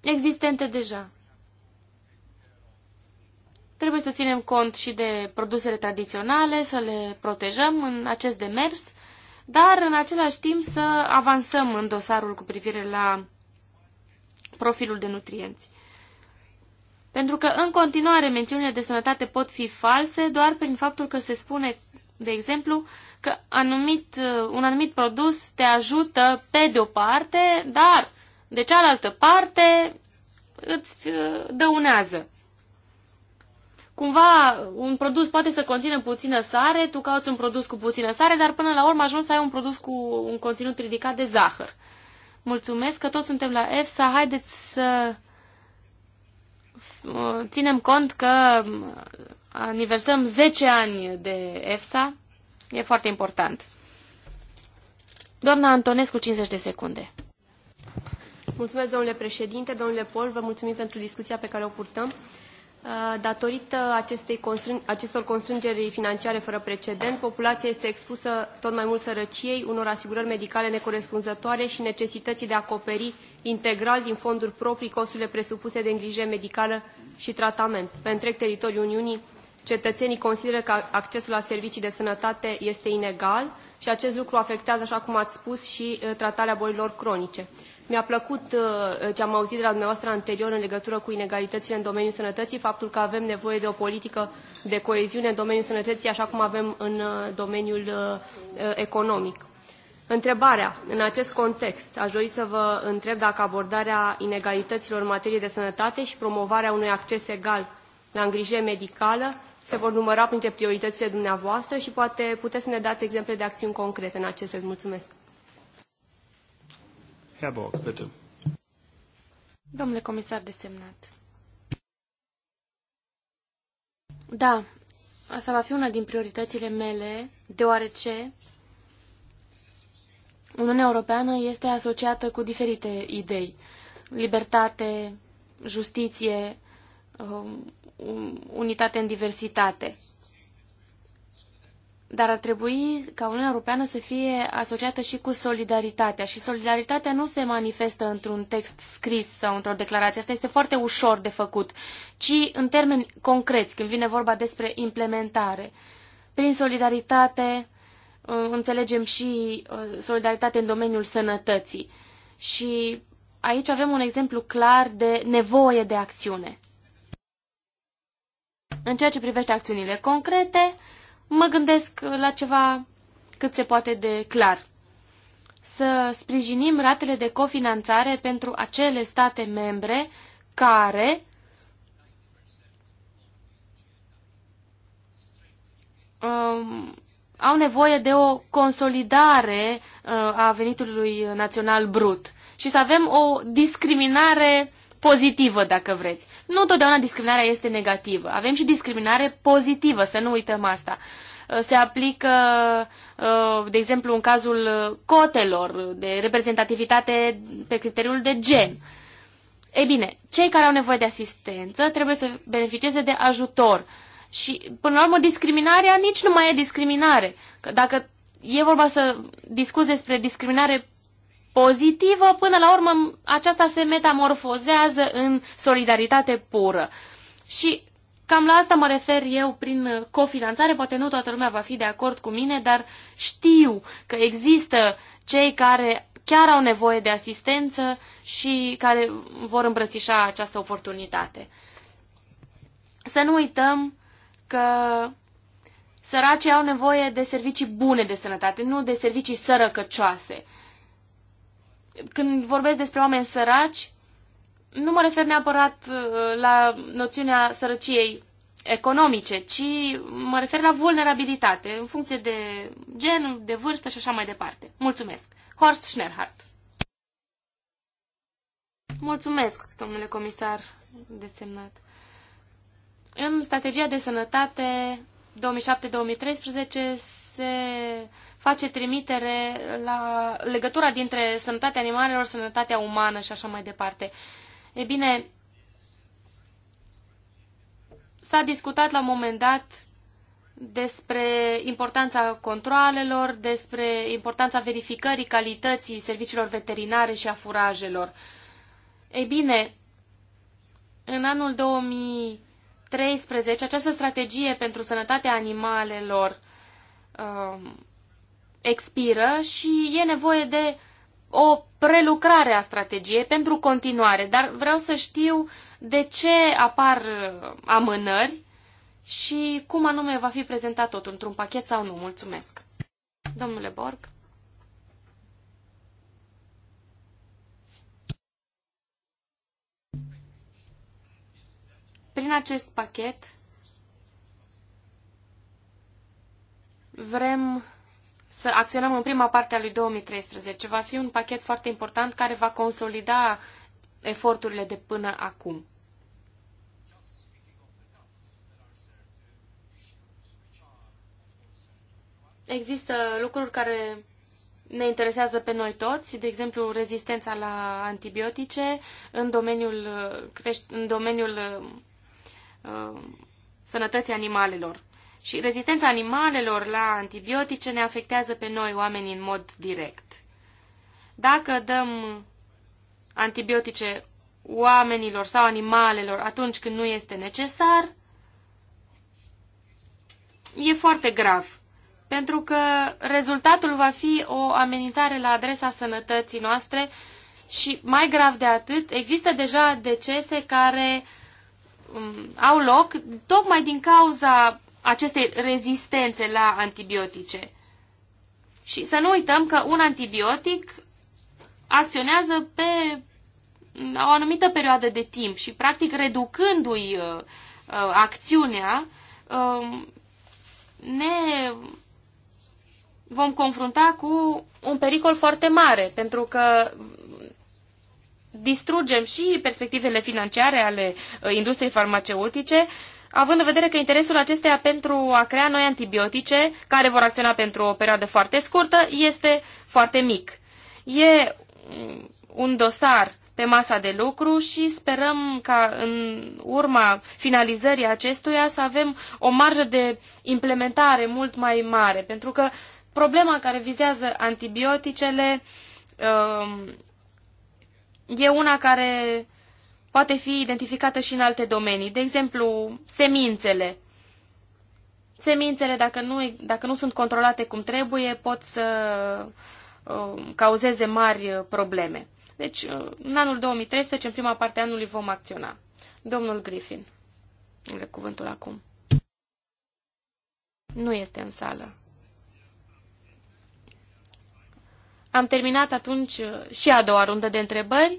Speaker 2: existente deja. Trebuie să ținem cont și de produsele tradiționale, să le protejăm în acest demers, dar în același timp să avansăm în dosarul cu privire la profilul de nutrienți. Pentru că, în continuare, mențiunile de sănătate pot fi false doar prin faptul că se spune, de exemplu, că anumit, uh, un anumit produs te ajută pe de o parte, dar de cealaltă parte îți uh, dăunează. Cumva, un produs poate să conțină puțină sare, tu cauți un produs cu puțină sare, dar până la urmă ajungi să ai un produs cu un conținut ridicat de zahăr. Mulțumesc că toți suntem la EFSA, haideți să ținem cont că aniversăm 10 ani de EFSA, e foarte important. Doamna Antonescu, 50 de secunde.
Speaker 1: Mulțumesc, domnule președinte, domnule Pol, vă mulțumim pentru discuția pe care o purtăm. Uh, datorită acestei constrân acestor constrângeri financiare fără precedent, populația este expusă tot mai mult sărăciei, unor asigurări medicale necorespunzătoare și necesității de a acoperi integral din fonduri proprii costurile presupuse de îngrijire medicală și tratament. Pe întreg teritoriul Uniunii, cetățenii consideră că accesul la servicii de sănătate este inegal și acest lucru afectează, așa cum ați spus, și uh, tratarea bolilor cronice. Mi-a plăcut uh, ce am auzit de la dumneavoastră anterior în legătură cu inegalitățile în domeniul sănătății, faptul că avem nevoie de o politică de coeziune în domeniul sănătății, așa cum avem în uh, domeniul uh, economic. Întrebarea, în acest context, aș dori să vă întreb dacă abordarea inegalităților în materie de sănătate și promovarea unui acces egal la îngrijire medicală se vor număra printre prioritățile dumneavoastră și poate puteți să ne dați exemple de acțiuni concrete în acest sens. Mulțumesc! Herr Borg, bitte. Domnule comisar
Speaker 2: desemnat. Da, asta va fi una din prioritățile mele, deoarece Uniunea Europeană este asociată cu diferite idei. Libertate, justiție, um, unitate în diversitate. Dar ar trebui ca Uniunea Europeană să fie asociată și cu solidaritatea. Și solidaritatea nu se manifestă într-un text scris sau într-o declarație. Asta este foarte ușor de făcut, ci în termeni concreți, când vine vorba despre implementare. Prin solidaritate uh, înțelegem și uh, solidaritate în domeniul sănătății. Și aici avem un exemplu clar de nevoie de acțiune. În ceea ce privește acțiunile concrete, mă gândesc la ceva cât se poate de clar. Să sprijinim ratele de cofinanțare pentru acele state membre care um, au nevoie de o consolidare uh, a venitului național brut și să avem o discriminare pozitivă, dacă vreți. Nu totdeauna discriminarea este negativă. Avem și discriminare pozitivă, să nu uităm asta. Uh, se aplică, uh, de exemplu, în cazul cotelor de reprezentativitate pe criteriul de gen. Ei bine, cei care au nevoie de asistență trebuie să beneficieze de ajutor. Și, până la urmă, discriminarea nici nu mai e discriminare. Că dacă e vorba să discuți despre discriminare pozitivă, până la urmă aceasta se metamorfozează în solidaritate pură. Și cam la asta mă refer eu prin cofinanțare, poate nu toată lumea va fi de acord cu mine, dar știu că există cei care chiar au nevoie de asistență și care vor îmbrățișa această oportunitate. Să nu uităm că săracii au nevoie de servicii bune de sănătate, nu de servicii sărăcăcioase când vorbesc despre oameni săraci, nu mă refer neapărat uh, la noțiunea sărăciei economice, ci mă refer la vulnerabilitate, în funcție de gen, de vârstă și așa mai departe. Mulțumesc. Horst Schnerhardt. Mulțumesc, domnule comisar desemnat. În strategia de sănătate 2007-2013 se face trimitere la legătura dintre sănătatea animalelor, sănătatea umană și așa mai departe. E bine, s-a discutat la un moment dat despre importanța controalelor, despre importanța verificării calității serviciilor veterinare și a furajelor. Ei bine, în anul 2013, această strategie pentru sănătatea animalelor um, expiră și e nevoie de o prelucrare a strategiei pentru continuare, dar vreau să știu de ce apar uh, amânări și cum anume va fi prezentat totul, într-un pachet sau nu. Mulțumesc. Domnule Borg. Prin acest pachet vrem să acționăm în prima parte a lui 2013. Va fi un pachet foarte important care va consolida eforturile de până acum. Există lucruri care ne interesează pe noi toți, de exemplu rezistența la antibiotice în domeniul, în domeniul uh, sănătății animalelor. Și rezistența animalelor la antibiotice ne afectează pe noi, oamenii, în mod direct. Dacă dăm antibiotice oamenilor sau animalelor atunci când nu este necesar, e foarte grav, pentru că rezultatul va fi o amenințare la adresa sănătății noastre și, mai grav de atât, există deja decese care um, au loc tocmai din cauza acestei rezistențe la antibiotice. Și să nu uităm că un antibiotic acționează pe o anumită perioadă de timp și, practic, reducându-i uh, uh acțiunea, uh, ne vom confrunta cu un pericol foarte mare, pentru că distrugem și perspectivele financiare ale uh, industriei farmaceutice având în vedere că interesul acesteia pentru a crea noi antibiotice, care vor acționa pentru o perioadă foarte scurtă, este foarte mic. E un dosar pe masa de lucru și sperăm ca în urma finalizării acestuia să avem o marjă de implementare mult mai mare, pentru că problema care vizează antibioticele um, e una care poate fi identificată și în alte domenii. De exemplu, semințele. Semințele, dacă nu, dacă nu sunt controlate cum trebuie, pot să uh, cauzeze mari uh, probleme. Deci, uh, în anul 2013, în prima parte a anului, vom acționa. Domnul Griffin, are cuvântul acum. Nu este în sală. Am terminat atunci uh, și a doua rundă de întrebări.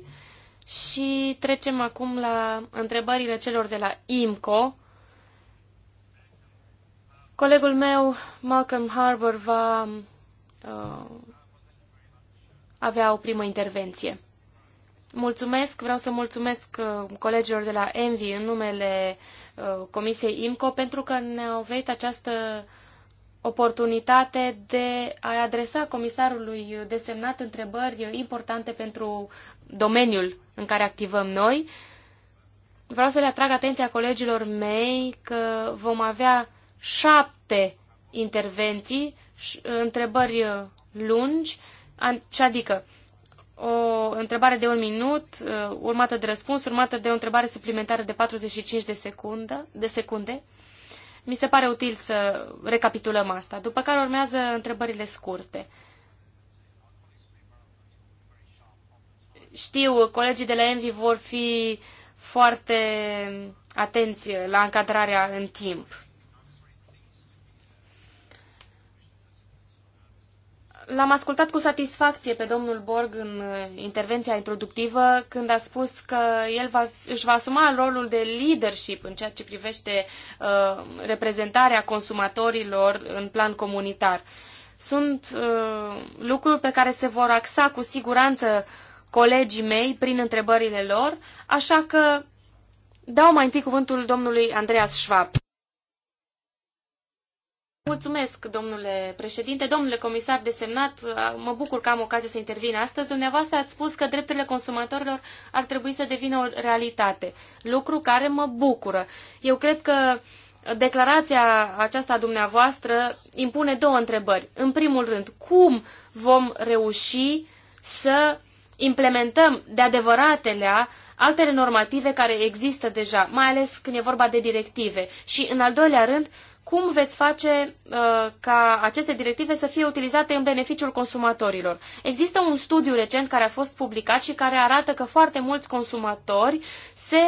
Speaker 2: Și trecem acum la întrebările celor de la IMCO. Colegul meu, Malcolm Harbour, va uh, avea o primă intervenție. Mulțumesc, vreau să mulțumesc uh, colegilor de la Envi în numele uh, Comisiei IMCO pentru că ne-au venit această oportunitate de a adresa comisarului desemnat întrebări importante pentru domeniul în care activăm noi. Vreau să le atrag atenția colegilor mei că vom avea șapte intervenții, uh, întrebări uh, lungi, și adică o întrebare de un minut, uh, urmată de răspuns, urmată de o întrebare suplimentară de 45 de secunde, de secunde mi se pare util să recapitulăm asta, după care urmează întrebările scurte. Știu, colegii de la Envi vor fi foarte atenți la încadrarea în timp. L-am ascultat cu satisfacție pe domnul Borg în uh, intervenția introductivă când a spus că el va, își va asuma rolul de leadership în ceea ce privește uh, reprezentarea consumatorilor în plan comunitar. Sunt uh, lucruri pe care se vor axa cu siguranță colegii mei prin întrebările lor, așa că dau mai întâi cuvântul domnului Andreas Schwab. Mulțumesc, domnule președinte. Domnule comisar desemnat, mă bucur că am ocazia să intervin astăzi. Dumneavoastră ați spus că drepturile consumatorilor ar trebui să devină o realitate, lucru care mă bucură. Eu cred că declarația aceasta a dumneavoastră impune două întrebări. În primul rând, cum vom reuși să implementăm de adevăratelea altele normative care există deja, mai ales când e vorba de directive. Și, în al doilea rând, cum veți face uh, ca aceste directive să fie utilizate în beneficiul consumatorilor. Există un studiu recent care a fost publicat și care arată că foarte mulți consumatori se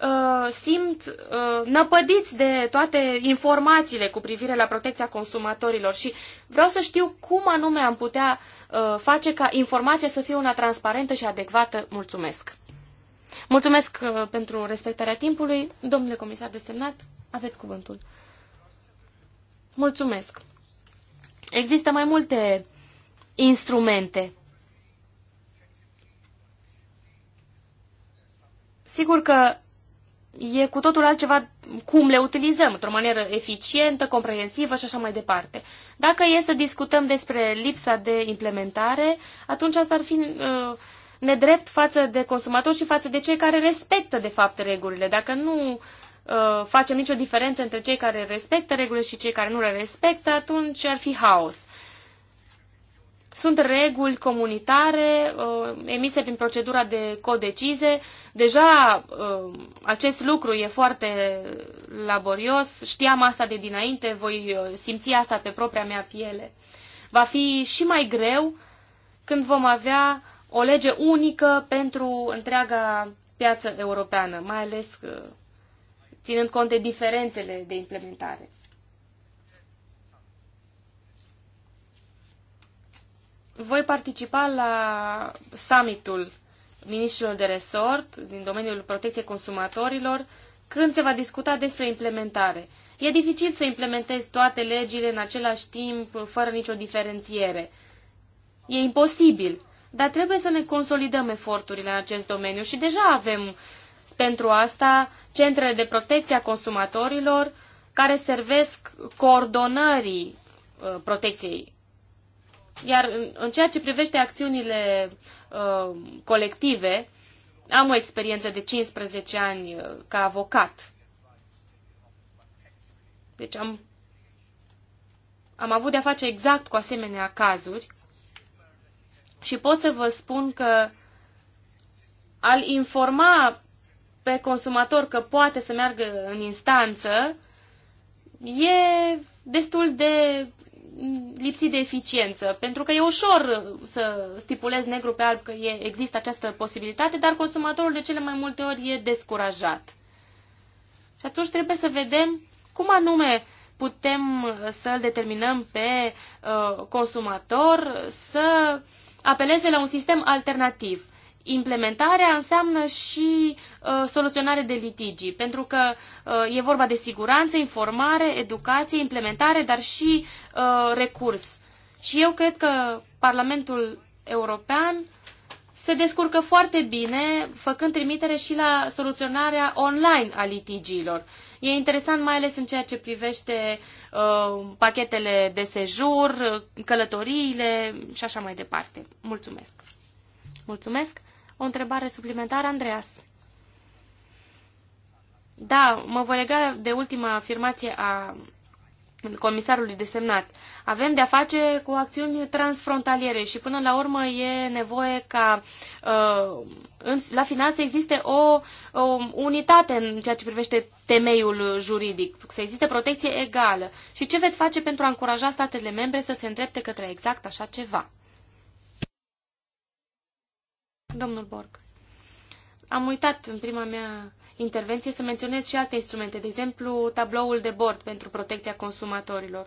Speaker 2: uh, simt uh, năpădiți de toate informațiile cu privire la protecția consumatorilor și vreau să știu cum anume am putea uh, face ca informația să fie una transparentă și adecvată. Mulțumesc! Mulțumesc uh, pentru respectarea timpului. Domnule comisar desemnat, aveți cuvântul. Mulțumesc. Există mai multe instrumente. Sigur că e cu totul altceva cum le utilizăm, într-o manieră eficientă, comprehensivă și așa mai departe. Dacă e să discutăm despre lipsa de implementare, atunci asta ar fi uh, nedrept față de consumatori și față de cei care respectă, de fapt, regulile. Dacă nu Uh, facem nicio diferență între cei care respectă regulile și cei care nu le respectă, atunci ar fi haos. Sunt reguli comunitare uh, emise prin procedura de codecize. Deja uh, acest lucru e foarte laborios. Știam asta de dinainte, voi uh, simți asta pe propria mea piele. Va fi și mai greu când vom avea o lege unică pentru întreaga piață europeană, mai ales uh, ținând cont de diferențele de implementare. Voi participa la summitul ministrilor de resort din domeniul protecției consumatorilor când se va discuta despre implementare. E dificil să implementezi toate legile în același timp, fără nicio diferențiere. E imposibil, dar trebuie să ne consolidăm eforturile în acest domeniu și deja avem pentru asta centrele de protecție a consumatorilor care servesc coordonării uh, protecției. Iar în ceea ce privește acțiunile uh, colective, am o experiență de 15 ani uh, ca avocat. Deci am, am avut de-a face exact cu asemenea cazuri și pot să vă spun că al informa pe consumator că poate să meargă în instanță e destul de lipsit de eficiență, pentru că e ușor să stipulezi negru pe alb că e, există această posibilitate, dar consumatorul de cele mai multe ori e descurajat. Și atunci trebuie să vedem cum anume putem să-l determinăm pe uh, consumator să apeleze la un sistem alternativ implementarea înseamnă și uh, soluționare de litigii, pentru că uh, e vorba de siguranță, informare, educație, implementare, dar și uh, recurs. Și eu cred că Parlamentul European se descurcă foarte bine, făcând trimitere și la soluționarea online a litigiilor. E interesant mai ales în ceea ce privește uh, pachetele de sejur, călătoriile și așa mai departe. Mulțumesc! Mulțumesc! O întrebare suplimentară, Andreas. Da, mă voi lega de ultima afirmație a comisarului desemnat. Avem de-a face cu acțiuni transfrontaliere și până la urmă e nevoie ca uh, la final să existe o, o unitate în ceea ce privește temeiul juridic, să existe protecție egală. Și ce veți face pentru a încuraja statele membre să se îndrepte către exact așa ceva? Domnul Borg, am uitat în prima mea intervenție să menționez și alte instrumente, de exemplu tabloul de bord pentru protecția consumatorilor.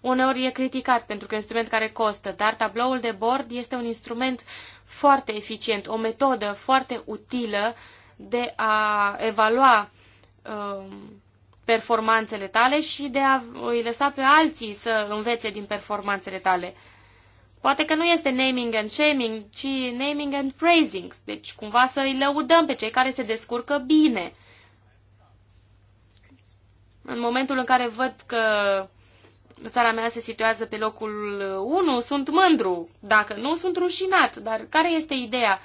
Speaker 2: Uneori e criticat pentru că e un instrument care costă, dar tabloul de bord este un instrument foarte eficient, o metodă foarte utilă de a evalua um, performanțele tale și de a îi lăsa pe alții să învețe din performanțele tale. Poate că nu este naming and shaming, ci naming and praising. Deci cumva să îi lăudăm pe cei care se descurcă bine. În momentul în care văd că țara mea se situează pe locul 1, sunt mândru. Dacă nu, sunt rușinat. Dar care este ideea?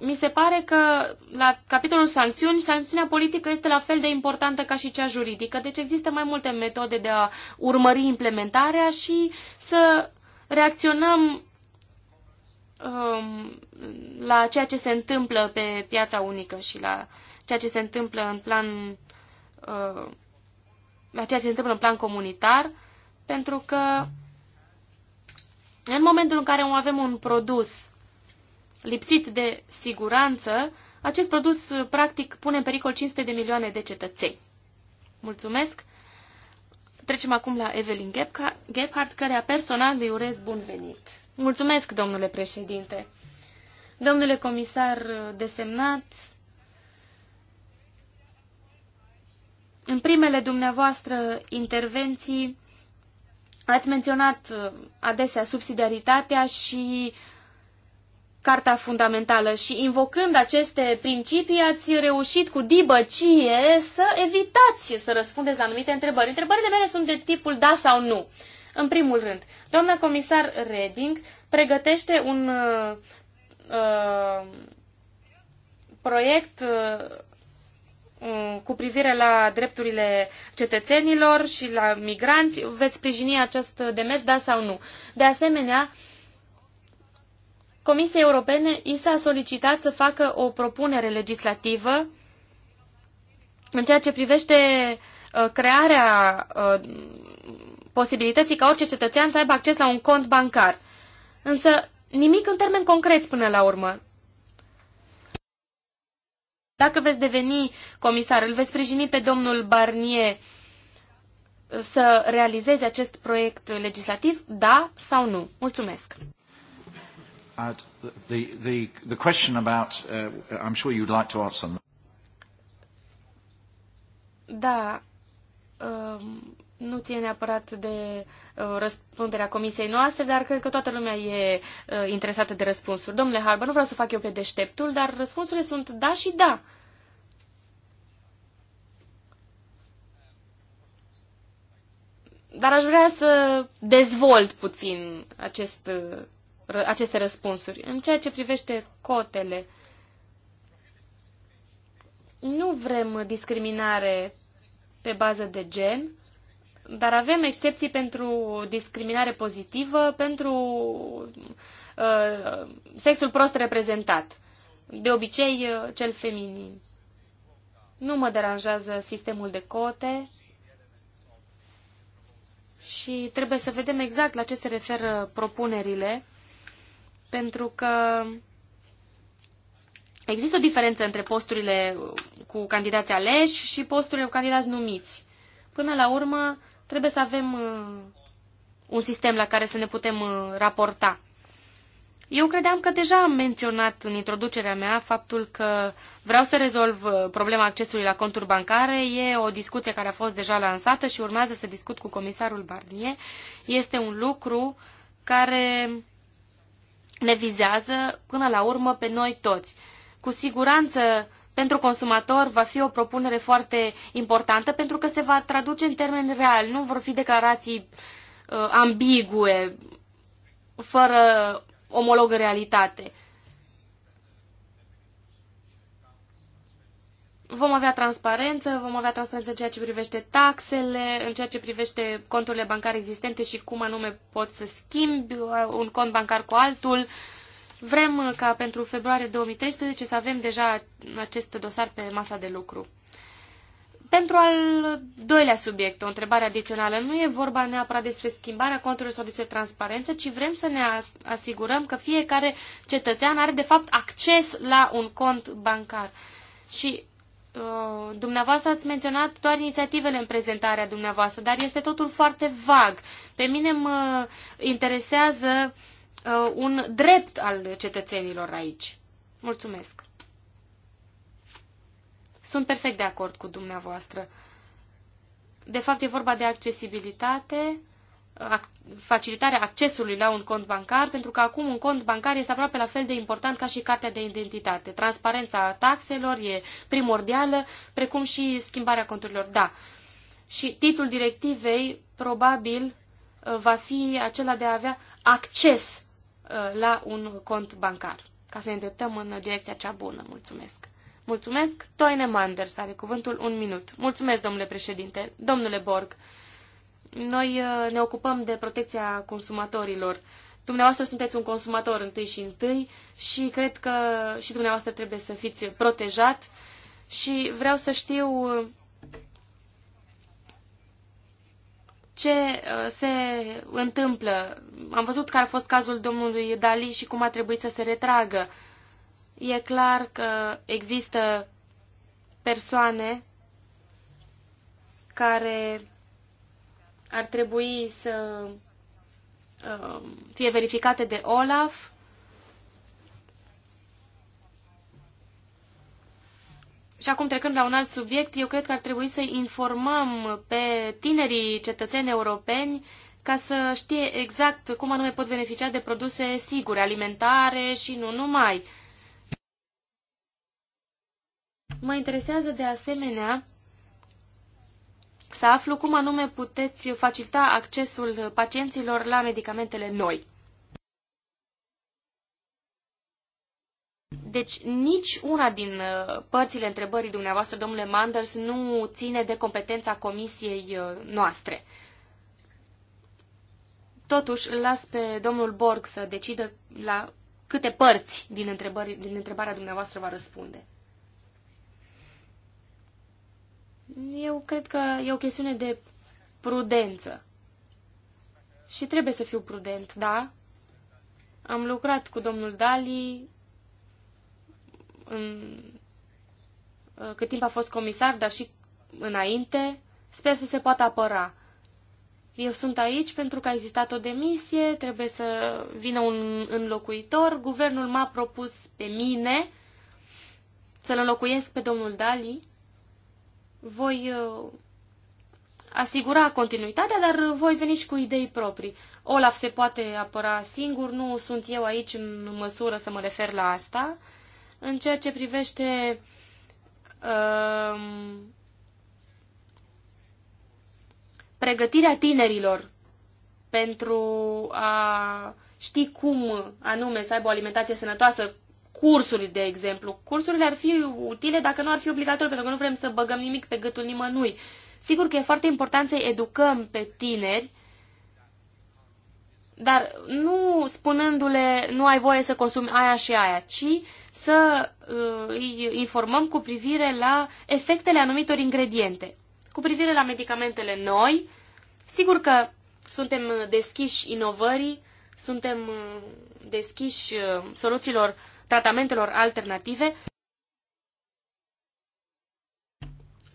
Speaker 2: mi se pare că la capitolul sancțiuni, sancțiunea politică este la fel de importantă ca și cea juridică, deci există mai multe metode de a urmări implementarea și să reacționăm um, la ceea ce se întâmplă pe piața unică și la ceea ce se întâmplă în plan uh, la ceea ce se întâmplă în plan comunitar, pentru că în momentul în care avem un produs lipsit de siguranță, acest produs practic pune în pericol 500 de milioane de cetățeni. Mulțumesc! Trecem acum la Evelyn Gebhardt, care personal îi urez bun venit. Mulțumesc, domnule președinte! Domnule comisar desemnat, în primele dumneavoastră intervenții ați menționat uh, adesea subsidiaritatea și uh, Carta Fundamentală și invocând aceste principii ați reușit cu dibăcie să evitați să răspundeți la anumite întrebări. Întrebările mele sunt de tipul da sau nu. În primul rând, doamna comisar Reding pregătește un uh, proiect uh, cu privire la drepturile cetățenilor și la migranți. Veți sprijini acest demers, da sau nu? De asemenea, uh, Comisiei Europene i s-a solicitat să facă o propunere legislativă în ceea ce privește uh, crearea uh, posibilității ca orice cetățean să aibă acces la un cont bancar. Însă nimic în termeni concreți până la urmă. Dacă veți deveni comisar, îl veți sprijini pe domnul Barnier uh, să realizeze acest proiect legislativ, da sau nu? Mulțumesc!
Speaker 1: the, the, the question about, uh, I'm sure you'd like to answer them.
Speaker 2: Da, um, nu ține neapărat de uh, răspunderea comisiei noastre, dar cred că toată lumea e uh, interesată de răspunsuri. Domnule Harbă, nu vreau să fac eu pe deșteptul, dar răspunsurile sunt da și da. Dar aș vrea să dezvolt puțin acest uh, aceste răspunsuri. În ceea ce privește cotele, nu vrem discriminare pe bază de gen, dar avem excepții pentru discriminare pozitivă, pentru uh, sexul prost reprezentat, de obicei uh, cel feminin. Nu mă deranjează sistemul de cote și trebuie să vedem exact la ce se referă propunerile pentru că există o diferență între posturile cu candidați aleși și posturile cu candidați numiți. Până la urmă, trebuie să avem uh, un sistem la care să ne putem uh, raporta. Eu credeam că deja am menționat în introducerea mea faptul că vreau să rezolv uh, problema accesului la conturi bancare. E o discuție care a fost deja lansată și urmează să discut cu comisarul Barnier. Este un lucru care ne vizează până la urmă pe noi toți. Cu siguranță pentru consumator va fi o propunere foarte importantă pentru că se va traduce în termeni reali, nu vor fi declarații uh, ambigue, fără omolog în realitate. vom avea transparență, vom avea transparență în ceea ce privește taxele, în ceea ce privește conturile bancare existente și cum anume pot să schimbi uh, un cont bancar cu altul. Vrem uh, ca pentru februarie 2013 să avem deja acest dosar pe masa de lucru. Pentru al doilea subiect, o întrebare adițională, nu e vorba neapărat despre schimbarea conturilor sau despre transparență, ci vrem să ne asigurăm că fiecare cetățean are de fapt acces la un cont bancar. Și Uh, dumneavoastră ați menționat doar inițiativele în prezentarea dumneavoastră, dar este totul foarte vag. Pe mine mă interesează uh, un drept al cetățenilor aici. Mulțumesc. Sunt perfect de acord cu dumneavoastră. De fapt, e vorba de accesibilitate, facilitarea accesului la un cont bancar, pentru că acum un cont bancar este aproape la fel de important ca și cartea de identitate. Transparența taxelor e primordială, precum și schimbarea conturilor. Da. Și titlul directivei probabil uh, va fi acela de a avea acces uh, la un cont bancar, ca să ne îndreptăm în direcția cea bună. Mulțumesc! Mulțumesc! Toine Manders are cuvântul un minut. Mulțumesc, domnule președinte. Domnule Borg, noi uh, ne ocupăm de protecția consumatorilor. Dumneavoastră sunteți un consumator întâi și întâi și cred că și dumneavoastră trebuie să fiți protejat și vreau să știu uh, ce uh, se întâmplă. Am văzut că a fost cazul domnului Dali și cum a trebuit să se retragă. E clar că există persoane care ar trebui să um, fie verificate de OLAF. Și acum trecând la un alt subiect, eu cred că ar trebui să informăm pe tinerii cetățeni europeni ca să știe exact cum anume pot beneficia de produse sigure, alimentare și nu numai. Mă interesează de asemenea să aflu cum anume puteți facilita accesul pacienților la medicamentele noi. Deci nici una din uh, părțile întrebării dumneavoastră, domnule Manders, nu ține de competența comisiei uh, noastre. Totuși, îl las pe domnul Borg să decidă la câte părți din, întrebări, din întrebarea dumneavoastră va răspunde. Eu cred că e o chestiune de prudență. Și trebuie să fiu prudent, da? Am lucrat cu domnul Dali în, uh, cât timp a fost comisar, dar și înainte. Sper să se poată apăra. Eu sunt aici pentru că a existat o demisie, trebuie să vină un înlocuitor. Guvernul m-a propus pe mine să-l înlocuiesc pe domnul Dali voi uh, asigura continuitatea, dar uh, voi veni și cu idei proprii. Olaf se poate apăra singur, nu sunt eu aici în măsură să mă refer la asta. În ceea ce privește uh, pregătirea tinerilor pentru a ști cum anume să aibă o alimentație sănătoasă, cursuri, de exemplu. Cursurile ar fi utile dacă nu ar fi obligatorii, pentru că nu vrem să băgăm nimic pe gâtul nimănui. Sigur că e foarte important să-i educăm pe tineri, dar nu spunându-le nu ai voie să consumi aia și aia, ci să uh, îi informăm cu privire la efectele anumitor ingrediente. Cu privire la medicamentele noi, sigur că suntem deschiși inovării, suntem uh, deschiși uh, soluțiilor tratamentelor alternative,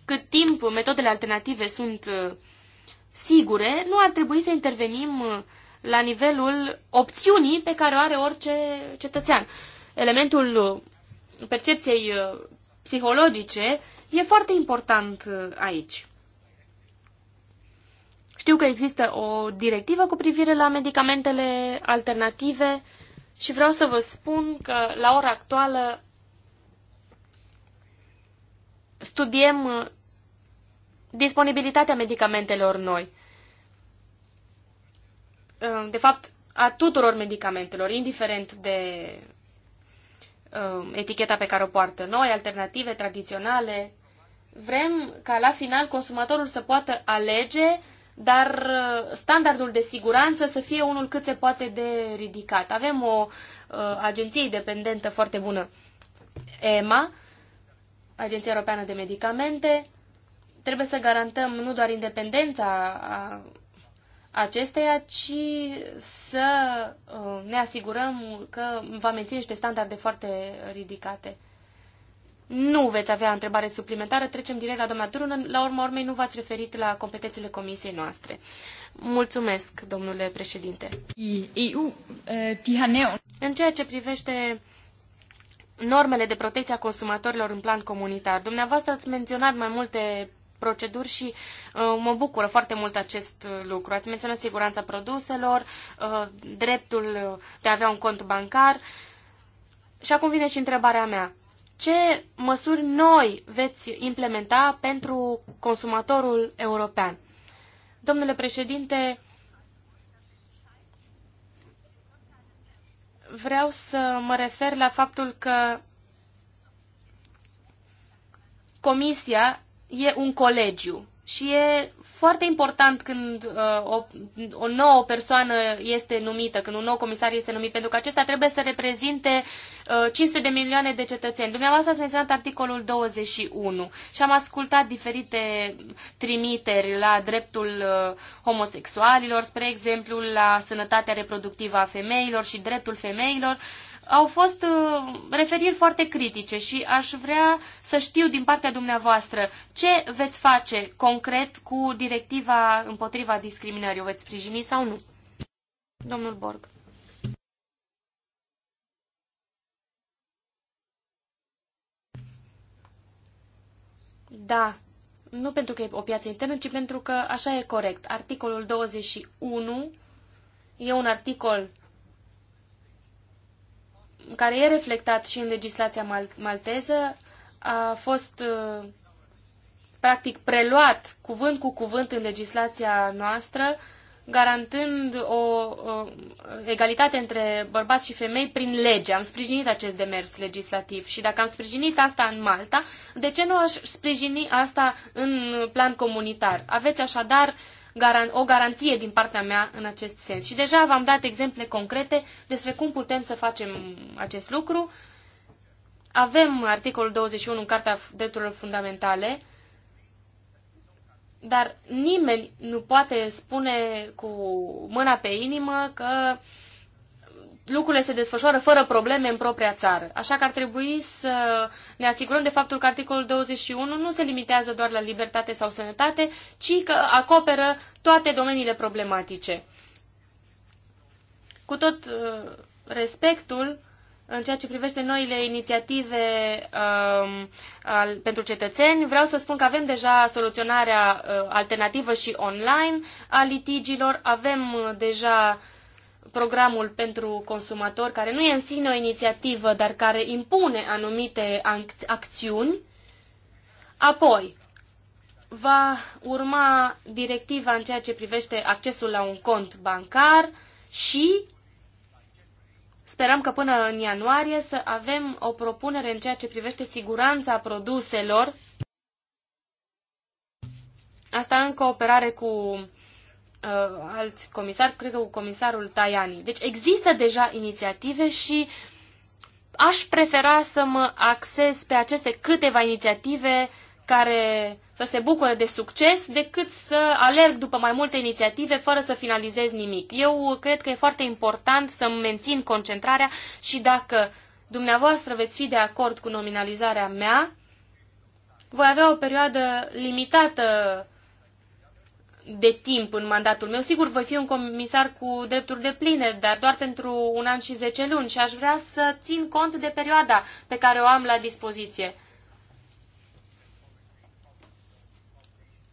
Speaker 2: cât timp metodele alternative sunt uh, sigure, nu ar trebui să intervenim uh, la nivelul opțiunii pe care o are orice cetățean. Elementul uh, percepției psihologice e foarte important aici. Știu că există o directivă cu privire la medicamentele alternative și vreau să vă spun că la ora actuală studiem uh, disponibilitatea medicamentelor noi. Uh, de fapt, a tuturor medicamentelor, indiferent de uh, eticheta pe care o poartă noi, alternative tradiționale. Vrem ca la final consumatorul să poată alege dar uh, standardul de siguranță să fie unul cât se poate de ridicat. Avem o uh, agenție independentă foarte bună, EMA, Agenția Europeană de Medicamente. Trebuie să garantăm nu doar independența a acesteia, ci să uh, ne asigurăm că va menține niște standarde foarte ridicate. Nu veți avea întrebare suplimentară, trecem direct la doamna Turună. La urma urmei nu v-ați referit la competențele comisiei noastre. Mulțumesc, domnule președinte. Eh, EU, În ceea ce privește normele de protecție a consumatorilor în plan comunitar, dumneavoastră ați menționat mai multe proceduri și uh, mă bucură foarte mult acest lucru. Ați menționat siguranța produselor, uh, dreptul de a avea un cont bancar. Și acum vine și întrebarea mea ce măsuri noi veți implementa pentru consumatorul european. Domnule președinte, vreau să mă refer la faptul că Comisia e un colegiu și e foarte important când uh, o, o nouă persoană este numită, când un nou comisar este numit, pentru că acesta trebuie să reprezinte uh, 500 de milioane de cetățeni. Dumneavoastră ați menționat articolul 21 și am ascultat diferite trimiteri la dreptul uh, homosexualilor, spre exemplu la sănătatea reproductivă a femeilor și dreptul femeilor. Uh, au fost uh, referiri foarte critice și aș vrea să știu din partea dumneavoastră ce veți face concret cu directiva împotriva discriminării. O veți sprijini sau nu? Domnul Borg. Da, nu pentru că e o piață internă, ci pentru că așa e corect. Articolul 21 e un articol care e reflectat și în legislația mal malteză, a fost uh, practic preluat cuvânt cu cuvânt în legislația noastră, garantând o, o egalitate între bărbați și femei prin lege. Am sprijinit acest demers legislativ și dacă am sprijinit asta în Malta, de ce nu aș sprijini asta în plan comunitar? Aveți așadar uh, o garanție din partea mea în acest sens. Și deja v-am dat exemple concrete despre cum putem să facem acest lucru. Avem articolul 21 în Cartea Drepturilor Fundamentale, dar nimeni nu poate spune cu mâna pe inimă că uh, lucrurile se desfășoară fără probleme în propria țară. Așa că ar trebui să ne asigurăm de faptul că articolul 21 nu se limitează doar la libertate sau sănătate, ci că acoperă toate domeniile problematice. Cu tot uh, respectul, în ceea ce privește noile inițiative um, al, pentru cetățeni, vreau să spun că avem deja soluționarea uh, alternativă și online a litigilor, avem uh, deja programul pentru consumator, care nu e în sine o inițiativă, dar care impune anumite acțiuni. Apoi, va urma directiva în ceea ce privește accesul la un cont bancar și sperăm că până în ianuarie să avem o propunere în ceea ce privește siguranța produselor. Asta în cooperare cu uh, alți comisari, cred că cu comisarul Tajani. Deci există deja inițiative și aș prefera să mă axez pe aceste câteva inițiative care să se bucure de succes decât să alerg după mai multe inițiative fără să finalizez nimic. Eu cred că e foarte important să mențin concentrarea și dacă dumneavoastră veți fi de acord cu nominalizarea mea, voi avea o perioadă limitată de timp în mandatul meu. Sigur, voi fi un comisar cu drepturi de pline, dar doar pentru un an și zece luni și aș vrea să țin cont de perioada pe care o am la dispoziție.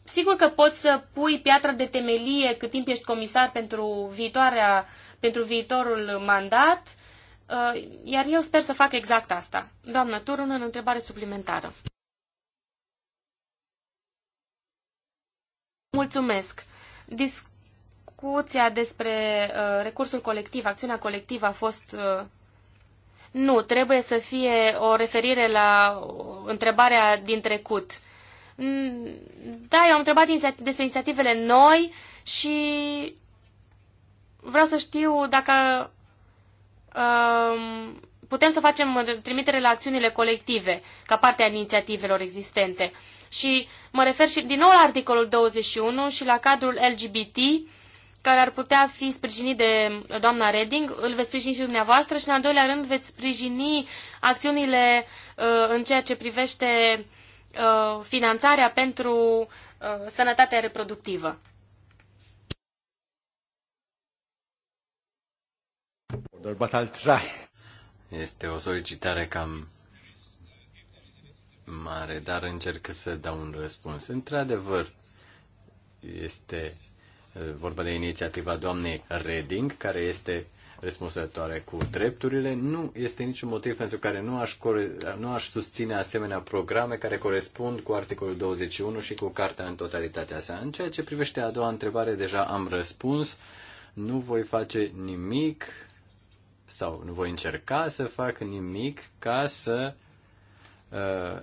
Speaker 2: Sigur că poți să pui piatra de temelie cât timp ești comisar pentru, viitoarea, pentru viitorul mandat, uh, iar eu sper să fac exact asta. Doamnă Turun, în întrebare suplimentară. Mulțumesc. Discuția despre uh, recursul colectiv, acțiunea colectivă a fost uh, nu, trebuie să fie o referire la uh, întrebarea din trecut. Mm, da, eu am întrebat despre inițiativele noi și vreau să știu dacă um, putem să facem trimitere la acțiunile colective ca parte a inițiativelor existente. Și Mă refer și din nou la articolul 21 și la cadrul LGBT, care ar putea fi sprijinit de doamna Reding, îl veți sprijini și dumneavoastră și, în al doilea rând, veți sprijini acțiunile uh, în ceea ce privește uh, finanțarea pentru uh, sănătatea reproductivă.
Speaker 3: Este o solicitare cam mare, dar încerc să dau un răspuns. Într-adevăr, este vorba de inițiativa doamnei Reding, care este răspunsătoare cu drepturile, nu este niciun motiv pentru care nu aș, nu aș susține asemenea programe care corespund cu articolul 21 și cu cartea în totalitatea sa. În ceea ce privește a doua întrebare, deja am răspuns. Nu voi face nimic sau nu voi încerca să fac nimic ca să uh, Uh,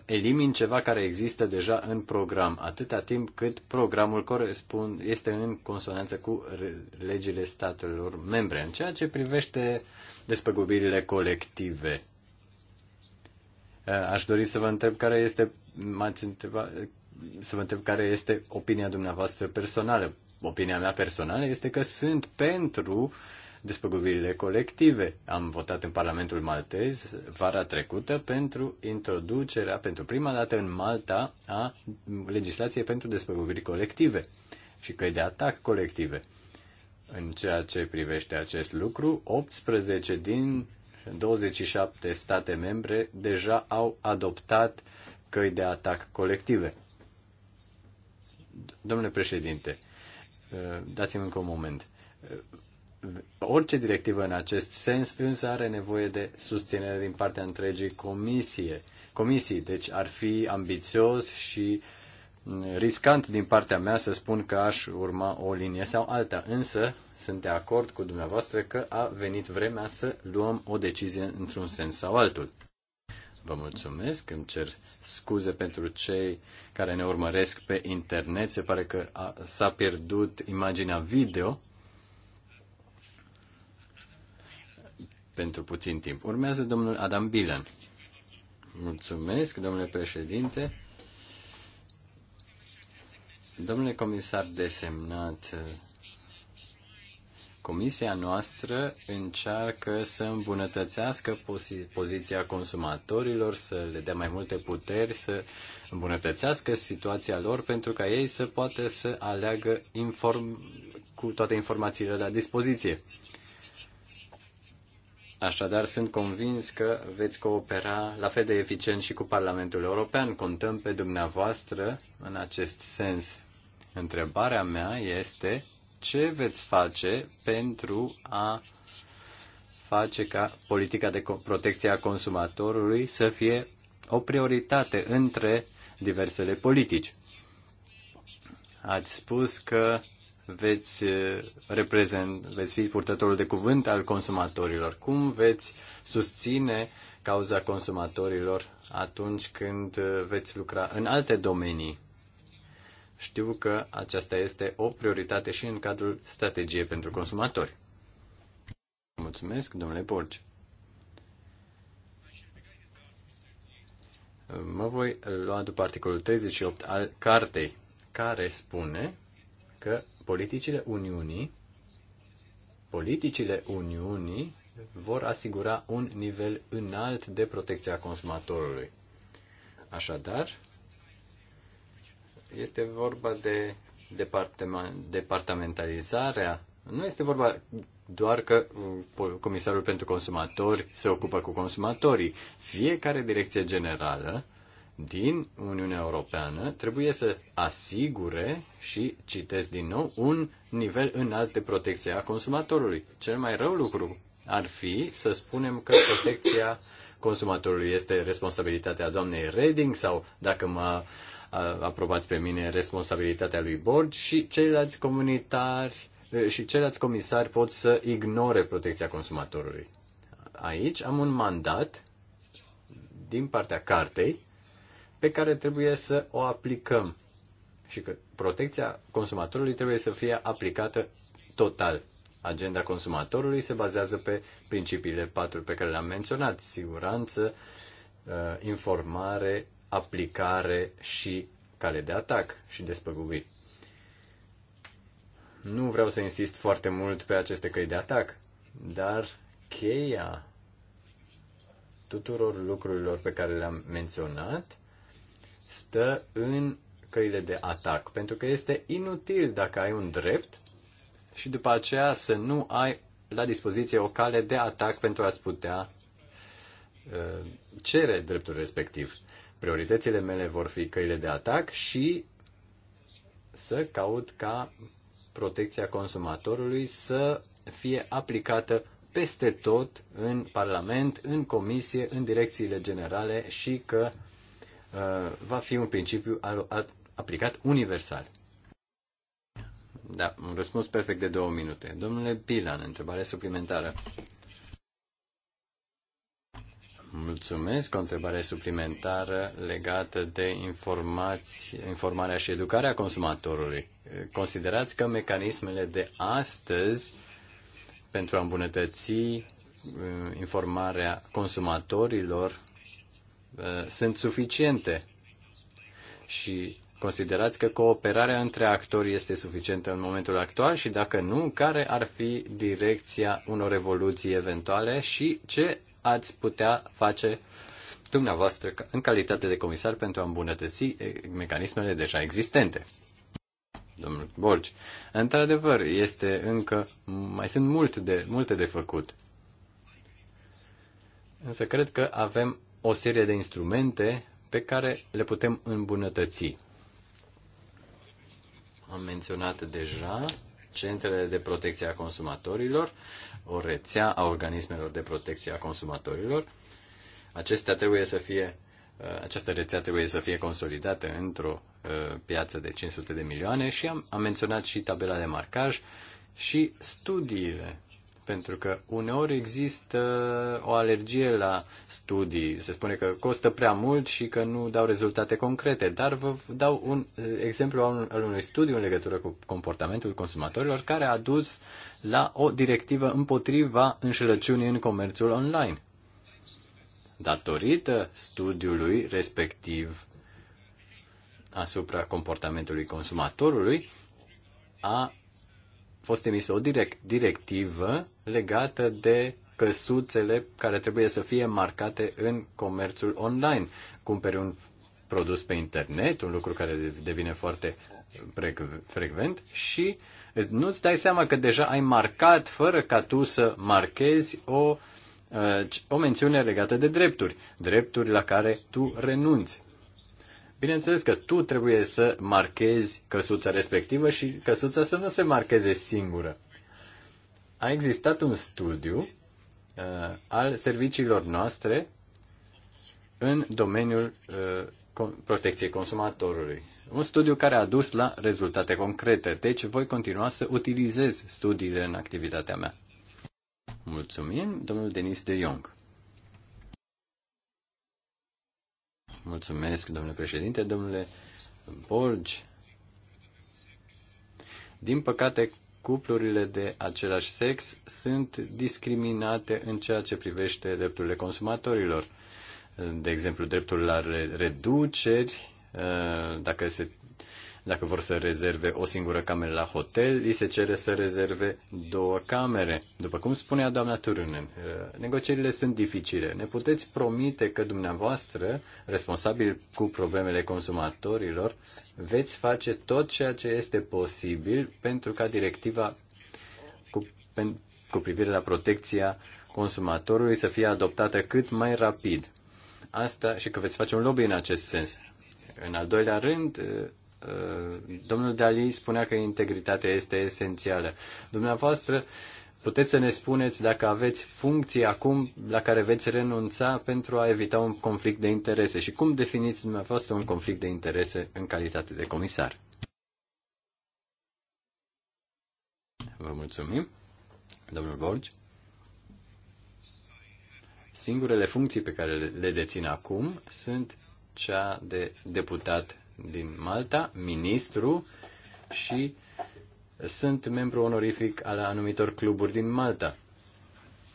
Speaker 3: elimin ceva care există deja în program, atâta timp cât programul corespund, este în consonanță cu legile statelor membre, în ceea ce privește despăgubirile colective. Uh, aș dori să vă întreb care este, m-ați întrebat, să vă întreb care este opinia dumneavoastră personală. Opinia mea personală este că sunt pentru uh, despăgubirile colective. Am votat în Parlamentul Maltez vara trecută pentru introducerea, pentru prima dată în Malta, a legislației pentru despăgubiri colective și căi de atac colective. În ceea ce privește acest lucru, 18 din 27 state membre deja au adoptat căi de atac colective. Domnule președinte, dați-mi încă un moment Orice directivă în acest sens însă are nevoie de susținere din partea întregii comisie, comisii, deci ar fi ambițios și mm, riscant din partea mea să spun că aș urma o linie sau alta, însă sunt de acord cu dumneavoastră că a venit vremea să luăm o decizie într-un sens sau altul. Vă mulțumesc, îmi cer scuze pentru cei care ne urmăresc pe internet. Se pare că a, s-a pierdut imaginea video. pentru puțin timp. Urmează domnul Adam Bilan. Mulțumesc, domnule președinte. Domnule comisar desemnat, comisia noastră încearcă să îmbunătățească poziția consumatorilor, să le dea mai multe puteri, să îmbunătățească situația lor pentru ca ei să poată să aleagă inform, cu toate informațiile la dispoziție. Așadar, sunt convins că veți coopera la fel de eficient și cu Parlamentul European. Contăm pe dumneavoastră în acest sens. Întrebarea mea este ce veți face pentru a face ca politica de protecție a consumatorului să fie o prioritate între diversele politici. Ați spus că veți, eh, reprezent, veți fi purtătorul de cuvânt al consumatorilor? Cum veți susține cauza consumatorilor atunci când eh, veți lucra în alte domenii? Știu că aceasta este o prioritate și în cadrul strategiei pentru consumatori. Mulțumesc, domnule Borgi. Mă voi lua după articolul 38 al cartei, care spune că politicile Uniunii, politicile Uniunii vor asigura un nivel înalt de protecție a consumatorului. Așadar, este vorba de departamentalizarea. Nu este vorba doar că uh, Comisarul pentru Consumatori se ocupă cu consumatorii. Fiecare direcție generală din Uniunea Europeană trebuie să asigure și, citesc din nou, un nivel înalt de protecție a consumatorului. Cel mai rău lucru ar fi să spunem că protecția consumatorului este responsabilitatea doamnei Reding sau, dacă mă aprobați pe mine, responsabilitatea lui Borg și ceilalți comunitari și ceilalți comisari pot să ignore protecția consumatorului. Aici am un mandat din partea cartei pe care trebuie să o aplicăm și că protecția consumatorului trebuie să fie aplicată total. Agenda consumatorului se bazează pe principiile patru pe care le-am menționat, siguranță, uh, informare, aplicare și cale de atac și despăgubiri. Nu vreau să insist foarte mult pe aceste căi de atac, dar cheia tuturor lucrurilor pe care le-am menționat stă în căile de atac, pentru că este inutil dacă ai un drept și după aceea să nu ai la dispoziție o cale de atac pentru a-ți putea uh, cere dreptul respectiv. Prioritățile mele vor fi căile de atac și să caut ca protecția consumatorului să fie aplicată peste tot în Parlament, în Comisie, în direcțiile generale și că Uh, va fi un principiu aplicat universal. Da, un răspuns perfect de două minute. Domnule Bilan, întrebare suplimentară. Mulțumesc. O întrebare suplimentară legată de informații, informarea și educarea consumatorului. Considerați că mecanismele de astăzi pentru a îmbunătăți uh, informarea consumatorilor Uh, sunt suficiente și considerați că cooperarea între actori este suficientă în momentul actual și dacă nu, care ar fi direcția unor evoluții eventuale și ce ați putea face dumneavoastră în calitate de comisar pentru a îmbunătăți eh, mecanismele deja existente. Domnul Borgi, într-adevăr, este încă, mai sunt mult de, multe de făcut. Însă cred că avem o serie de instrumente pe care le putem îmbunătăți. Am menționat deja centrele de protecție a consumatorilor, o rețea a organismelor de protecție a consumatorilor. Acestea trebuie să fie, uh, această rețea trebuie să fie consolidată într-o uh, piață de 500 de milioane și am, am menționat și tabela de marcaj și studiile pentru că uneori există o alergie la studii. Se spune că costă prea mult și că nu dau rezultate concrete. Dar vă dau un eh, exemplu al unui studiu în legătură cu comportamentul consumatorilor care a dus la o directivă împotriva înșelăciunii în comerțul online. Datorită studiului respectiv asupra comportamentului consumatorului, a fost emisă o direct, directivă legată de căsuțele care trebuie să fie marcate în comerțul online. Cumperi un produs pe internet, un lucru care devine foarte frecvent și nu-ți dai seama că deja ai marcat, fără ca tu să marchezi, o, uh, o mențiune legată de drepturi. Drepturi la care tu renunți. Bineînțeles că tu trebuie să marchezi căsuța respectivă și căsuța să nu se marcheze singură. A existat un studiu uh, al serviciilor noastre în domeniul uh, protecției consumatorului. Un studiu care a dus la rezultate concrete, deci voi continua să utilizez studiile în activitatea mea. Mulțumim, domnul Denis de Jong. Mulțumesc, domnule președinte, domnule Borgi. Din păcate, cuplurile de același sex sunt discriminate în ceea ce privește drepturile consumatorilor. De exemplu, dreptul la reduceri, uh, dacă se dacă vor să rezerve o singură cameră la hotel, li se cere să rezerve două camere. După cum spunea doamna Turunen, uh, negocierile sunt dificile. Ne puteți promite că dumneavoastră, responsabil cu problemele consumatorilor, veți face tot ceea ce este posibil pentru ca directiva cu, pen, cu privire la protecția consumatorului să fie adoptată cât mai rapid. Asta și că veți face un lobby în acest sens. În al doilea rând, uh, Uh, domnul Dali spunea că integritatea este esențială. Dumneavoastră, puteți să ne spuneți dacă aveți funcții acum la care veți renunța pentru a evita un conflict de interese și cum definiți dumneavoastră un conflict de interese în calitate de comisar? Vă mulțumim. Domnul Borgi. Singurele funcții pe care le dețin acum sunt cea de deputat din Malta, ministru și sunt membru onorific al anumitor cluburi din Malta.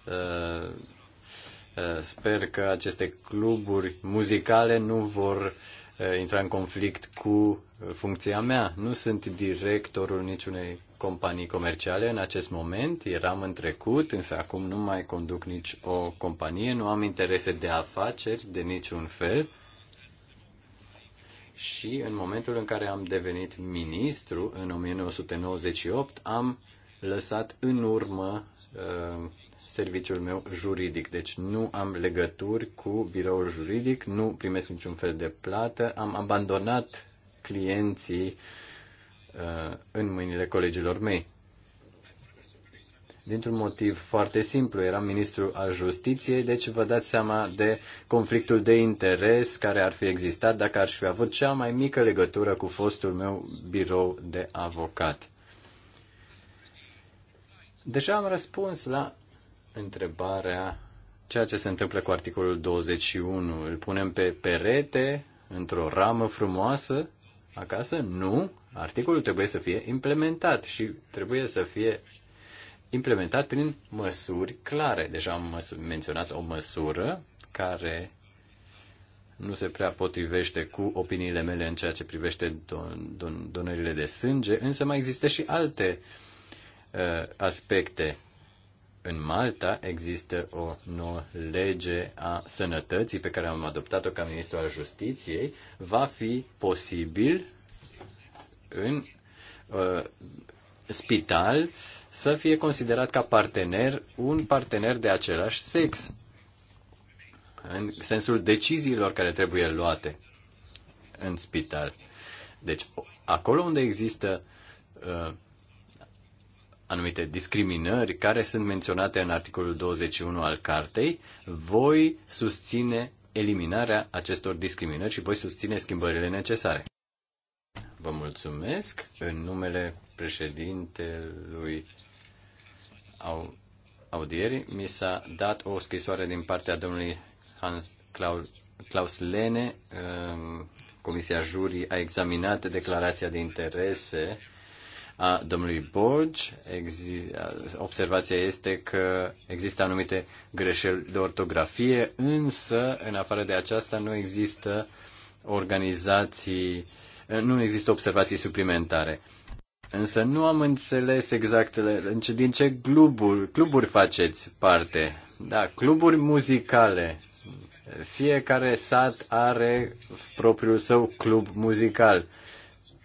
Speaker 3: Uh, uh, sper că aceste cluburi muzicale nu vor uh, intra în conflict cu funcția mea. Nu sunt directorul niciunei companii comerciale în acest moment, eram în trecut, însă acum nu mai conduc nici o companie, nu am interese de afaceri de niciun fel și în momentul în care am devenit ministru, în 1998, am lăsat în urmă uh, serviciul meu juridic. Deci nu am legături cu biroul juridic, nu primesc niciun fel de plată, am abandonat clienții uh, în mâinile colegilor mei dintr-un motiv foarte simplu. era ministru al justiției, deci vă dați seama de conflictul de interes care ar fi existat dacă ar fi avut cea mai mică legătură cu fostul meu birou de avocat. Deja am răspuns la întrebarea ceea ce se întâmplă cu articolul 21. Îl punem pe perete, într-o ramă frumoasă, acasă? Nu. Articolul trebuie să fie implementat și trebuie să fie implementat prin măsuri clare. Deja am menționat o măsură care nu se prea potrivește cu opiniile mele în ceea ce privește don, don, donările de sânge, însă mai există și alte uh, aspecte. În Malta există o nouă lege a sănătății pe care am adoptat-o ca ministru al justiției. Va fi posibil în uh, spital uh, să fie considerat ca partener un partener de același sex, în sensul deciziilor care trebuie luate în spital. Deci, acolo unde există uh, anumite discriminări care sunt menționate în articolul 21 al cartei, voi susține eliminarea acestor discriminări și voi susține schimbările necesare. Vă mulțumesc în numele președintelui au, audierii. Mi s-a dat o scrisoare din partea domnului Hans Klaus, Lene. Ehm, Comisia Jurii a examinat declarația de interese a domnului Borge. Observația este că există anumite greșeli de ortografie, însă, în afară de aceasta, nu există organizații uh, Eh, nu există observații suplimentare. Însă nu am înțeles exact din ce cluburi, cluburi faceți parte. Da, cluburi muzicale. Fiecare sat are propriul său club muzical.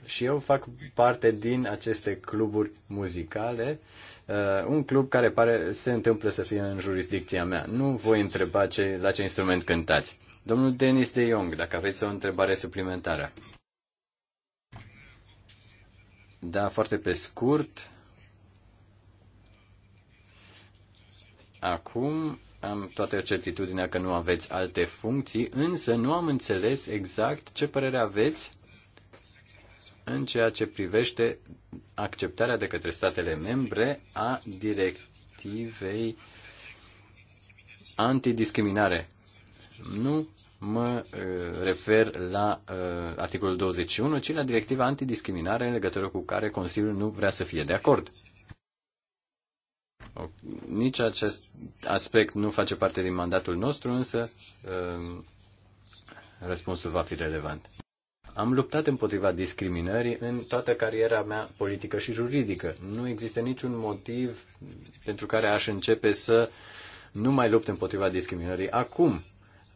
Speaker 3: Și eu fac parte din aceste cluburi muzicale, uh, un club care pare se întâmplă să fie în jurisdicția mea. Nu voi întreba ce, la ce instrument cântați. Domnul Denis de Jong, dacă aveți o întrebare suplimentară. Da, foarte pe scurt. Acum am toată certitudinea că nu aveți alte funcții, însă nu am înțeles exact ce părere aveți în ceea ce privește acceptarea de către statele membre a directivei antidiscriminare. Nu mă uh, refer la uh, articolul 21, ci la directiva antidiscriminare în legătură cu care Consiliul nu vrea să fie de acord. Nici acest aspect nu face parte din mandatul nostru, însă uh, răspunsul va fi relevant. Am luptat împotriva discriminării în toată cariera mea politică și juridică. Nu există niciun motiv pentru care aș începe să nu mai lupt împotriva discriminării acum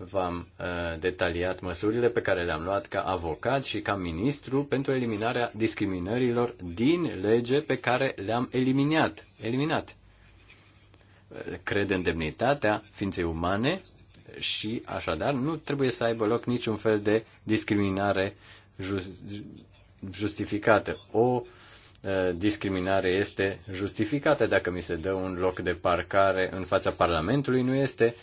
Speaker 3: v-am uh, detaliat măsurile pe care le-am luat ca avocat și ca ministru pentru eliminarea discriminărilor din lege pe care le-am eliminat. eliminat. Uh, cred în demnitatea ființei umane și așadar nu trebuie să aibă loc niciun fel de discriminare justificată. O uh, discriminare este justificată dacă mi se dă un loc de parcare în fața Parlamentului, nu este uh,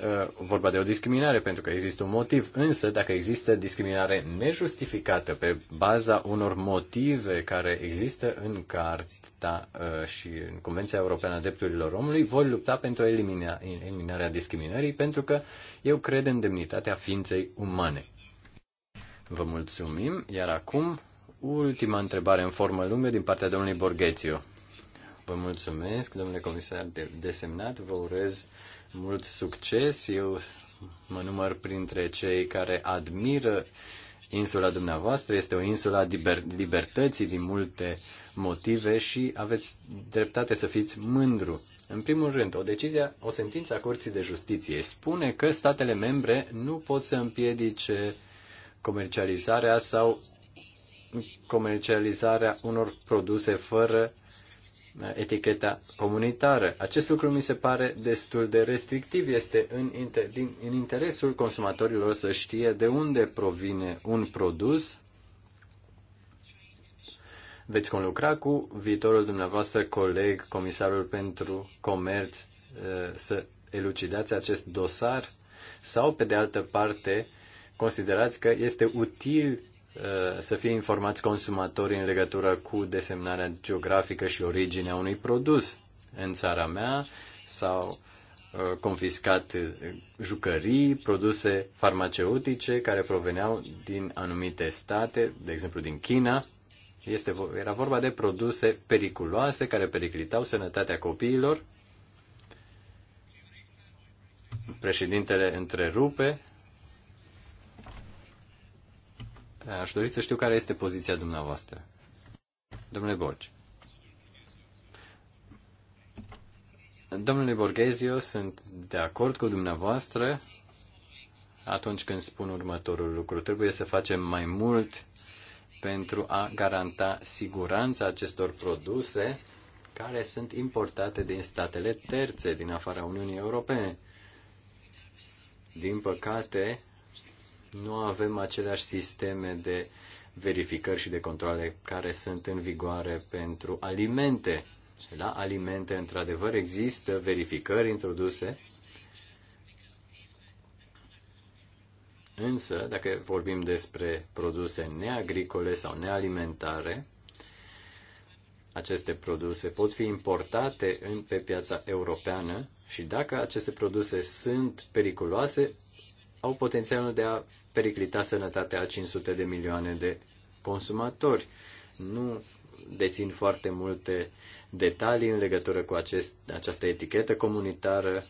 Speaker 3: Uh, vorba de o discriminare, pentru că există un motiv. Însă, dacă există discriminare nejustificată pe baza unor motive care există în Carta uh, și în Convenția Europeană a Drepturilor Omului, voi lupta pentru eliminarea discriminării, pentru că eu cred în demnitatea ființei umane. Vă mulțumim, iar acum ultima întrebare în formă lume din partea domnului Borghețiu. Vă mulțumesc, domnule comisar de desemnat, vă urez mult succes. Eu mă număr printre cei care admiră insula dumneavoastră. Este o insula liber- libertății din multe motive și aveți dreptate să fiți mândru. În primul rând, o decizie, o sentință a Curții de Justiție spune că statele membre nu pot să împiedice comercializarea sau comercializarea unor produse fără uh, Uh, eticheta comunitară. Acest lucru mi se pare destul de restrictiv. Este în, inter, din, în interesul consumatorilor să știe de unde provine un produs. Veți conlucra cu viitorul dumneavoastră coleg, comisarul pentru comerț, uh, să elucidați acest dosar sau, pe de altă parte, considerați că este util Uh, să fie informați consumatorii în legătură cu desemnarea geografică și originea unui produs. În țara mea sau uh, confiscat uh, jucării, produse farmaceutice care proveneau din anumite state, de exemplu din China. Este, era vorba de produse periculoase care periclitau sănătatea copiilor. Președintele întrerupe Aș dori să știu care este poziția dumneavoastră. Domnule Borci. Domnule Borghezio, sunt de acord cu dumneavoastră atunci când spun următorul lucru. Trebuie să facem mai mult pentru a garanta siguranța acestor produse care sunt importate din statele terțe din afara Uniunii Europene. Din păcate, nu avem aceleași sisteme de verificări și de controle care sunt în vigoare pentru alimente. La alimente, într-adevăr, există verificări introduse, însă, dacă vorbim despre produse neagricole sau nealimentare, aceste produse pot fi importate în, pe piața europeană și dacă aceste produse sunt periculoase, au potențialul de a periclita sănătatea a 500 de milioane de consumatori. Nu dețin foarte multe detalii în legătură cu acest, această etichetă comunitară,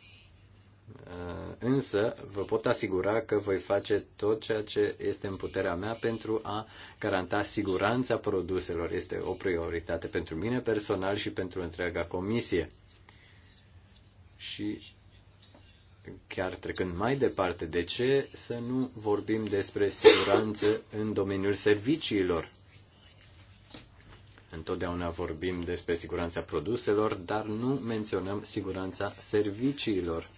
Speaker 3: uh, însă vă pot asigura că voi face tot ceea ce este în puterea mea pentru a garanta siguranța produselor. Este o prioritate pentru mine personal și pentru întreaga comisie. Și chiar trecând mai departe, de ce să nu vorbim despre siguranță în domeniul serviciilor? Întotdeauna vorbim despre siguranța produselor, dar nu menționăm siguranța serviciilor.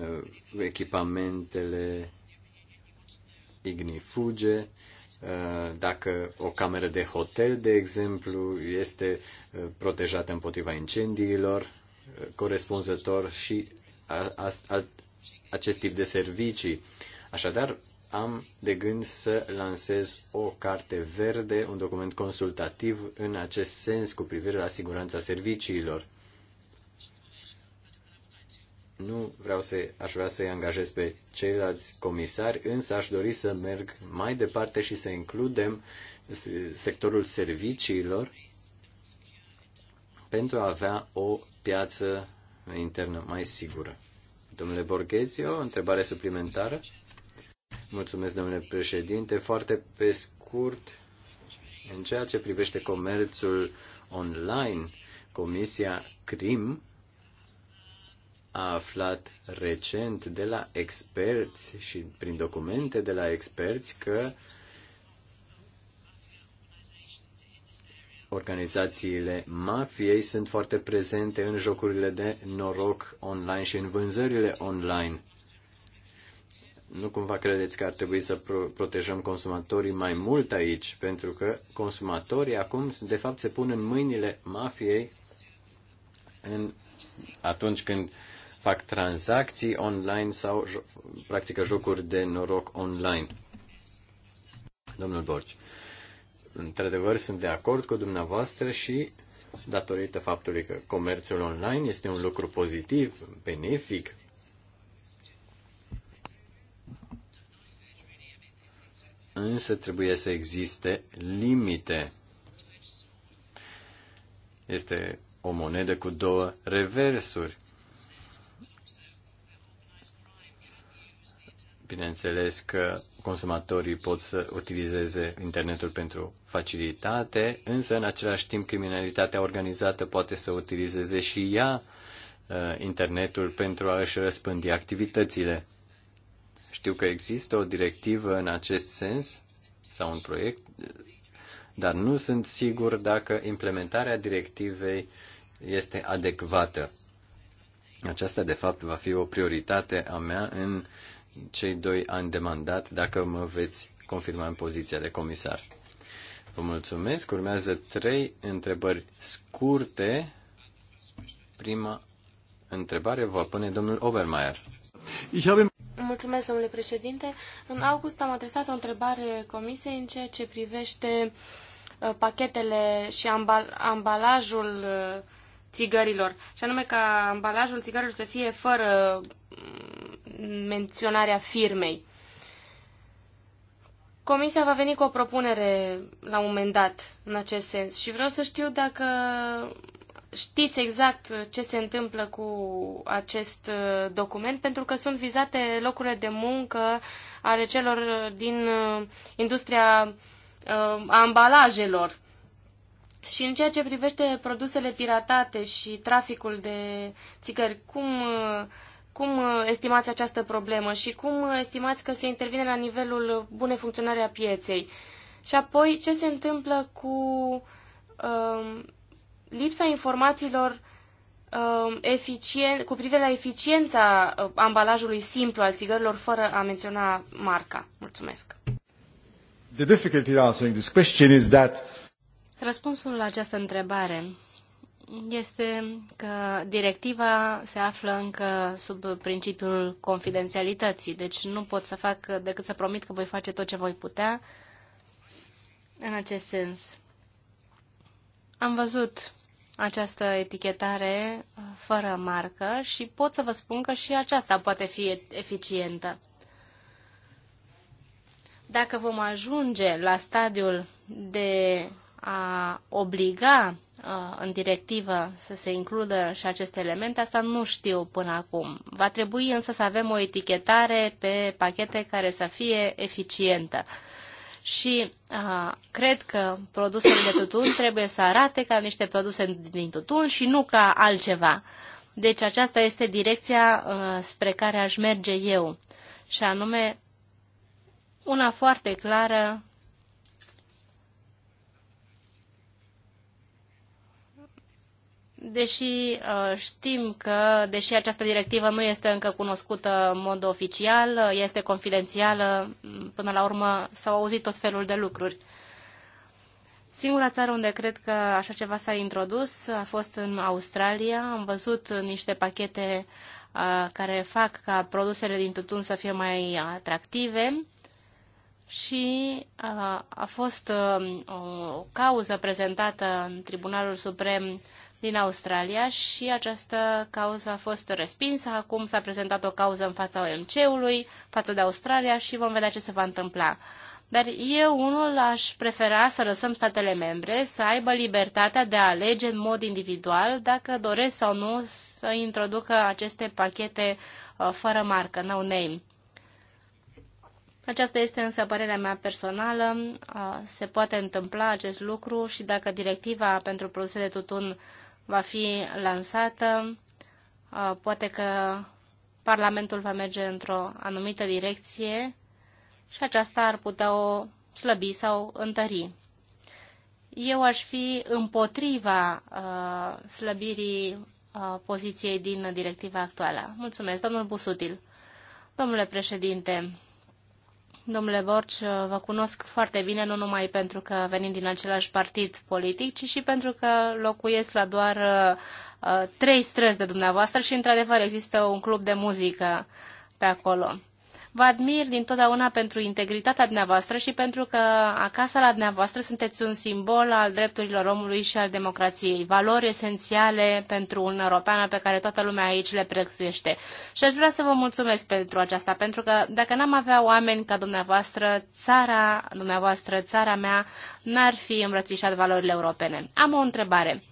Speaker 3: Uh, echipamentele ignifuge, uh, dacă o cameră de hotel, de exemplu, este uh, protejată împotriva incendiilor corespunzător și acest tip de servicii. Așadar, am de gând să lansez o carte verde, un document consultativ în acest sens cu privire la siguranța serviciilor. Nu vreau să, aș vrea să-i angajez pe ceilalți comisari, însă aș dori să merg mai departe și să includem sectorul serviciilor pentru a avea o piață internă mai sigură. Domnule Borghezio, o întrebare suplimentară? Mulțumesc, domnule președinte. Foarte pe scurt, în ceea ce privește comerțul online, Comisia CRIM a aflat recent de la experți și prin documente de la experți că uh, Organizațiile mafiei sunt foarte prezente în jocurile de noroc online și în vânzările online. Nu cumva credeți că ar trebui să protejăm consumatorii mai mult aici, pentru că consumatorii acum, de fapt, se pun în mâinile mafiei în, atunci când fac tranzacții online sau practică jocuri de noroc online. Domnul Borci într-adevăr, sunt de acord cu dumneavoastră și datorită faptului că comerțul online este un lucru pozitiv, benefic, însă trebuie să existe limite. Este o monedă cu două reversuri. bineînțeles că consumatorii pot să utilizeze internetul pentru facilitate, însă în același timp criminalitatea organizată poate să utilizeze și ea uh, internetul pentru a își răspândi activitățile. Știu că există o directivă în acest sens sau un proiect, dar nu sunt sigur dacă implementarea directivei este adecvată. Aceasta, de fapt, va fi o prioritate a mea în cei doi ani de mandat dacă mă veți confirma în poziția de comisar. Vă mulțumesc. Urmează trei întrebări scurte. Prima întrebare va pune domnul Obermeier.
Speaker 2: Mulțumesc, domnule președinte. În august am adresat o întrebare comisiei în ceea ce privește uh, pachetele și ambal- ambalajul uh, țigărilor, și anume ca ambalajul țigărilor să fie fără mm, menționarea firmei. Comisia va veni cu o propunere la un moment dat în acest sens și vreau să știu dacă știți exact ce se întâmplă cu acest uh, document, pentru că sunt vizate locurile de muncă ale celor din uh, industria a uh, ambalajelor. Și în ceea ce privește produsele piratate și traficul de țigări, cum, cum estimați această problemă și cum estimați că se intervine la nivelul bune funcționare a pieței? Și apoi, ce se întâmplă cu uh, lipsa informațiilor uh, eficien, cu privire la eficiența uh, ambalajului simplu al țigărilor, fără a menționa marca? Mulțumesc!
Speaker 1: The difficulty in answering this question is that
Speaker 2: Răspunsul la
Speaker 4: această întrebare este că directiva se află încă sub principiul confidențialității, deci nu pot să fac decât să promit că voi face tot ce voi putea în acest sens. Am văzut această etichetare uh, fără marcă și pot să vă spun că și aceasta poate fi eficientă. Dacă vom ajunge la stadiul de a obliga uh, în directivă să se includă și aceste elemente. asta nu știu până acum. Va trebui însă să avem o etichetare pe pachete care să fie eficientă. Și a, uh, cred că produsele de tutun trebuie să arate ca niște produse din tutun și nu ca altceva. Deci aceasta este direcția a, uh, spre care aș merge eu. Și anume, una foarte clară Deși uh, știm că, deși această directivă nu este încă cunoscută în mod oficial, uh, este confidențială, mm, până la urmă s-au auzit tot felul de lucruri. Singura țară unde cred că așa ceva s-a introdus a fost în Australia. Am văzut niște pachete uh, care fac ca produsele din tutun să fie mai atractive și a, a fost o, o cauză prezentată în Tribunalul Suprem din Australia și această cauză a fost respinsă. Acum s-a prezentat o cauză în fața OMC-ului, față de Australia și vom vedea ce se va întâmpla. Dar eu unul aș prefera să lăsăm statele membre să aibă libertatea de a alege în mod individual dacă doresc sau nu să introducă aceste pachete uh, fără marcă, no name. Aceasta este însă părerea mea personală. Uh, se poate întâmpla acest lucru și dacă directiva pentru produse de tutun va fi lansată. Uh, poate că Parlamentul va merge într-o anumită direcție și aceasta ar putea o slăbi sau întări. Eu aș fi împotriva uh, slăbirii uh, poziției din directiva actuală. Mulțumesc, domnul Busutil. Domnule președinte, Domnule Borci, vă cunosc foarte bine, nu numai pentru că venim din același partid politic, ci și pentru că locuiesc la doar uh, trei străzi de dumneavoastră și, într-adevăr, există un club de muzică pe acolo. Vă admir dintotdeauna pentru integritatea dumneavoastră și pentru că acasă la dumneavoastră sunteți un simbol al drepturilor omului și al democrației, valori esențiale pentru un Europeană pe care toată lumea aici le prețuiește. Și aș vrea să vă mulțumesc pentru aceasta, pentru că dacă n-am avea oameni ca dumneavoastră, țara dumneavoastră, țara mea, n-ar fi îmbrățișat valorile europene. Am o întrebare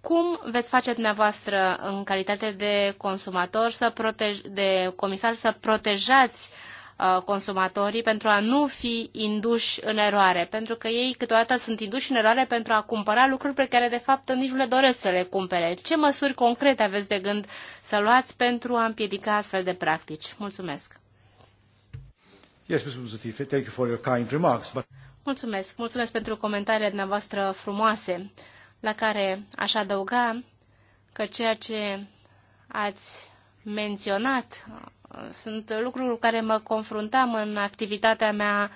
Speaker 4: cum veți face dumneavoastră în calitate de consumator, să protej- de comisar, să protejați uh, consumatorii pentru a nu fi induși în eroare, pentru că ei câteodată sunt induși în eroare pentru a cumpăra lucruri pe care de fapt nici nu le doresc să le cumpere. Ce măsuri concrete aveți de gând să luați pentru a împiedica astfel de practici? Mulțumesc! Yes, Mulțumesc, mulțumesc pentru comentariile dumneavoastră frumoase la care aș adăuga că ceea ce ați menționat uh, sunt lucruri cu care mă confruntam în activitatea mea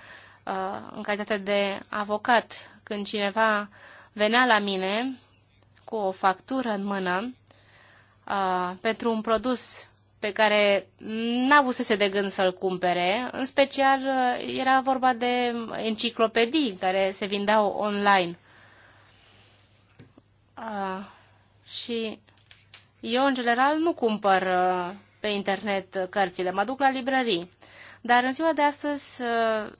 Speaker 4: uh, în calitate de avocat. Când cineva venea la mine cu o factură în mână uh, pentru un produs pe care n-avusese a de gând să-l cumpere, în special era vorba de enciclopedii care se vindeau online. Ah, și eu, în general, nu cumpăr uh, pe internet cărțile, mă duc la librării. Dar în ziua de astăzi, uh,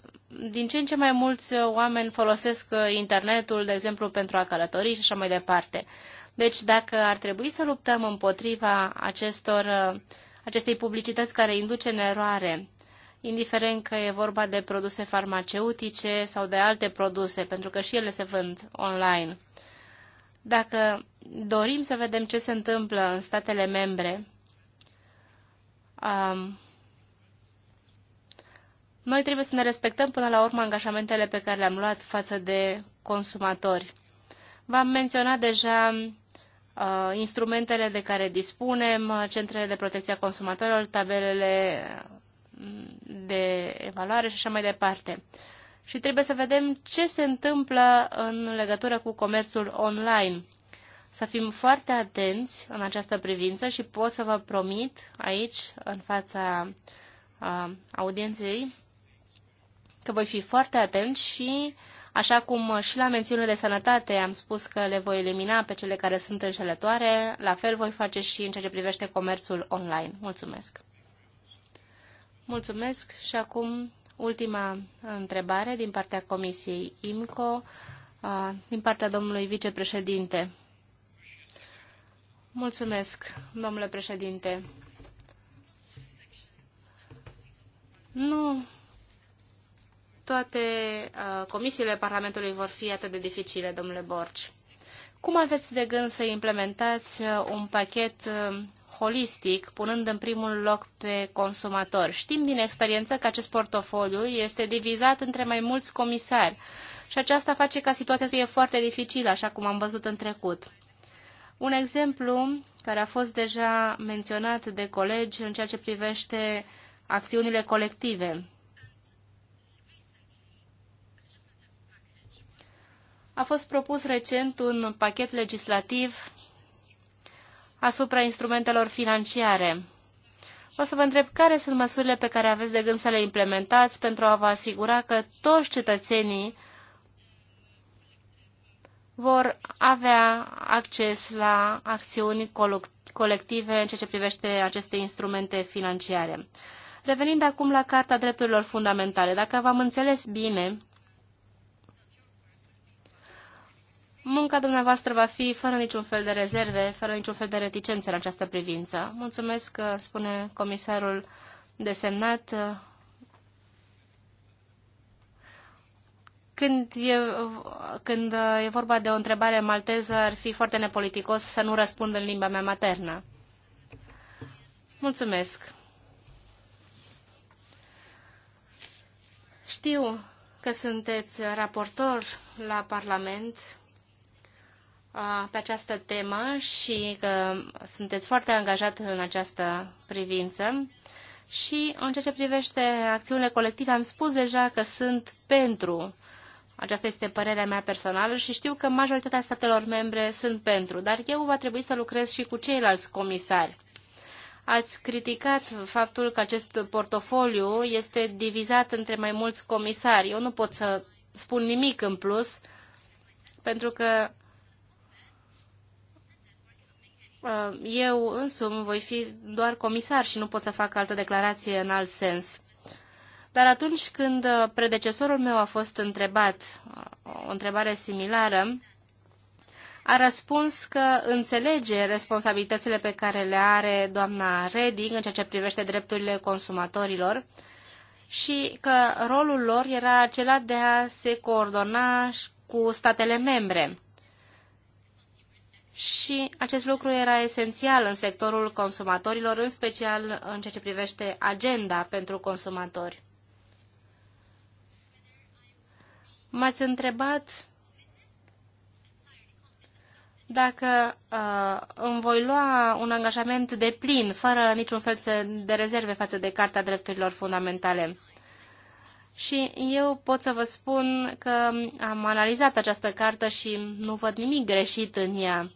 Speaker 4: din ce în ce mai mulți uh, oameni folosesc uh, internetul, de exemplu, pentru a călători și așa mai departe. Deci, dacă ar trebui să luptăm împotriva acestor, acestei publicități care induce în eroare, indiferent că e vorba de produse farmaceutice sau de alte produse, pentru că și ele se vând online, dacă dorim să vedem ce se întâmplă în statele membre, um, noi trebuie să ne respectăm până la urmă angajamentele pe care le-am luat față de consumatori. V-am menționat deja uh, instrumentele de care dispunem, uh, centrele de protecție a consumatorilor, tabelele mm, de evaluare și așa mai departe. Uh, și trebuie să vedem ce se întâmplă în legătură cu comerțul online. Să fim foarte atenți în această privință și pot să vă promit aici, în fața uh, audienței, că voi fi foarte atent și, așa cum și la mențiunile de sănătate am spus că le voi elimina pe cele care sunt înșelătoare, la fel voi face și în ceea ce privește comerțul online. Mulțumesc! Mulțumesc și acum ultima întrebare din partea Comisiei IMCO, din partea domnului vicepreședinte. Mulțumesc, domnule președinte. Nu toate comisiile Parlamentului vor fi atât de dificile, domnule Borci. Cum aveți de gând să implementați un pachet holistic, punând în primul loc pe consumator. Știm din experiență că acest portofoliu este divizat între mai mulți comisari și aceasta face ca situația să fie foarte dificilă, așa cum am văzut în trecut. Un exemplu care a fost deja menționat de colegi în ceea ce privește acțiunile colective. A fost propus recent un pachet legislativ asupra instrumentelor financiare. O să vă întreb care sunt măsurile pe care aveți de gând să le implementați pentru a vă asigura că toți cetățenii vor avea acces la acțiuni colective în ceea ce privește aceste instrumente financiare. Revenind acum la Carta Drepturilor Fundamentale, dacă v-am înțeles bine, Munca dumneavoastră va fi fără niciun fel de rezerve, fără niciun fel de reticențe în această privință. Mulțumesc, uh, spune comisarul desemnat. Uh, când e, uh, când e vorba de o întrebare malteză, ar fi foarte nepoliticos să nu răspund în limba mea maternă. Mulțumesc. Știu că sunteți raportor la Parlament pe această temă și că sunteți foarte angajat în această privință. Și în ceea ce privește acțiunile colective, am spus deja că sunt pentru. Aceasta este părerea mea personală și știu că majoritatea statelor membre sunt pentru, dar eu va trebui să lucrez și cu ceilalți comisari. Ați criticat faptul că acest portofoliu este divizat între mai mulți comisari. Eu nu pot să spun nimic în plus, pentru că Uh, eu însumi voi fi doar comisar și nu pot să fac altă declarație în alt sens. Dar atunci când uh, predecesorul meu a fost întrebat uh, o întrebare similară, a răspuns că înțelege responsabilitățile pe care le are doamna Reding în ceea ce privește drepturile consumatorilor și că rolul lor era acela de a se coordona cu statele membre și acest lucru era esențial în sectorul consumatorilor, în special în ceea ce privește agenda pentru consumatori. M-ați întrebat dacă uh, îmi voi lua un angajament de plin, fără niciun fel de rezerve față de Carta Drepturilor Fundamentale. Și eu pot să vă spun că am analizat această carte și nu văd nimic greșit în ea.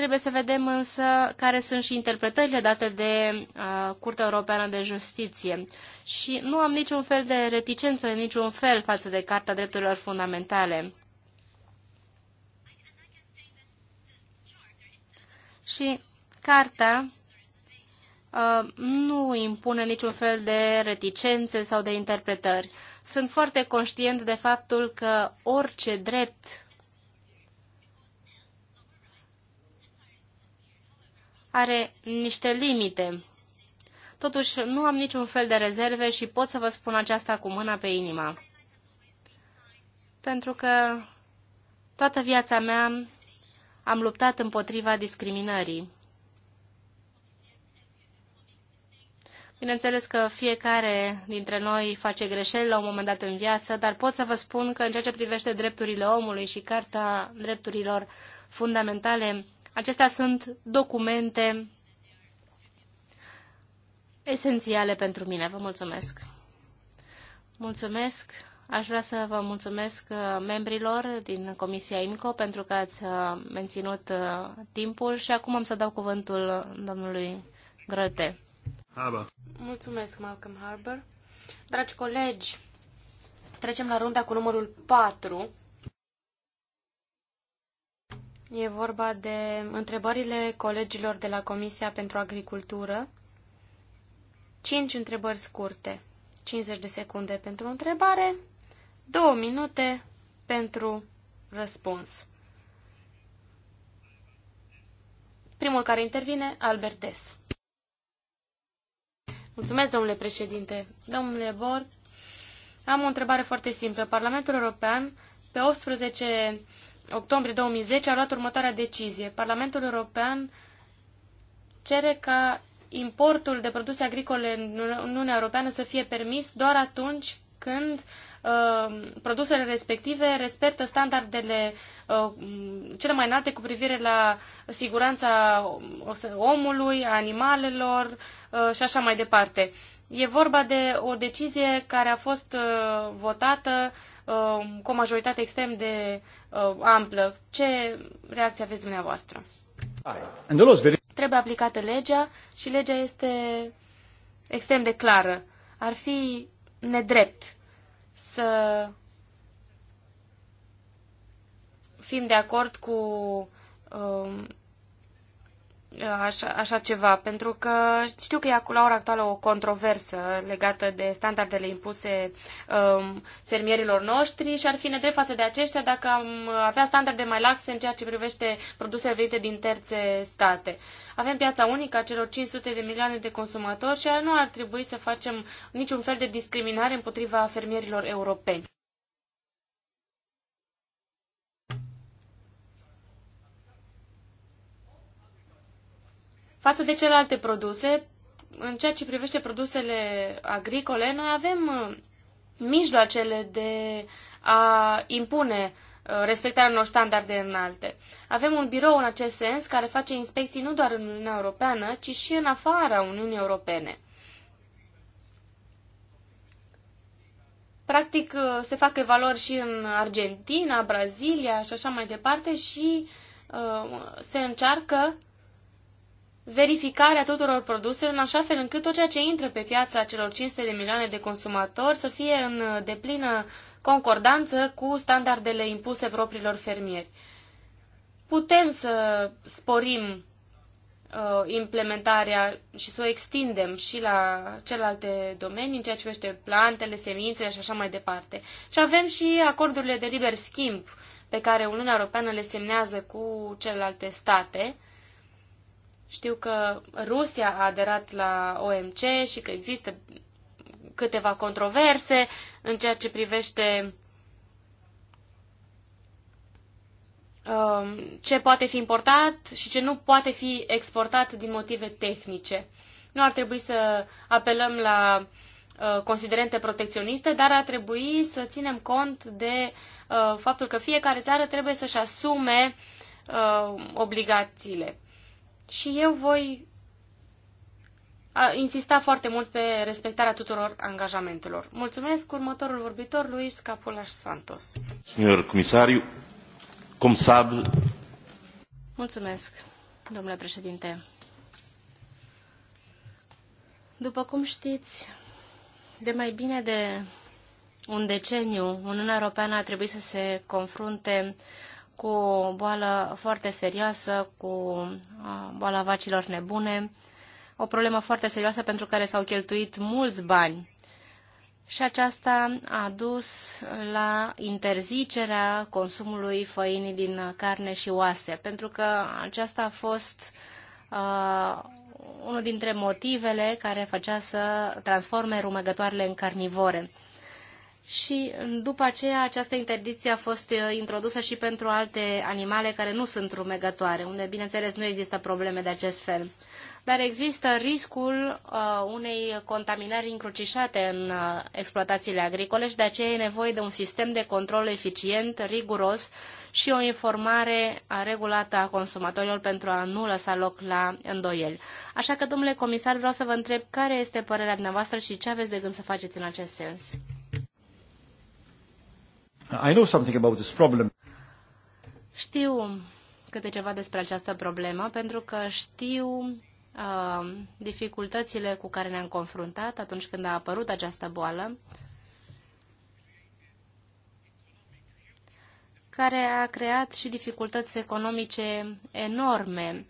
Speaker 4: Trebuie să vedem însă care sunt și interpretările date de uh, Curtea Europeană de Justiție. Și nu am niciun fel de reticență, niciun fel față de Carta Drepturilor Fundamentale. Și Carta uh, nu impune niciun fel de reticențe sau de interpretări. Sunt foarte conștient de faptul că orice drept are niște limite. Totuși, nu am niciun fel de rezerve și pot să vă spun aceasta cu mâna pe inima. Pentru că toată viața mea am luptat împotriva discriminării. Bineînțeles că fiecare dintre noi face greșeli la un moment dat în viață, dar pot să vă spun că în ceea ce privește drepturile omului și Carta Drepturilor Fundamentale Acestea sunt documente esențiale pentru mine. Vă mulțumesc! Mulțumesc! Aș vrea să vă mulțumesc uh, membrilor din Comisia IMCO pentru că ați uh, menținut uh, timpul și acum am să dau cuvântul domnului Grăte.
Speaker 2: Mulțumesc, Malcolm Harbour. Dragi colegi, trecem la runda cu numărul 4. E vorba de întrebările colegilor de la Comisia pentru Agricultură. Cinci întrebări scurte, 50 de secunde pentru întrebare, două minute pentru răspuns. Primul care intervine, Albertes. Mulțumesc, domnule președinte. Domnule Bor, am o întrebare foarte simplă. Parlamentul European, pe 18 octombrie 2010 a luat următoarea decizie. Parlamentul European cere ca importul de produse agricole în Uniunea Europeană să fie permis doar atunci când uh, produsele respective respectă standardele uh, cele mai înalte cu privire la siguranța omului, animalelor uh, și așa mai departe. E vorba de o decizie care a fost uh, votată uh, cu o majoritate extrem de uh, amplă. Ce reacție aveți dumneavoastră? Trebuie aplicată legea și legea este extrem de clară. Ar fi nedrept să fim de acord cu um, Uh, așa, așa ceva, pentru că știu că e la ora actuală o controversă legată de standardele impuse um, fermierilor noștri și ar fi nedrept față de aceștia dacă am avea standarde mai laxe în ceea ce privește produsele venite din terțe state. Avem piața unică a celor 500 de milioane de consumatori și nu ar trebui să facem niciun fel de discriminare împotriva fermierilor europeni. față de celelalte produse. În ceea ce privește produsele agricole, noi avem uh, mijloacele de a impune uh, respectarea unor standarde înalte. Avem un birou în acest sens care face inspecții nu doar în Uniunea Europeană, ci și în afara Uniunii Europene. Practic uh, se fac evaluări și în Argentina, Brazilia și așa mai departe și uh, se încearcă verificarea tuturor produselor în așa fel încât tot ceea ce intră pe piața celor 500 de milioane de consumatori să fie în deplină concordanță cu standardele impuse propriilor fermieri. Putem să sporim uh, implementarea și să o extindem și la celelalte domenii, în ceea ce privește plantele, semințele și așa mai departe. Și avem și acordurile de liber schimb pe care Uniunea Europeană le semnează cu celelalte state, uh, știu că Rusia a aderat la OMC și că există câteva controverse în ceea ce privește um, ce poate fi importat și ce nu poate fi exportat din motive tehnice. Nu ar trebui să apelăm la uh, considerente protecționiste, dar ar trebui să ținem cont de uh, faptul că fiecare țară trebuie să-și asume uh, obligațiile. Și eu voi insista foarte mult pe respectarea tuturor angajamentelor. Mulțumesc următorul vorbitor, Luis Capulaș Santos.
Speaker 1: Domnul comisariu, cum sabe...
Speaker 2: Mulțumesc, domnule președinte.
Speaker 4: După cum știți, de mai bine de un deceniu, Uniunea Europeană a trebuit să se confrunte cu o boală foarte serioasă, cu boala vacilor nebune, o problemă foarte serioasă pentru care s-au cheltuit mulți bani. Și aceasta a dus la interzicerea consumului făinii din carne și oase, pentru că aceasta a fost uh, unul dintre motivele care făcea să transforme rumegătoarele în carnivore și după aceea această interdicție a fost uh, introdusă și pentru alte animale care nu sunt rumegătoare, unde bineînțeles nu există probleme de acest fel. Dar există riscul uh, unei contaminări încrucișate în uh, exploatațiile agricole și de aceea e nevoie de un sistem de control eficient, riguros și o informare regulată a consumatorilor pentru a nu lăsa loc la îndoieli. Așa că, domnule comisar, vreau să vă întreb care este părerea dumneavoastră și ce aveți de gând să faceți în acest sens.
Speaker 1: I know something about this problem.
Speaker 4: Știu câte ceva despre această problemă, pentru că știu uh, dificultățile cu care ne-am confruntat atunci când a apărut această boală, care a creat și dificultăți economice enorme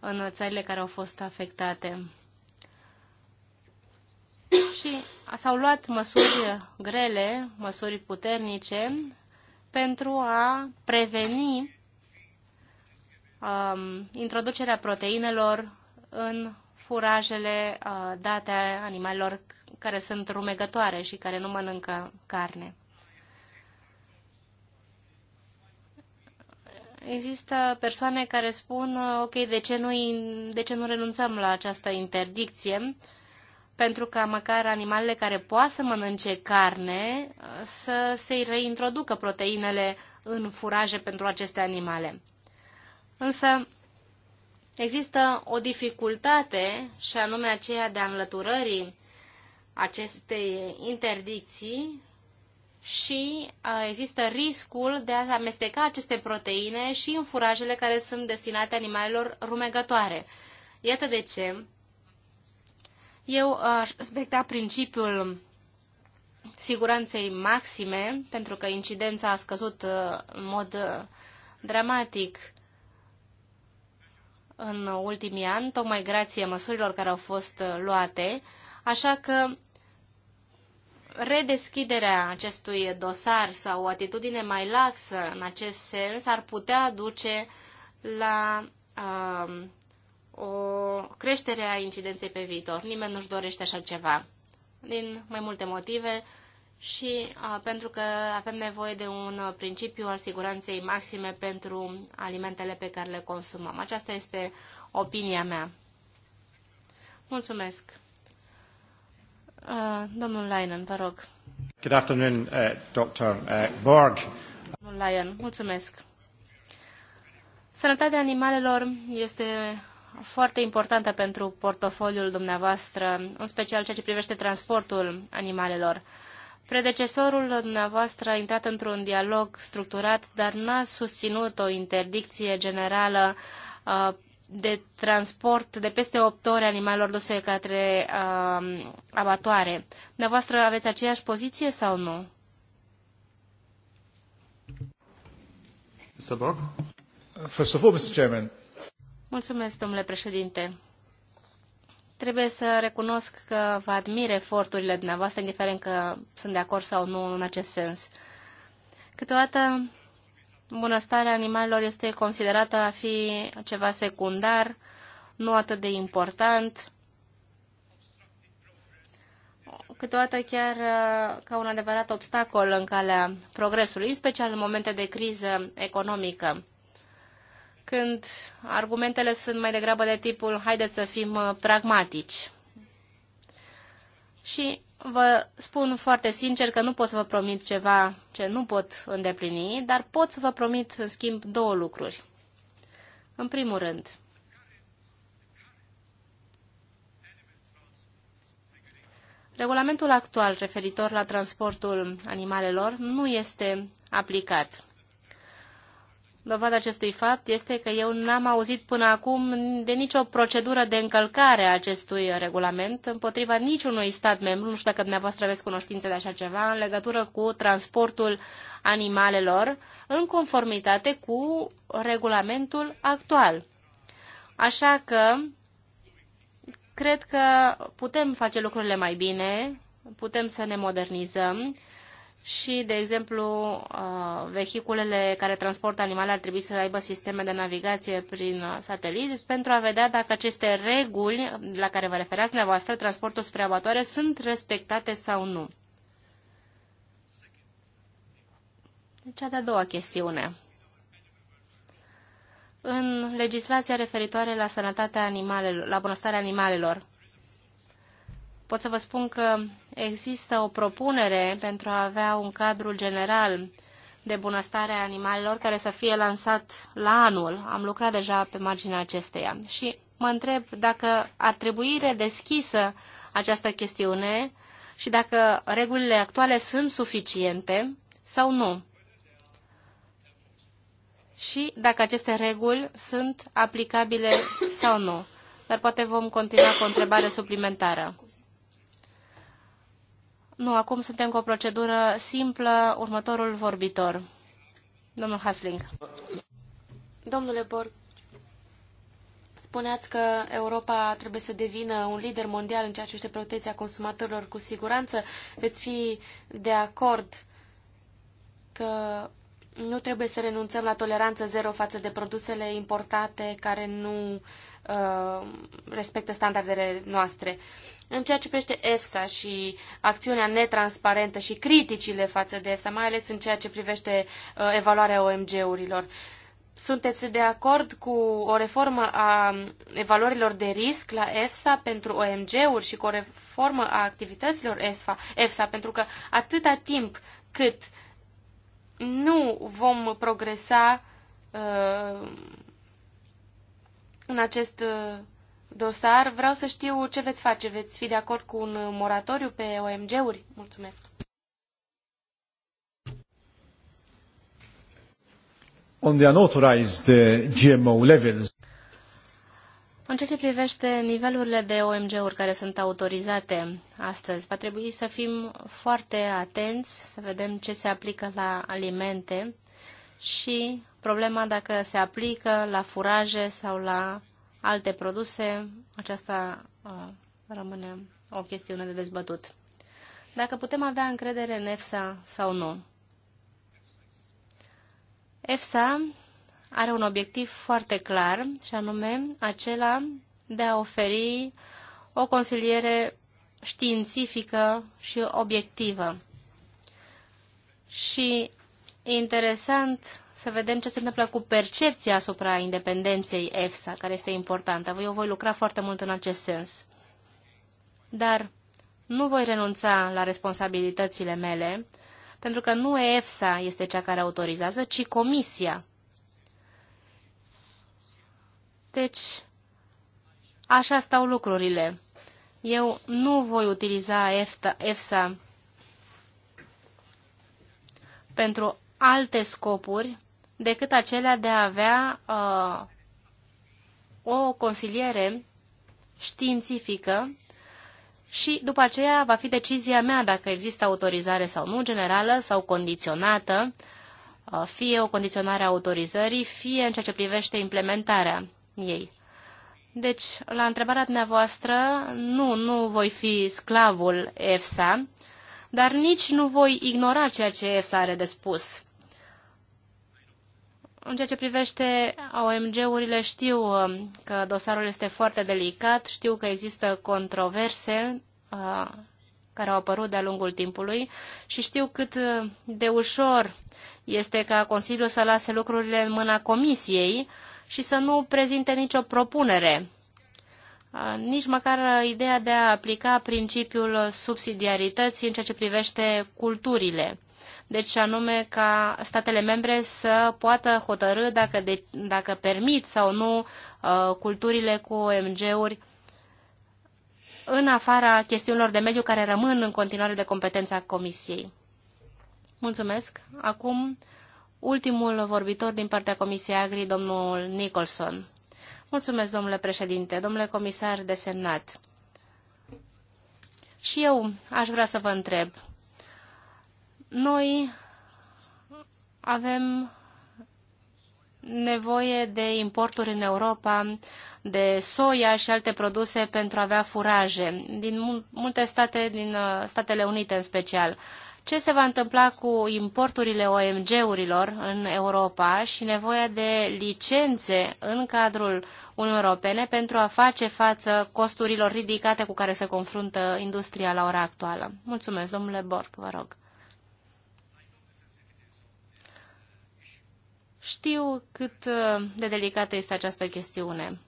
Speaker 4: în țările care au fost afectate și s-au luat măsuri grele, măsuri puternice pentru a preveni um, introducerea proteinelor în furajele uh, date animalelor care sunt rumegătoare și care nu mănâncă carne. Există persoane care spun, uh, ok, de ce nu, de ce nu renunțăm la această interdicție? Uh, pentru ca măcar animalele care poate să mănânce carne uh, să se reintroducă proteinele în furaje pentru aceste animale. Însă există o dificultate și anume aceea de înlăturării acestei interdicții și uh, există riscul de a amesteca aceste proteine și în furajele care sunt destinate animalelor rumegătoare. Iată de ce eu aș respecta principiul siguranței maxime, pentru că incidența a scăzut uh, în mod uh, dramatic în ultimii ani, tocmai grație măsurilor care au fost uh, luate, așa că redeschiderea acestui dosar sau o atitudine mai laxă în acest sens ar putea duce la uh, o creștere a incidenței pe viitor. Nimeni nu-și dorește așa ceva, din mai multe motive și a, pentru că avem nevoie de un principiu al siguranței maxime pentru alimentele pe care le consumăm. Aceasta este opinia mea. Mulțumesc. Uh, domnul Leinen, vă rog.
Speaker 1: Good afternoon, uh, Dr. Uh, Borg.
Speaker 4: Domnul Leinen, mulțumesc. Sănătatea animalelor este foarte importantă pentru portofoliul dumneavoastră, în special ceea ce privește transportul animalelor. Predecesorul dumneavoastră a intrat într-un dialog structurat, dar n-a susținut o interdicție generală uh, de transport de peste 8 ore animalelor duse către uh, abatoare. Dumneavoastră aveți aceeași poziție sau nu?
Speaker 1: Mr. First of all, Mr. Chairman,
Speaker 4: Mulțumesc, domnule președinte. Trebuie să recunosc că vă admir eforturile dumneavoastră, indiferent că sunt de acord sau nu în acest sens. Câteodată, bunăstarea animalelor este considerată a fi ceva secundar, nu atât de important, câteodată chiar uh, ca un adevărat obstacol în calea progresului, în special în momente de criză economică când argumentele sunt mai degrabă de tipul haideți să fim uh, pragmatici. Și vă spun foarte sincer că nu pot să vă promit ceva ce nu pot îndeplini, dar pot să vă promit, în schimb, două lucruri. În primul rând, regulamentul actual referitor la transportul animalelor nu este aplicat. Dovada acestui fapt este că eu n-am auzit până acum de nicio procedură de încălcare a acestui regulament împotriva niciunui stat membru, nu știu dacă dumneavoastră aveți cunoștință de așa ceva, în legătură cu transportul animalelor în conformitate cu regulamentul actual. Așa că cred că putem face lucrurile mai bine, putem să ne modernizăm și, de exemplu, uh, vehiculele care transportă animale ar trebui să aibă sisteme de navigație prin uh, satelit pentru a vedea dacă aceste reguli la care vă referați dumneavoastră, transportul spre abatoare, sunt respectate sau nu. Cea deci, de-a doua chestiune. În legislația referitoare la sănătatea animalelor, la bunăstarea animalelor, pot să vă spun că există o propunere pentru a avea un cadru general de bunăstare a animalelor care să fie lansat la anul. Am lucrat deja pe marginea acesteia și mă întreb dacă ar trebui redeschisă această chestiune și dacă regulile actuale sunt suficiente sau nu. Și dacă aceste reguli sunt aplicabile sau nu. Dar poate vom continua cu o întrebare suplimentară. Nu, acum suntem cu o procedură simplă. Următorul vorbitor. Domnul Hasling.
Speaker 2: Domnule Borg, spuneați că Europa trebuie să devină un lider mondial în ceea ce este protecția consumatorilor cu siguranță. Veți fi de acord că nu trebuie să renunțăm la toleranță zero față de produsele importate care nu Uh, respectă standardele noastre. În ceea ce privește EFSA și acțiunea netransparentă și criticile față de EFSA, mai ales în ceea ce privește uh, evaluarea OMG-urilor, sunteți de acord cu o reformă a evaluărilor de risc la EFSA pentru OMG-uri și cu o reformă a activităților EFSA, EFSA pentru că atâta timp cât nu vom progresa uh, în acest uh, dosar. Vreau să știu ce veți face. Veți fi de acord cu un moratoriu pe OMG-uri? Mulțumesc!
Speaker 1: On the unauthorized uh, GMO levels.
Speaker 4: În ceea ce privește nivelurile de OMG-uri care sunt autorizate astăzi, va trebui să fim foarte atenți, să vedem ce se aplică la alimente și problema dacă se aplică la furaje sau la alte produse, aceasta uh, rămâne o chestiune de dezbătut. Dacă putem avea încredere în EFSA sau nu. EFSA are un obiectiv foarte clar și anume acela de a oferi o consiliere științifică și obiectivă. Și interesant să vedem ce se întâmplă cu percepția asupra independenței EFSA, care este importantă. Eu voi lucra foarte mult în acest sens. Dar nu voi renunța la responsabilitățile mele, pentru că nu EFSA este cea care autorizează, ci Comisia. Deci, așa stau lucrurile. Eu nu voi utiliza EFSA pentru alte scopuri decât acelea de a avea uh, o consiliere științifică și după aceea va fi decizia mea dacă există autorizare sau nu generală sau condiționată, uh, fie o condiționare a autorizării, fie în ceea ce privește implementarea ei. Deci, la întrebarea dumneavoastră, nu, nu voi fi sclavul EFSA, dar nici nu voi ignora ceea ce EFSA are de spus. În ceea ce privește OMG-urile, știu um, că dosarul este foarte delicat, știu că există controverse uh, care au apărut de-a lungul timpului și știu cât uh, de ușor este ca Consiliul să lase lucrurile în mâna Comisiei și să nu prezinte nicio propunere, uh, nici măcar ideea de a aplica principiul subsidiarității în ceea ce privește culturile deci anume ca statele membre să poată hotărâ dacă, de, dacă permit sau nu uh, culturile cu OMG-uri în afara chestiunilor de mediu care rămân în continuare de competența Comisiei. Mulțumesc. Acum, ultimul vorbitor din partea Comisiei Agri, domnul Nicholson. Mulțumesc, domnule președinte, domnule comisar desemnat. Și eu aș vrea să vă întreb, noi avem nevoie de importuri în Europa de soia și alte produse pentru a avea furaje, din multe state, din uh, Statele Unite în special. Ce se va întâmpla cu importurile OMG-urilor în Europa și nevoia de licențe în cadrul Uniunii Europene pentru a face față costurilor ridicate cu care se confruntă industria la ora actuală? Mulțumesc, domnule Borg, vă rog. Știu cât uh, de delicată este această chestiune.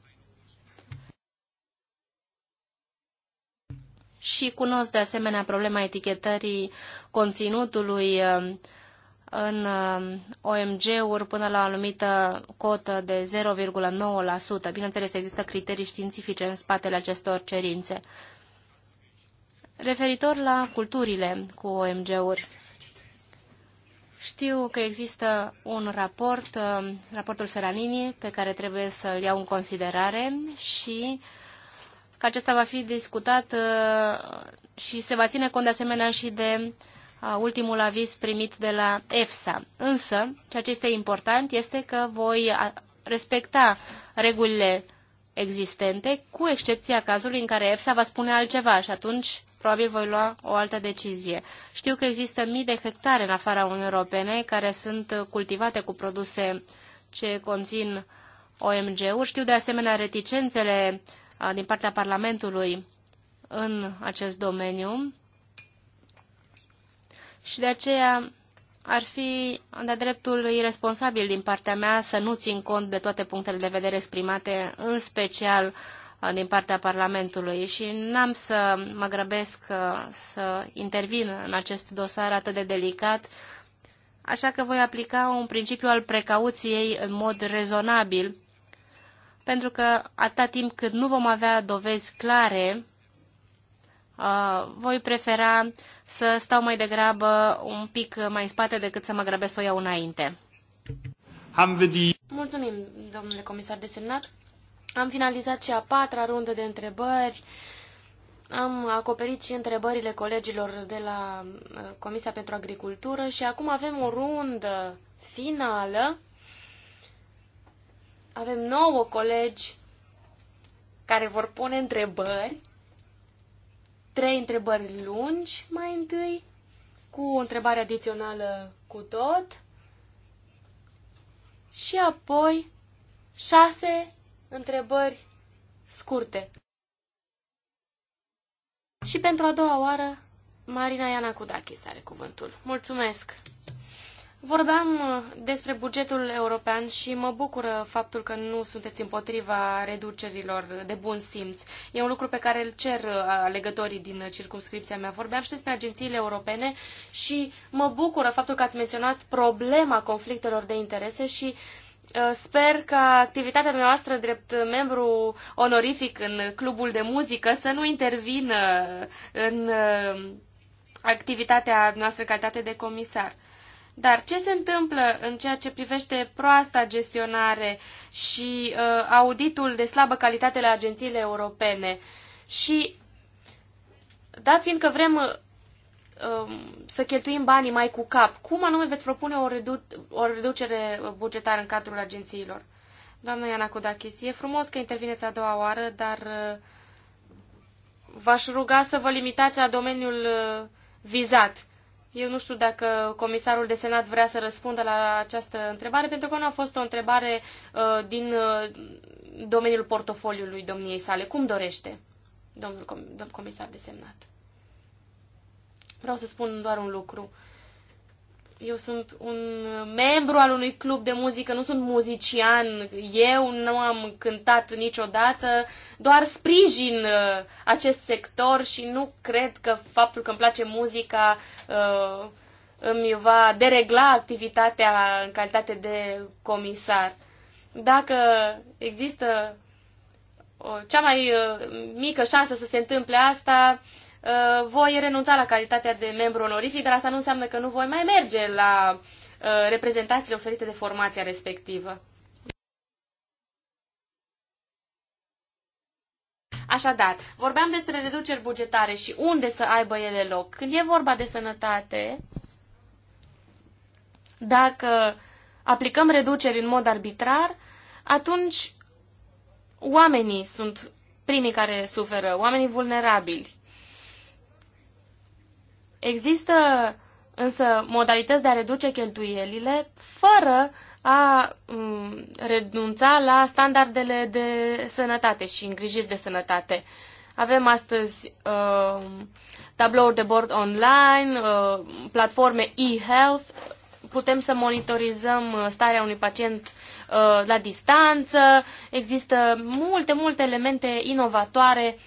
Speaker 4: Și cunosc de asemenea problema etichetării conținutului uh, în uh, OMG-uri până la o anumită cotă de 0,9%. Bineînțeles, există criterii științifice în spatele acestor cerințe. Referitor la culturile cu OMG-uri, știu că există un raport, uh, raportul Seranini, pe care trebuie să-l iau în considerare și că acesta va fi discutat uh, și se va ține cont de asemenea și de uh, ultimul aviz primit de la EFSA. Însă, ceea ce este important este că voi respecta regulile existente, cu excepția cazului în care EFSA va spune altceva și atunci probabil voi lua o altă decizie. Știu că există mii de hectare în afara Uniunii Europene care sunt cultivate cu produse ce conțin OMG-uri. Știu de asemenea reticențele din partea Parlamentului în acest domeniu și de aceea ar fi de dreptul irresponsabil din partea mea să nu țin cont de toate punctele de vedere exprimate, în special uh, Uh, din partea Parlamentului și n-am să mă grăbesc uh, să intervin în acest dosar atât de delicat, așa că voi aplica un principiu al precauției în mod rezonabil, pentru că atâta timp cât nu vom avea dovezi clare, uh, voi prefera să stau mai degrabă un pic mai în spate decât să mă grăbesc să o iau înainte.
Speaker 2: Mulțumim, domnule comisar desemnat. Am finalizat și a patra rundă de întrebări. Am acoperit și întrebările colegilor de la uh, Comisia pentru Agricultură și acum avem o rundă finală. Avem nouă colegi care vor pune întrebări. Trei întrebări lungi mai întâi, cu o întrebare adițională cu tot. Și apoi șase întrebări scurte. Și pentru a doua oară, Marina Iana Kudakis are cuvântul. Mulțumesc! Vorbeam uh, despre bugetul european și mă bucură faptul că nu sunteți împotriva reducerilor de bun simț. E un lucru pe care îl cer uh, alegătorii din circumscripția mea. Vorbeam și despre agențiile europene și mă bucură faptul că ați menționat problema conflictelor de interese și uh, Uh, sper că activitatea noastră drept membru onorific în clubul de muzică să nu intervină în uh, activitatea noastră calitate de comisar. Dar ce se întâmplă în ceea ce privește proasta gestionare și uh, auditul de slabă calitate la agențiile europene? Și dat fiindcă vrem Um, să cheltuim banii mai cu cap. Cum anume veți propune o, redu- o reducere bugetară în cadrul agențiilor? Doamna Iana Kudakis, e frumos că intervineți a doua oară, dar uh, v-aș ruga să vă limitați la domeniul uh, vizat. Eu nu știu dacă comisarul de senat vrea să răspundă la această întrebare, pentru că nu a fost o întrebare uh, din domeniul portofoliului domniei sale. Cum dorește, domnul comisar de senat? Vreau să spun doar un lucru. Eu sunt un membru al unui club de muzică, nu sunt muzician, eu nu am cântat niciodată, doar sprijin uh, acest sector și nu cred că faptul că îmi place muzica uh, îmi va deregla activitatea în calitate de comisar. Dacă există uh, cea mai mică șansă să se întâmple asta, Uh, voi renunța la calitatea de membru onorific, dar asta nu înseamnă că nu voi mai merge la uh, reprezentațiile oferite de formația respectivă. Așadar, vorbeam despre reduceri bugetare și unde să aibă ele loc. Când e vorba de sănătate, dacă aplicăm reduceri în mod arbitrar, atunci oamenii sunt primii care suferă, oamenii vulnerabili. Există însă modalități de a reduce cheltuielile fără a mm, renunța la standardele de sănătate și îngrijiri de sănătate. Avem astăzi uh, tablouri de bord online, uh, platforme e-health, putem să monitorizăm uh, starea unui pacient uh, la distanță, există multe, multe elemente inovatoare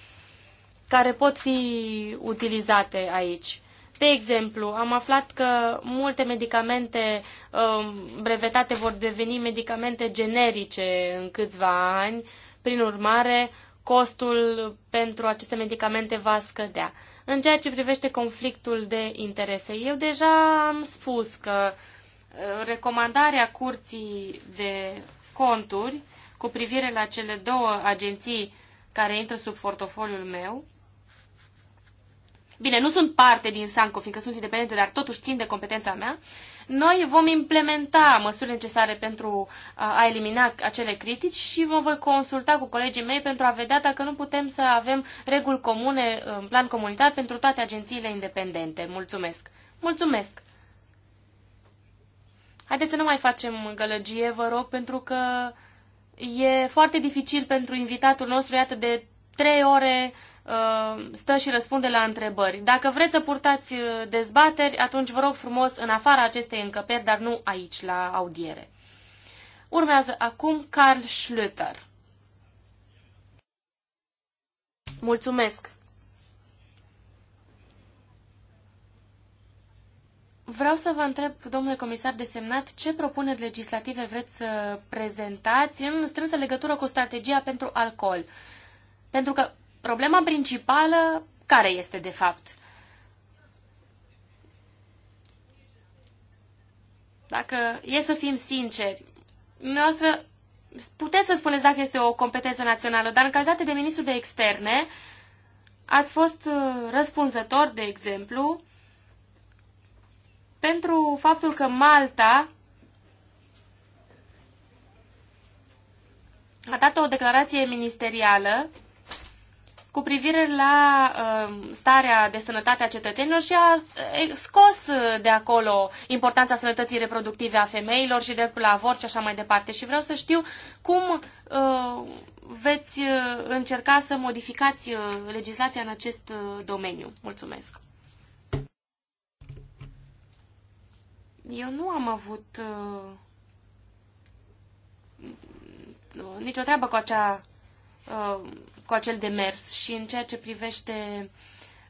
Speaker 2: care pot fi utilizate aici. De exemplu, am aflat că multe medicamente um, brevetate vor deveni medicamente generice în câțiva ani. Prin urmare, costul pentru aceste medicamente va scădea. În ceea ce privește conflictul de interese, eu deja am spus că uh, recomandarea curții de conturi cu privire la cele două agenții care intră sub portofoliul meu bine, nu sunt parte din Sanco, fiindcă sunt independente, dar totuși țin de competența mea, noi vom implementa măsurile necesare pentru a elimina acele critici și mă voi consulta cu colegii mei pentru a vedea dacă nu putem să avem reguli comune în plan comunitar pentru toate agențiile independente. Mulțumesc! Mulțumesc! Haideți să nu mai facem gălăgie, vă rog, pentru că e foarte dificil pentru invitatul nostru, iată, de trei ore Uh, stă și răspunde la întrebări. Dacă vreți să purtați uh, dezbateri, atunci vă rog frumos în afara acestei încăperi, dar nu aici, la audiere. Urmează acum Carl Schlüter. Mulțumesc! Vreau să vă întreb, domnule comisar desemnat, ce propuneri legislative vreți să prezentați în strânsă legătură cu strategia pentru alcool? Pentru că Problema principală care este de fapt? Dacă e să fim sinceri, noastră puteți să spuneți dacă este o competență națională, dar în calitate de ministru de externe ați fost uh, răspunzător, de exemplu, pentru faptul că Malta a dat o declarație ministerială cu privire la uh, starea de sănătate a cetățenilor și a uh, scos de acolo importanța sănătății reproductive a femeilor și dreptul la avort și așa mai departe. Și vreau să știu cum uh, veți uh, încerca să modificați uh, legislația în acest domeniu. Mulțumesc! Eu nu am avut uh, nicio treabă cu acea Uh, cu acel demers și în ceea ce privește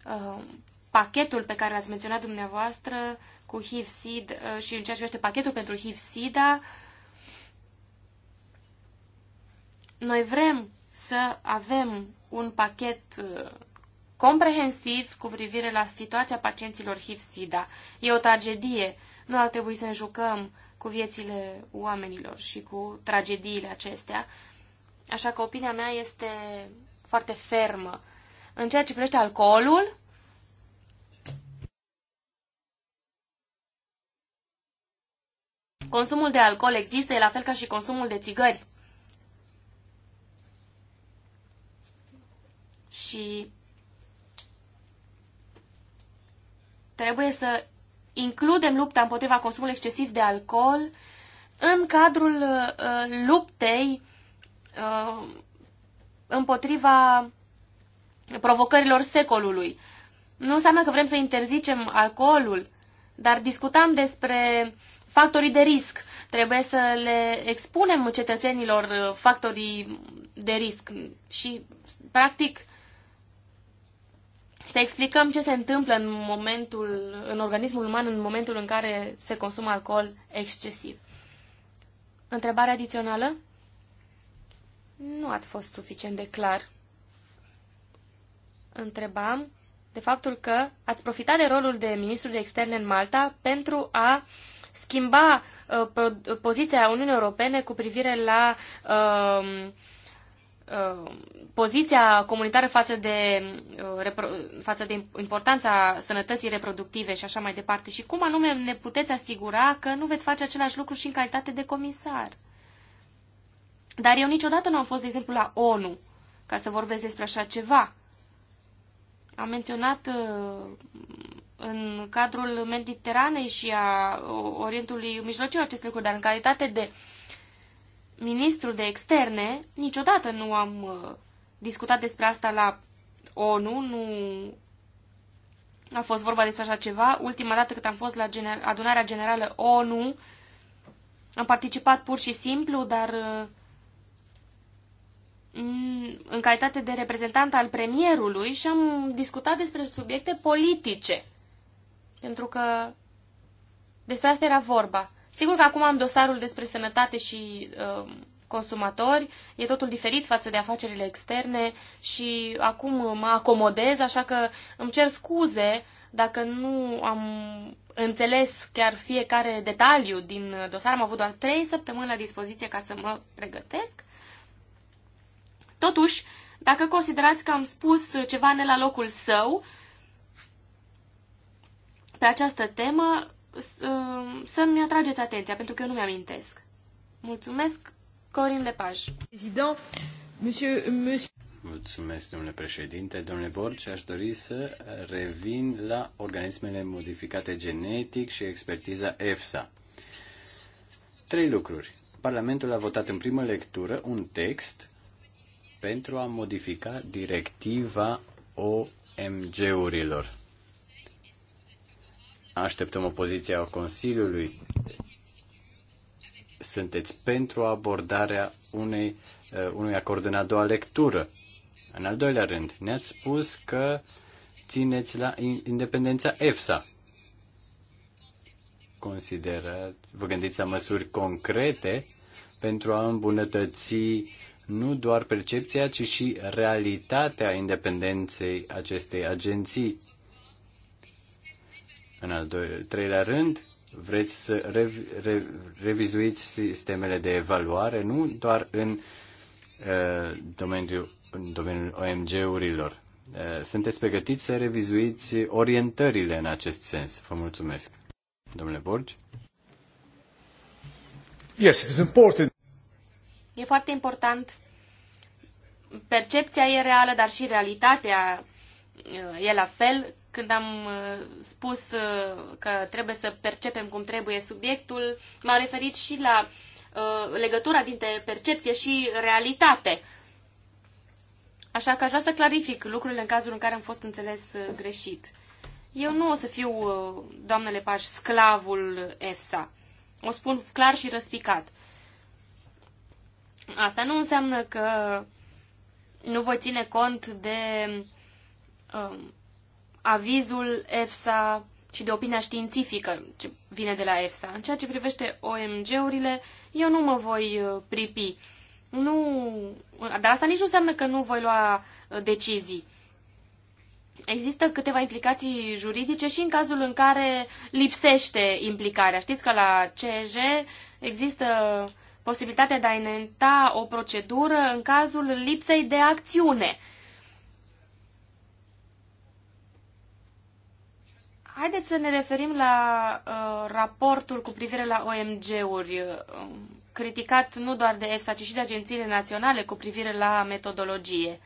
Speaker 2: uh, pachetul pe care l-ați menționat dumneavoastră cu HIV-SID uh, și în ceea ce privește pachetul pentru HIV-SIDA, noi vrem să avem un pachet comprehensiv cu privire la situația pacienților HIV-SIDA. E o tragedie. Nu ar trebui să ne jucăm cu viețile oamenilor și cu tragediile acestea. Așa că opinia mea este foarte fermă. În ceea ce privește alcoolul, consumul de alcool există, e la fel ca și consumul de țigări. Și trebuie să includem lupta împotriva consumului excesiv de alcool în cadrul uh, luptei Uh, împotriva provocărilor secolului. Nu înseamnă că vrem să interzicem alcoolul, dar discutam despre factorii de risc. Trebuie să le expunem cetățenilor uh, factorii de risc și, practic, să explicăm ce se întâmplă în momentul, în organismul uman în momentul în care se consumă alcool excesiv. Întrebare adițională? Nu ați fost suficient de clar. Întrebam de faptul că ați profitat de rolul de ministru de externe în Malta pentru a schimba uh, poziția Uniunii Europene cu privire la uh, uh, poziția comunitară față de, uh, față de importanța sănătății reproductive și așa mai departe. Și cum anume ne puteți asigura că nu veți face același lucru și în calitate de comisar? Dar eu niciodată nu am fost, de exemplu, la ONU ca să vorbesc despre așa ceva. Am menționat uh, în cadrul Mediteranei și a Orientului Mijlociu acest lucru, dar în calitate de ministru de externe, niciodată nu am uh, discutat despre asta la ONU, nu a fost vorba despre așa ceva. Ultima dată cât am fost la gener- adunarea generală ONU, am participat pur și simplu, dar uh, în calitate de reprezentant al premierului și am discutat despre subiecte politice. Pentru că despre asta era vorba. Sigur că acum am dosarul despre sănătate și uh, consumatori, e totul diferit față de afacerile externe și acum mă acomodez, așa că îmi cer scuze dacă nu am înțeles chiar fiecare detaliu din dosar. Am avut doar trei săptămâni la dispoziție ca să mă pregătesc Totuși, dacă considerați că am spus ceva ne la locul său pe această temă, um, să-mi atrageți atenția, pentru că eu nu mi-amintesc. Mulțumesc, Corin Lepaj. Président, monsieur, monsieur...
Speaker 3: Mulțumesc, domnule președinte. Domnule Borci, aș dori să revin la organismele modificate genetic și expertiza EFSA. Trei lucruri. Parlamentul a votat în primă lectură un text pentru a modifica directiva OMG-urilor. Așteptăm o poziție a Consiliului. Sunteți pentru abordarea unei, uh, unui acord în a doua lectură. În al doilea rând, ne-ați spus că țineți la independența EFSA. Considerați, vă gândiți la măsuri concrete pentru a îmbunătăți nu doar percepția, ci și realitatea independenței acestei agenții. În al doilea, treilea rând, vreți să rev, re, revizuiți sistemele de evaluare, nu doar în, uh, domeniul, în domeniul OMG-urilor. Uh, sunteți pregătiți să revizuiți orientările în acest sens. Vă mulțumesc. Domnule Borgi?
Speaker 1: Yes, it is important.
Speaker 2: E foarte important. Percepția e reală, dar și realitatea uh, e la fel. Când am uh, spus uh, că trebuie să percepem cum trebuie subiectul, m-am referit și la legătura dintre percepție și realitate. Așa că aș vrea să clarific lucrurile în cazul în care am fost înțeles greșit. Eu nu o să fiu, doamnele Paș, sclavul EFSA. O spun clar și răspicat. Asta nu înseamnă că nu voi ține cont de um, avizul EFSA și de opinia științifică ce vine de la EFSA. În ceea ce privește OMG-urile, eu nu mă voi uh, pripi. Nu, dar asta nici nu înseamnă că nu voi lua uh, decizii. Există câteva implicații juridice și în cazul în care lipsește implicarea. Știți că la CEJ există posibilitatea de a inenta o procedură în cazul lipsei de acțiune. Haideți să ne referim la uh, raportul cu privire la OMG-uri, uh, criticat nu doar de EFSA, ci și de agențiile naționale cu privire la metodologie.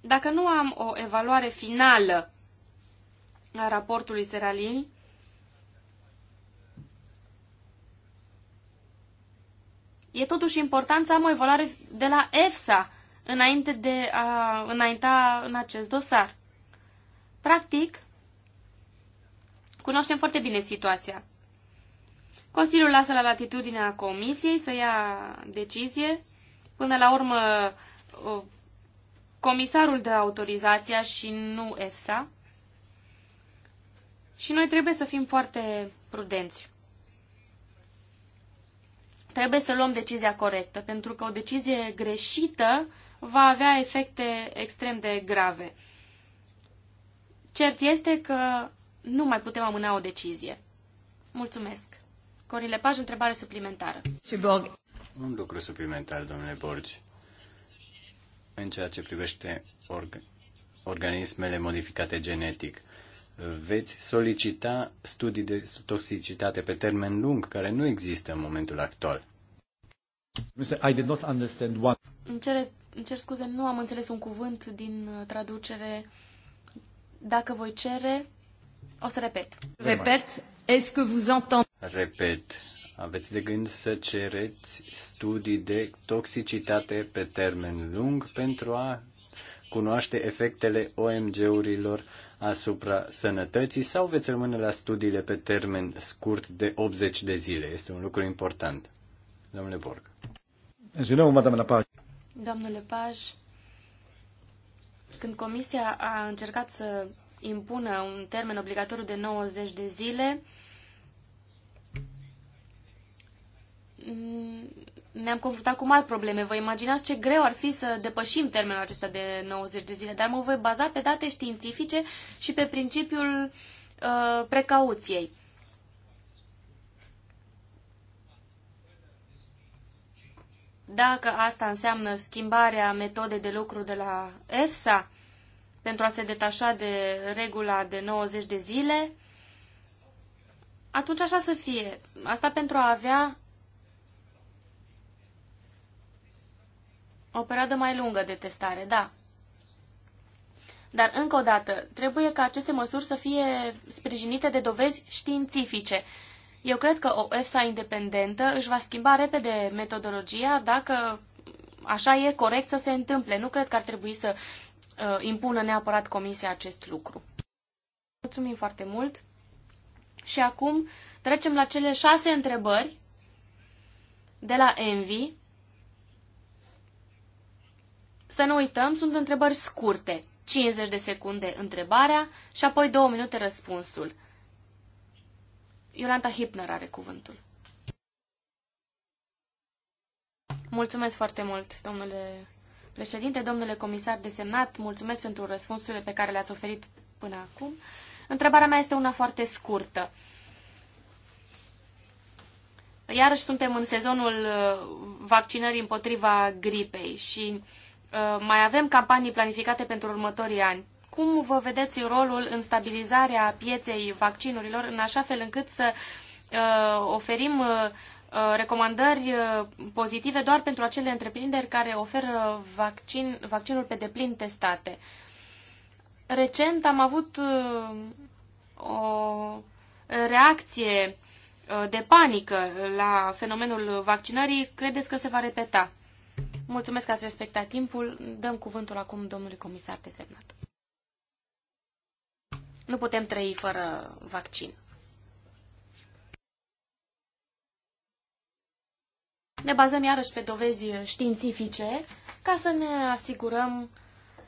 Speaker 2: Dacă nu am o evaluare finală a raportului Seraliei. E totuși important să am o evaluare de la EFSA înainte de a înainta în acest dosar. Practic, cunoaștem foarte bine situația. Consiliul lasă la latitudinea comisiei să ia decizie. Până la urmă, comisarul dă autorizația și nu EFSA. Și noi trebuie să fim foarte prudenți. Trebuie să luăm decizia corectă, pentru că o decizie greșită va avea efecte extrem de grave. Cert este că nu mai putem amâna o decizie. Mulțumesc. Corile Paj, întrebare suplimentară.
Speaker 3: Borg. Un lucru suplimentar, domnule Borgi. În ceea ce privește org- organismele modificate genetic, veți solicita studii de toxicitate pe termen lung, care nu există în momentul actual.
Speaker 1: I did not understand what...
Speaker 2: îmi, cer, îmi cer scuze, nu am înțeles un cuvânt din uh, traducere. Dacă voi cere, o să repet. Repet,
Speaker 1: est-ce que vous entendez?
Speaker 3: Repet, aveți de gând să cereți studii de toxicitate pe termen lung pentru a cunoaște efectele OMG-urilor asupra sănătății sau veți rămâne la studiile pe termen scurt de 80 de zile? Este un lucru important. Domnule Borg.
Speaker 2: Domnule Paj, când Comisia a încercat să impună un termen obligatoriu de 90 de zile, ne-am confruntat cu mari probleme. Vă imaginați ce greu ar fi să depășim termenul acesta de 90 de zile, dar mă voi baza pe date științifice și pe principiul uh, precauției. Dacă asta înseamnă schimbarea metodei de lucru de la EFSA pentru a se detașa de regula de 90 de zile, atunci așa să fie. Asta pentru a avea O perioadă mai lungă de testare, da. Dar, încă o dată, trebuie ca aceste măsuri să fie sprijinite de dovezi științifice. Eu cred că o EFSA independentă își va schimba repede metodologia dacă așa e corect să se întâmple. Nu cred că ar trebui să uh, impună neapărat comisia acest lucru. Mulțumim foarte mult! Și acum trecem la cele șase întrebări de la Envy. Să nu uităm, sunt întrebări scurte. 50 de secunde întrebarea și apoi 2 minute răspunsul. Iolanta Hipner are cuvântul. Mulțumesc foarte mult, domnule președinte, domnule comisar desemnat. Mulțumesc pentru răspunsurile pe care le-ați oferit până acum. Întrebarea mea este una foarte scurtă. Iarăși suntem în sezonul uh, vaccinării împotriva gripei și uh, Uh, mai avem campanii planificate pentru următorii ani. Cum vă vedeți rolul în stabilizarea pieței vaccinurilor în așa fel încât să uh, oferim uh, recomandări pozitive doar pentru acele întreprinderi care oferă vaccin, vaccinul pe deplin testate? Recent am avut o reacție de panică la fenomenul vaccinării. Credeți că se va repeta? Mulțumesc că ați respectat timpul. Dăm cuvântul acum domnului comisar desemnat. Nu putem trăi fără vaccin. Ne bazăm iarăși pe dovezi științifice ca să ne asigurăm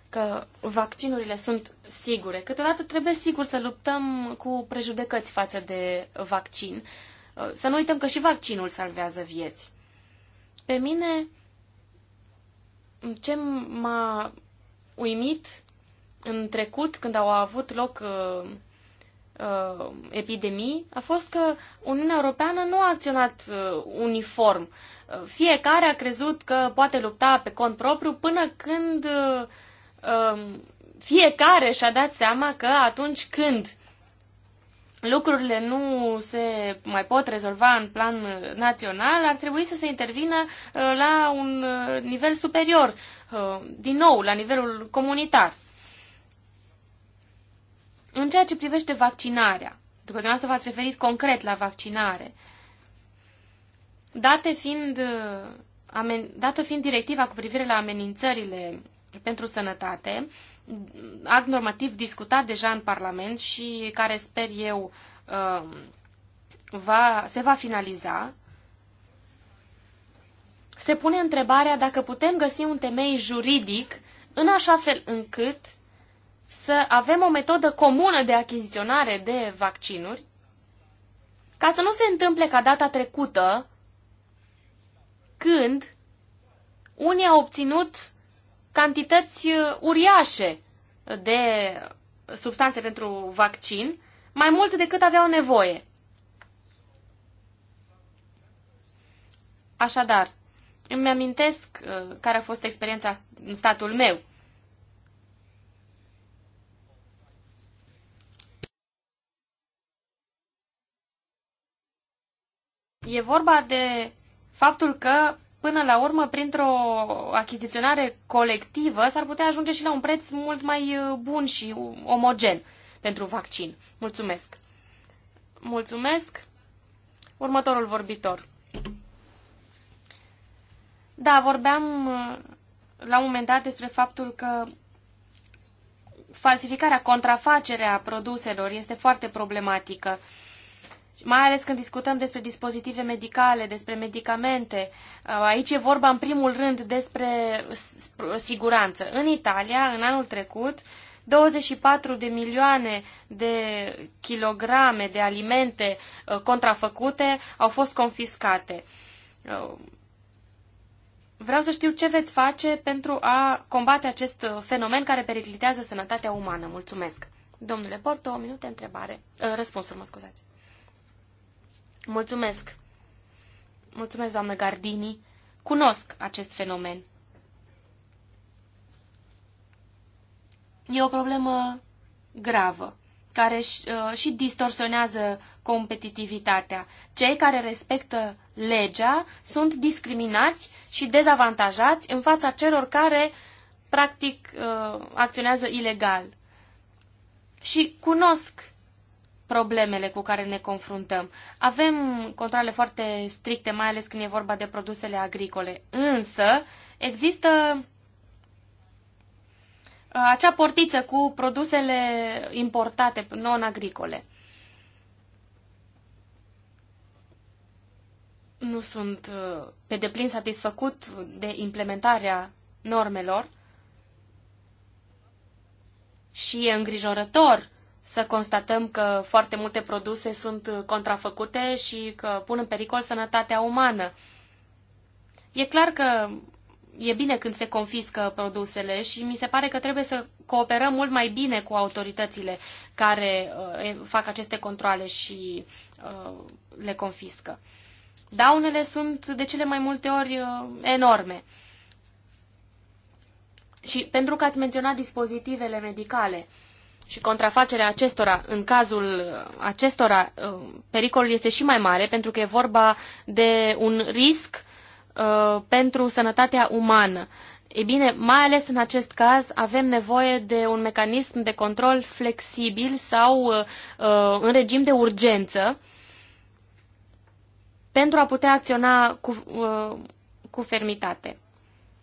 Speaker 2: că vaccinurile sunt sigure. Câteodată trebuie sigur să luptăm cu prejudecăți față de vaccin. Să nu uităm că și vaccinul salvează vieți. Pe mine ce m-a uimit în trecut, când au avut loc uh, uh, epidemii, a fost că Uniunea Europeană nu a acționat uh, uniform. Uh, fiecare a crezut că poate lupta pe cont propriu până când uh, uh, fiecare și-a dat seama că atunci când uh, lucrurile nu se mai pot rezolva în plan național, ar trebui să se intervină uh, la un uh, nivel superior, uh, din nou, la nivelul comunitar. În ceea ce privește vaccinarea, după că dumneavoastră v-ați referit concret la vaccinare, date fiind, amen, dată fiind directiva cu privire la amenințările pentru sănătate, uh, act normativ discutat deja în Parlament și care sper eu um, va, se va finaliza, se pune întrebarea dacă putem găsi un temei juridic în așa fel încât să avem o metodă comună de achiziționare de vaccinuri, ca să nu se întâmple ca data trecută, când unii au obținut cantități uh, uriașe de substanțe pentru vaccin, mai mult decât aveau nevoie. Așadar, îmi amintesc uh, care a fost experiența în statul meu. E vorba de faptul că până la urmă, printr-o achiziționare colectivă, s-ar putea ajunge și la un preț mult mai uh, bun și uh, omogen pentru vaccin. Mulțumesc! Mulțumesc! Următorul vorbitor. Da, vorbeam uh, la un moment dat despre faptul că falsificarea, contrafacerea produselor este foarte problematică mai ales când discutăm despre dispozitive medicale, despre medicamente. Uh, aici e vorba în primul rând despre siguranță. În Italia, în anul trecut, 24 de milioane de kilograme de alimente uh, contrafăcute au fost confiscate. Uh, vreau să știu ce veți face pentru a combate acest fenomen care periclitează sănătatea umană. Mulțumesc. Domnule Port, două minute întrebare. Răspunsuri, mă scuzați. Mulțumesc. Mulțumesc, doamnă Gardini. Cunosc acest fenomen. E o problemă gravă, care și, uh, și distorsionează competitivitatea. Cei care respectă legea sunt discriminați și dezavantajați în fața celor care, practic, uh, acționează ilegal. Și cunosc problemele cu care ne confruntăm. Avem controle foarte stricte, mai ales când e vorba de produsele agricole, însă există uh, acea portiță cu produsele importate, non-agricole. Nu sunt uh, pe deplin satisfăcut de implementarea normelor și e îngrijorător să constatăm că foarte multe produse sunt contrafăcute și că pun în pericol sănătatea umană. E clar că e bine când se confiscă produsele și mi se pare că trebuie să cooperăm mult mai bine cu autoritățile care uh, fac aceste controle și uh, le confiscă. Daunele sunt de cele mai multe ori uh, enorme. Și pentru că ați menționat dispozitivele medicale, uh, și contrafacerea acestora, în cazul acestora, uh, pericolul este și mai mare pentru că e vorba de un risc uh, pentru sănătatea umană. E bine, mai ales în acest caz, avem nevoie de un mecanism de control flexibil sau uh, în uh, regim de urgență pentru a putea acționa cu, uh, cu fermitate.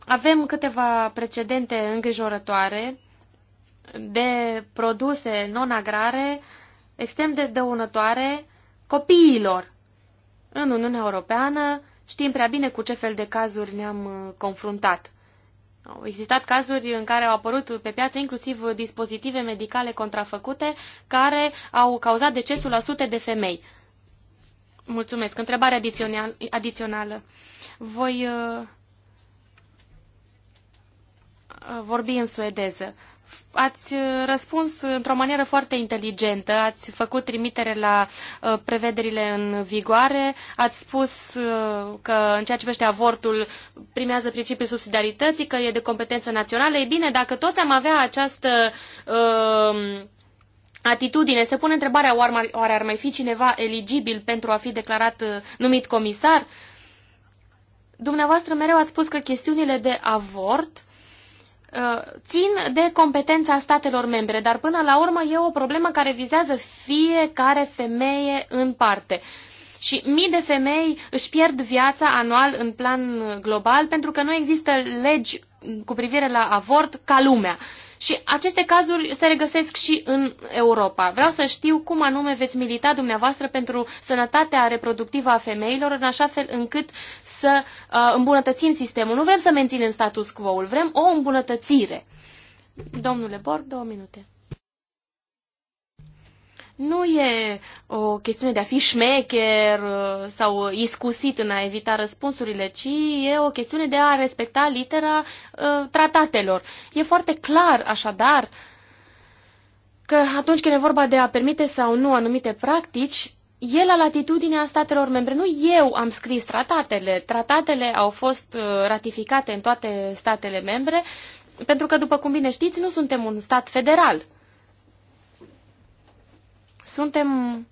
Speaker 2: Avem câteva precedente îngrijorătoare de produse non-agrare extrem de dăunătoare copiilor. În Uniunea Europeană știm prea bine cu ce fel de cazuri ne-am uh, confruntat. Au existat cazuri în care au apărut pe piață inclusiv dispozitive medicale contrafăcute care au cauzat decesul a sute de femei. Mulțumesc. Întrebare adițională. Voi uh, vorbi în suedeză ați uh, răspuns într-o manieră foarte inteligentă, ați făcut trimitere la uh, prevederile în vigoare, ați spus uh, că în ceea ce privește avortul primează principiul subsidiarității, că e de competență națională. E bine, dacă toți am avea această uh, atitudine, se pune întrebarea oare ar mai fi cineva eligibil pentru a fi declarat uh, numit comisar? Dumneavoastră mereu ați spus că chestiunile de avort Uh, țin de competența statelor membre, dar până la urmă e o problemă care vizează fiecare femeie în parte. Și mii de femei își pierd viața anual în plan global pentru că nu există legi cu privire la avort ca lumea. Uh, și aceste cazuri se regăsesc și în Europa. Vreau să știu cum anume veți milita dumneavoastră pentru sănătatea reproductivă a femeilor, în așa fel încât să uh, îmbunătățim sistemul. Nu vrem să menținem status quo-ul, vrem o îmbunătățire. Domnule Borg, două minute. Nu e o chestiune de a fi șmecher uh, sau iscusit în a evita răspunsurile, ci e o chestiune de a respecta litera uh, tratatelor. E foarte clar, așadar, că atunci când e vorba de a permite sau nu anumite practici, e la latitudinea statelor membre. Nu eu am scris tratatele. Tratatele au fost uh, ratificate în toate statele membre, pentru că, după cum bine știți, nu suntem un stat federal. Suntem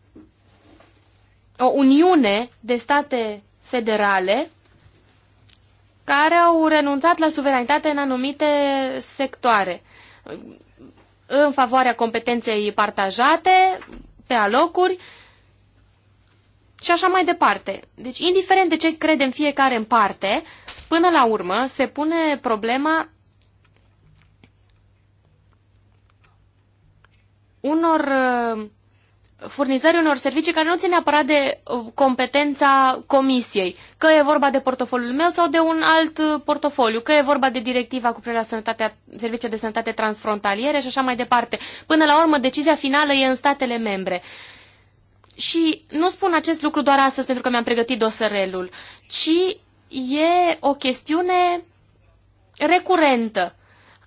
Speaker 2: o uniune de state federale care au renunțat la suveranitate în anumite sectoare în favoarea competenței partajate, pe alocuri și așa mai departe. Deci, indiferent de ce credem fiecare în parte, până la urmă se pune problema unor uh, furnizării unor servicii care nu țin neapărat de uh, competența comisiei, că e vorba de portofoliul meu sau de un alt uh, portofoliu, că e vorba de directiva cu privire la sănătatea, servicii de sănătate transfrontaliere și așa mai departe. Până la urmă, decizia finală e în statele membre. Și nu spun acest lucru doar astăzi pentru că mi-am pregătit dosărelul, ci e o chestiune recurentă.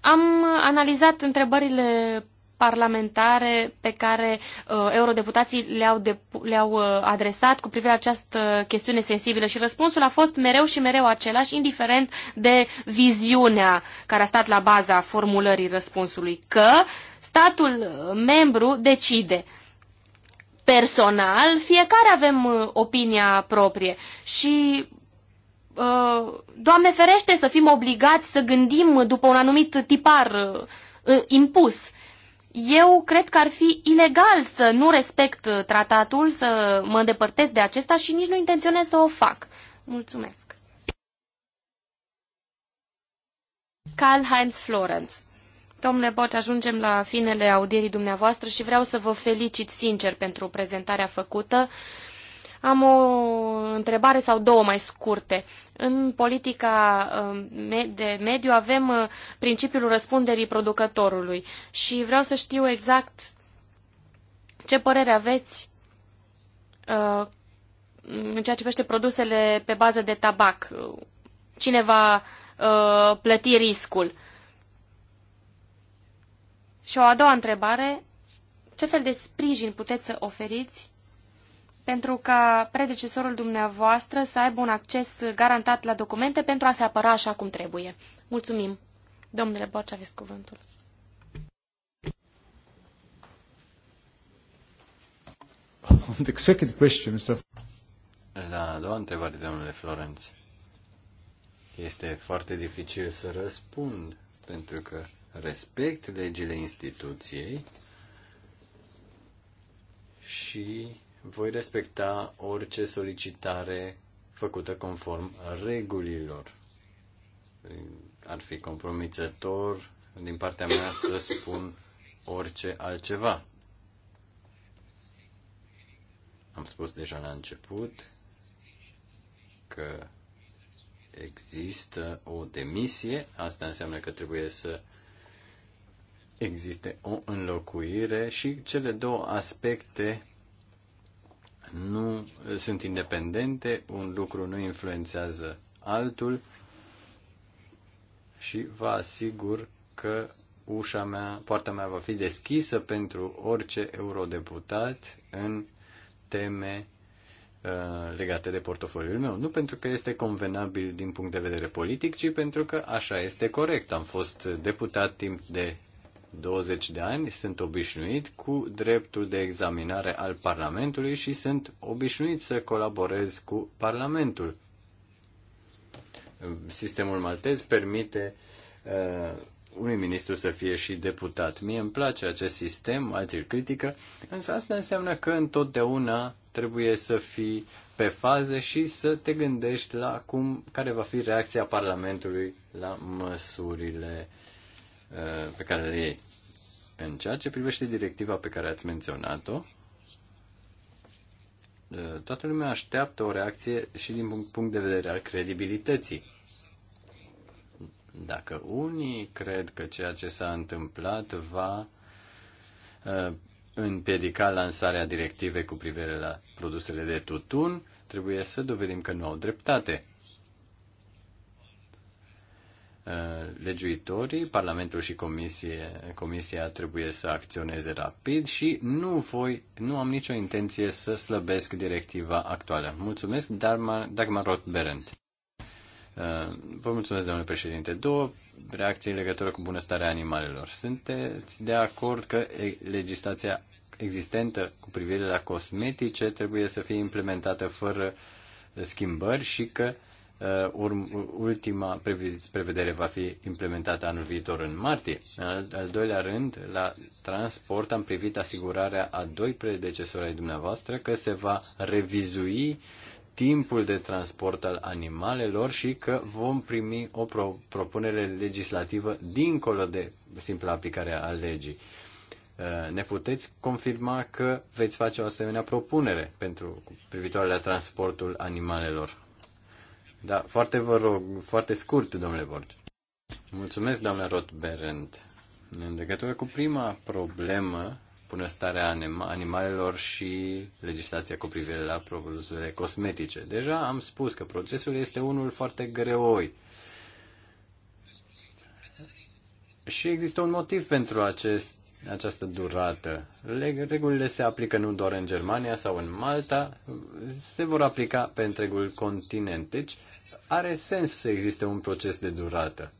Speaker 2: Am uh, analizat întrebările parlamentare pe care uh, eurodeputații le-au, le-au uh, adresat cu privire la această chestiune sensibilă și răspunsul a fost mereu și mereu același, indiferent de viziunea care a stat la baza formulării răspunsului, că statul uh, membru decide personal, fiecare avem uh, opinia proprie și uh, Doamne ferește să fim obligați să gândim după un anumit tipar uh, impus. Eu cred că ar fi ilegal să nu respect uh, tratatul, să mă îndepărtez de acesta și nici nu intenționez să o fac. Mulțumesc. Karl-Heinz Florenz. Domnule Boci, ajungem la finele audierii dumneavoastră și vreau să vă felicit sincer pentru prezentarea făcută. Am o întrebare sau două mai scurte. În politica uh, de mediu avem uh, principiul răspunderii producătorului și vreau să știu exact ce părere aveți uh, în ceea ce privește produsele pe bază de tabac. Cine va plăti riscul? Și o a doua întrebare, ce fel de sprijin puteți să oferiți pentru ca predecesorul dumneavoastră să aibă un acces garantat la documente pentru a se apăra așa cum trebuie. Mulțumim. Domnule Borce, aveți cuvântul.
Speaker 1: the second question, Mr.
Speaker 3: La da, a doua întrebare, domnule Florenț, este foarte dificil să răspund, pentru că respect legile instituției și voi respecta orice solicitare făcută conform regulilor. Ar fi compromițător din partea mea să spun orice altceva. Am spus deja la început că există o demisie, asta înseamnă că trebuie să existe o înlocuire și cele două aspecte nu eh, sunt independente, un lucru nu influențează altul și vă asigur că ușa mea, poarta mea va fi deschisă pentru orice eurodeputat în teme uh, legate de portofoliul meu. Nu pentru că este convenabil din punct de vedere politic, ci pentru că așa este corect. Am fost deputat timp de 20 de ani sunt obișnuit cu dreptul de examinare al Parlamentului și sunt obișnuit să colaborez cu Parlamentul. Sistemul maltez permite uh, unui ministru să fie și deputat. Mie îmi place acest sistem, alții îl critică, însă asta înseamnă că întotdeauna trebuie să fii pe fază și să te gândești la cum, care va fi reacția Parlamentului la măsurile uh, Uh, pe care le iei. În ceea ce privește directiva pe care ați menționat-o, uh, toată lumea așteaptă o reacție și din punct de vedere al credibilității. Dacă unii cred că ceea ce s-a întâmplat va uh, împiedica lansarea directivei cu privire la produsele de tutun, trebuie să dovedim că nu au dreptate. Uh, legiuitorii, Parlamentul și comisie, Comisia trebuie să acționeze rapid și nu voi, nu am nicio intenție să slăbesc directiva actuală. Mulțumesc, Dagmar, Dagmar Roth-Berend. Uh, vă mulțumesc, domnule președinte. Două reacții în legătură cu bunăstarea animalelor. Sunteți de acord că legislația existentă cu privire la cosmetice trebuie să fie implementată fără schimbări și că uh, Uh, ultima prevedere va fi implementată anul viitor în martie. În al, al doilea rând, la transport am privit asigurarea a doi predecesori ai dumneavoastră că se va revizui timpul de transport al animalelor și că vom primi o pro- propunere legislativă dincolo de simpla aplicare a legii. Uh, ne puteți confirma că veți face o asemenea propunere pentru privitoare la transportul animalelor da, foarte vă rog, foarte scurt, domnule Borge. Mulțumesc, doamna Rothberend. În legătură cu prima problemă, bunăstarea anim- animalelor și legislația cu privire la produsele cosmetice. Deja am spus că procesul este unul foarte greoi. Și există un motiv pentru acest, această durată. Regulile se aplică nu doar în Germania sau în Malta, se vor aplica pe întregul continent. Deci, are sens să existe un proces de durată.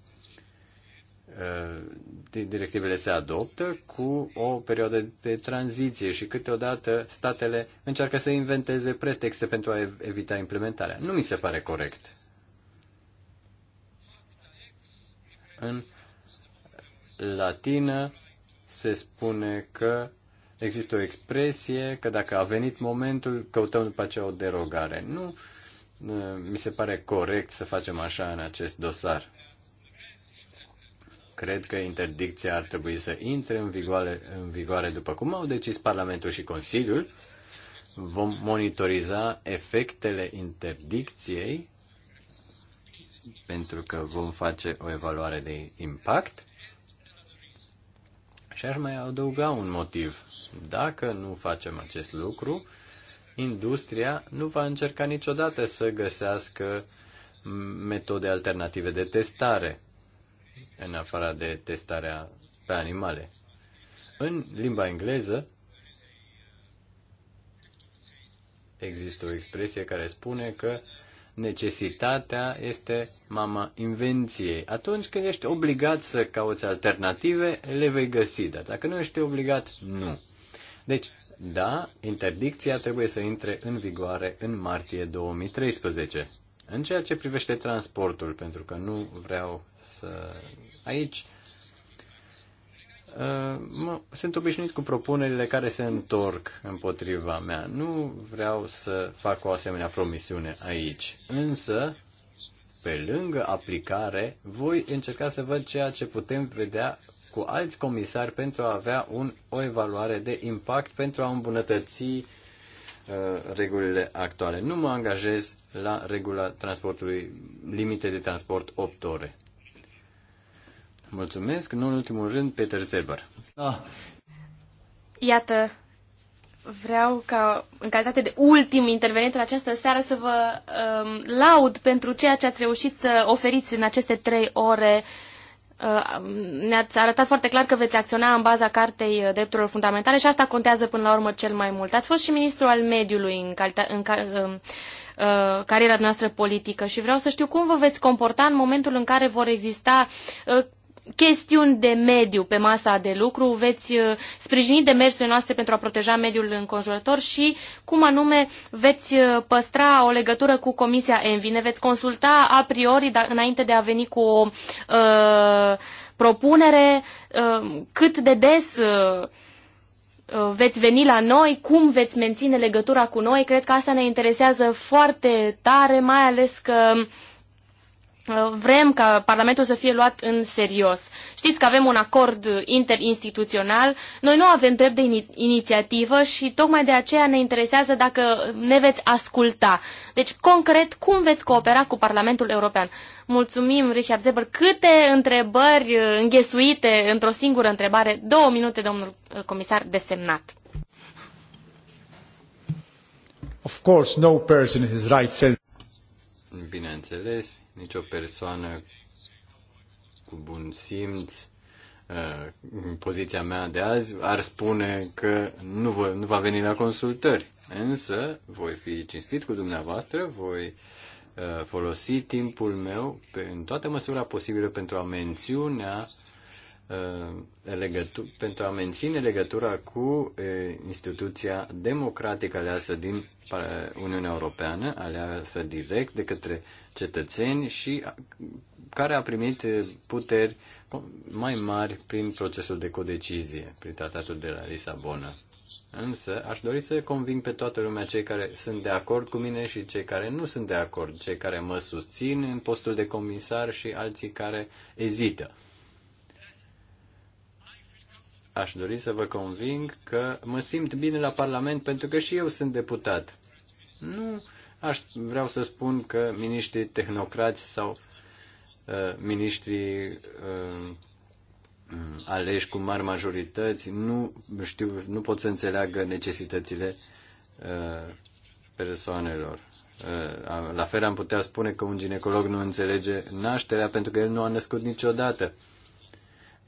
Speaker 3: Uh, directivele se adoptă cu o perioadă de tranziție și câteodată statele încearcă să inventeze pretexte pentru a evita implementarea. Nu mi se pare corect. În latină se spune că există o expresie că dacă a venit momentul, căutăm după aceea o derogare. Nu uh, mi se pare corect să facem așa în acest dosar. Cred că interdicția ar trebui să intre în vigoare, în vigoare după cum au decis Parlamentul și Consiliul. Vom monitoriza efectele interdicției pentru că vom face o evaluare de impact. Și aș mai adăuga un motiv. Dacă nu facem acest lucru, industria nu va încerca niciodată să găsească metode alternative de testare, în afara de testarea pe animale. În limba engleză există o expresie care spune că necesitatea este mama invenției. Atunci când ești obligat să cauți alternative, le vei găsi, dar dacă nu ești obligat, nu. Deci, da, interdicția trebuie să intre în vigoare în martie 2013. În ceea ce privește transportul, pentru că nu vreau să... Aici ă, mă, sunt obișnuit cu propunerile care se întorc împotriva mea. Nu vreau să fac o asemenea promisiune aici. Însă, pe lângă aplicare, voi încerca să văd ceea ce putem vedea cu alți comisari pentru a avea un, o evaluare de impact pentru a îmbunătăți uh, regulile actuale. Nu mă angajez la regula transportului, limite de transport 8 ore. Mulțumesc, nu în ultimul rând, Peter Zeber. Ah.
Speaker 2: Iată, vreau ca, în calitate de ultim intervenit în această seară, să vă um, laud pentru ceea ce ați reușit să oferiți în aceste trei ore uh, Uh, ne-ați arătat foarte clar că veți acționa în baza Cartei Drepturilor Fundamentale și asta contează până la urmă cel mai mult. Ați fost și ministru al mediului în, calita- în ca- uh, uh cariera noastră politică și vreau să știu cum vă veți comporta în momentul în care vor exista uh, chestiuni de mediu pe masa de lucru, veți uh, sprijini demersurile noastre pentru a proteja mediul înconjurător și cum anume veți uh, păstra o legătură cu Comisia Envi. Ne veți consulta a priori da, înainte de a veni cu o uh, propunere, uh, cât de des uh, uh veți veni la noi, cum veți menține legătura cu noi. Cred că asta ne interesează foarte tare, mai ales că uh, vrem ca Parlamentul să fie luat în serios. Știți că avem un acord interinstituțional, noi nu avem drept de inițiativă și tocmai de aceea ne interesează dacă ne veți asculta. Deci, concret, cum veți coopera cu Parlamentul European? Mulțumim, Richard Zeber. Câte întrebări uh, înghesuite într-o singură întrebare? Două minute, domnul uh, comisar desemnat.
Speaker 1: Of course, no person in his right sense.
Speaker 3: Bineînțeles, nicio persoană cu bun simț uh, în poziția mea de azi ar spune că nu, voi, nu va veni la consultări. Însă voi fi cinstit cu dumneavoastră, voi uh, folosi timpul meu pe, în toată măsura posibilă pentru a menționa Uh, legătu- pentru a menține legătura cu uh, instituția democratică aleasă din uh, Uniunea Europeană, aleasă direct de către cetățeni și care a primit puteri mai mari prin procesul de codecizie, prin tratatul de la Lisabona. Însă, aș dori să conving pe toată lumea cei care sunt de acord cu mine și cei care nu sunt de acord, cei care mă susțin în postul de comisar și alții care ezită aș dori să vă conving că mă simt bine la Parlament pentru că și eu sunt deputat. Nu aș vreau să spun că miniștrii tehnocrați sau uh, miniștrii uh, aleși cu mari majorități nu știu, nu pot să înțeleagă necesitățile uh, persoanelor. Uh, la fel am putea spune că un ginecolog nu înțelege nașterea pentru că el nu a născut niciodată.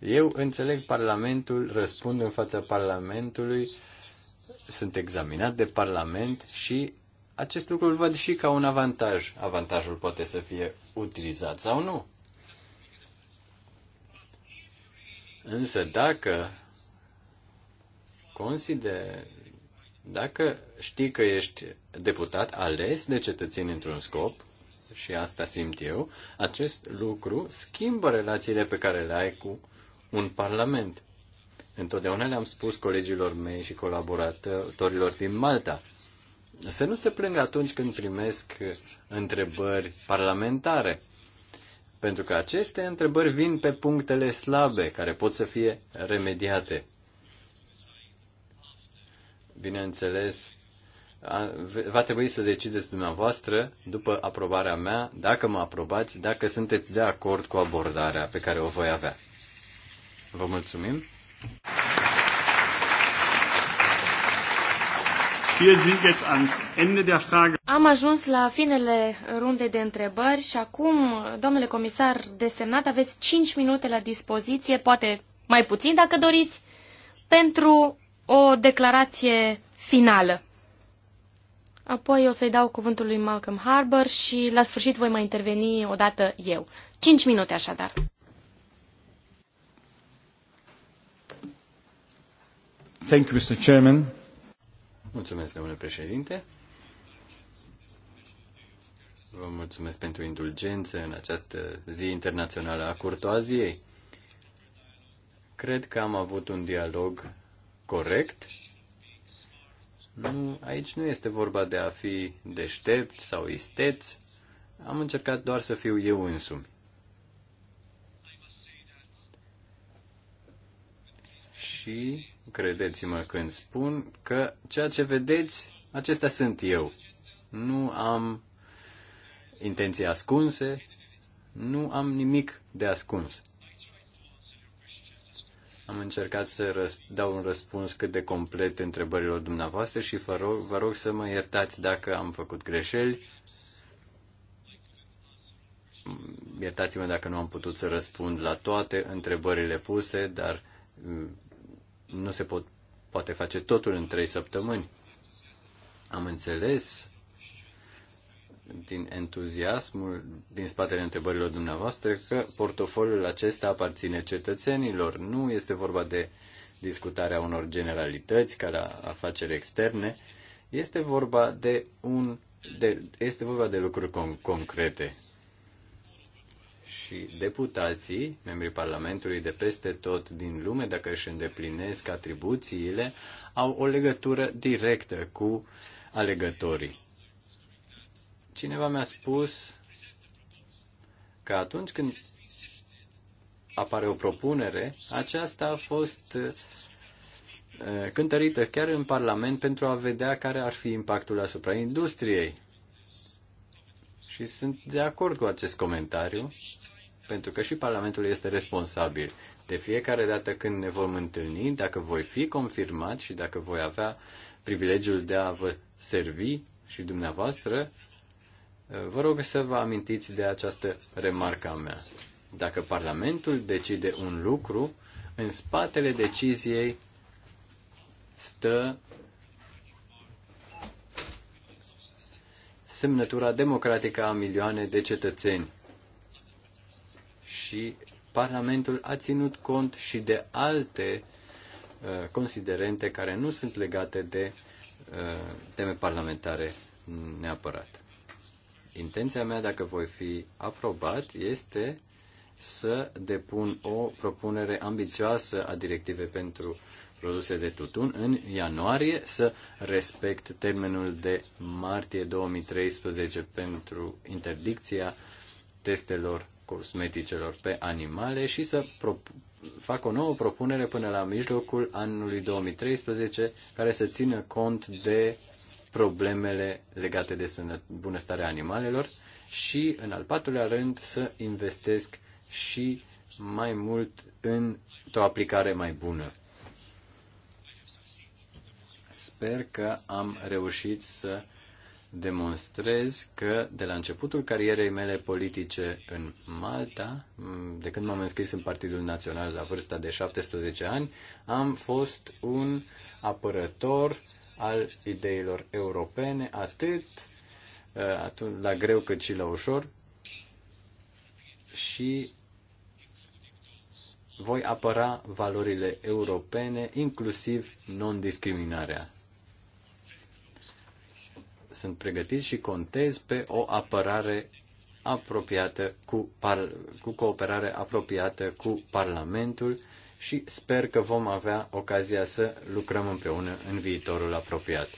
Speaker 3: Eu înțeleg Parlamentul, răspund în fața Parlamentului, sunt examinat de Parlament și acest lucru îl văd și ca un avantaj. Avantajul poate să fie utilizat sau nu. Însă dacă consider, dacă știi că ești deputat ales de cetățeni într-un scop, și asta simt eu, acest lucru schimbă relațiile pe care le ai cu un parlament. Întotdeauna le-am spus colegilor mei și colaboratorilor din Malta să nu se plângă atunci când primesc întrebări parlamentare, pentru că aceste întrebări vin pe punctele slabe care pot să fie remediate. Bineînțeles, va trebui să decideți dumneavoastră, după aprobarea mea, dacă mă aprobați, dacă sunteți de acord cu abordarea pe care o voi avea. Vă mulțumim.
Speaker 2: Am ajuns la finele rundei de întrebări și acum, domnule comisar desemnat, aveți 5 minute la dispoziție, poate mai puțin dacă doriți, pentru o declarație finală. Apoi o să-i dau cuvântul lui Malcolm Harbour și la sfârșit voi mai interveni odată eu. 5 minute
Speaker 1: așadar. Thank you, Mr. Chairman.
Speaker 3: Mulțumesc, domnule președinte. Vă mulțumesc pentru indulgență în această zi internațională a curtoaziei. Cred că am avut un dialog corect. Nu, aici nu este vorba de a fi deștept sau isteț. Am încercat doar să fiu eu însumi. Și Credeți-mă când spun că ceea ce vedeți, acestea sunt eu. Nu am intenții ascunse, nu am nimic de ascuns. Am încercat să dau un răspuns cât de complet întrebărilor dumneavoastră și vă rog, vă rog să mă iertați dacă am făcut greșeli. Iertați-mă dacă nu am putut să răspund la toate întrebările puse, dar mm, nu se pot, poate face totul în trei săptămâni. Am înțeles din entuziasmul din spatele întrebărilor dumneavoastră că portofoliul acesta aparține cetățenilor. Nu este vorba de discutarea unor generalități ca la afaceri externe, este vorba de un de, este vorba de lucruri con- concrete și deputații, membrii Parlamentului de peste tot din lume, dacă își îndeplinesc atribuțiile, au o legătură directă cu alegătorii. Cineva mi-a spus că atunci când apare o propunere, aceasta a fost uh, cântărită chiar în Parlament pentru a vedea care ar fi impactul asupra industriei. Și sunt de acord cu acest comentariu, pentru că și Parlamentul este responsabil. De fiecare dată când ne vom întâlni, dacă voi fi confirmat și dacă voi avea privilegiul de a vă servi și dumneavoastră, vă rog să vă amintiți de această remarcă a mea. Dacă Parlamentul decide un lucru, în spatele deciziei stă semnătura democratică a milioane de cetățeni. Și Parlamentul a ținut cont și de alte uh, considerente care nu sunt legate de uh, teme parlamentare neapărat. Intenția mea, dacă voi fi aprobat, este să depun o propunere ambițioasă a directivei pentru produse de tutun în ianuarie, să respect termenul de martie 2013 pentru interdicția testelor cosmeticelor pe animale și să fac o nouă propunere până la mijlocul anului 2013 care să țină cont de problemele legate de bunăstarea animalelor și, în al patrulea rând, să investesc și mai mult în o aplicare mai bună sper că am reușit să demonstrez că de la începutul carierei mele politice în Malta, de când m-am înscris în Partidul Național la vârsta de 17 ani, am fost un apărător al ideilor europene, atât uh, la greu cât și la ușor, și voi apăra valorile europene, inclusiv non-discriminarea sunt pregătiți și contez pe o apărare apropiată cu, par, cu cooperare apropiată cu Parlamentul și sper că vom avea ocazia să lucrăm împreună în viitorul apropiat.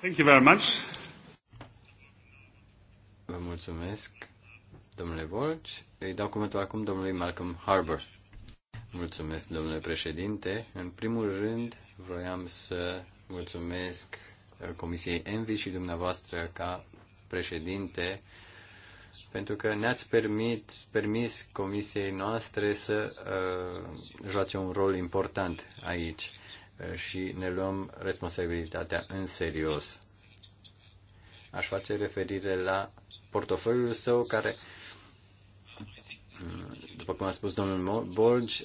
Speaker 1: Thank you very much.
Speaker 3: Vă mulțumesc domnule Volci. Îi dau cuvântul acum domnului Malcolm Harbour. Mulțumesc, domnule președinte. În primul rând, vroiam să mulțumesc uh, Comisiei Envi și dumneavoastră ca președinte pentru că ne-ați permit, permis comisiei noastre să uh, joace un rol important aici uh, și ne luăm responsabilitatea în serios. Aș face referire la portofoliul său care uh, după cum a spus domnul Bolgi,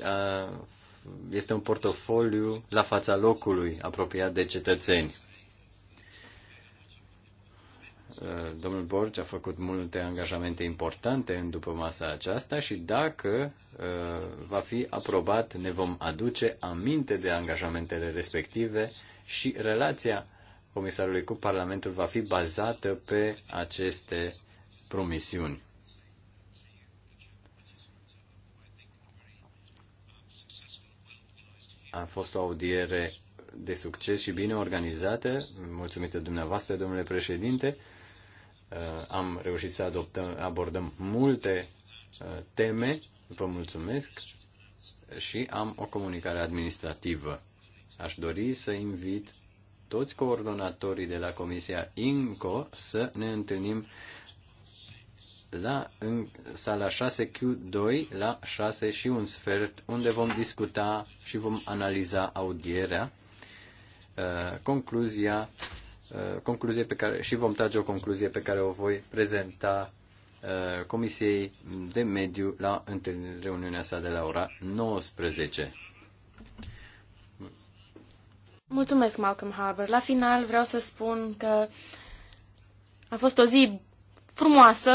Speaker 3: este un portofoliu la fața locului, apropiat de cetățeni. Domnul Borge a făcut multe angajamente importante în după masa aceasta și dacă va fi aprobat, ne vom aduce aminte de angajamentele respective și relația comisarului cu Parlamentul va fi bazată pe aceste promisiuni. A fost o audiere de succes și bine organizată, mulțumită dumneavoastră, domnule președinte. Uh, am reușit să adoptăm, abordăm multe uh, teme, vă mulțumesc, și am o comunicare administrativă. Aș dori să invit toți coordonatorii de la Comisia INCO să ne întâlnim la în sala 6Q2 la 6 și un sfert, unde vom discuta și vom analiza audierea, uh, concluzia, uh, concluzie pe care, și vom trage o concluzie pe care o voi prezenta uh, Comisiei de Mediu la reuniunea sa de la ora 19.
Speaker 2: Mulțumesc, Malcolm Harbour. La final vreau să spun că a fost o zi frumoasă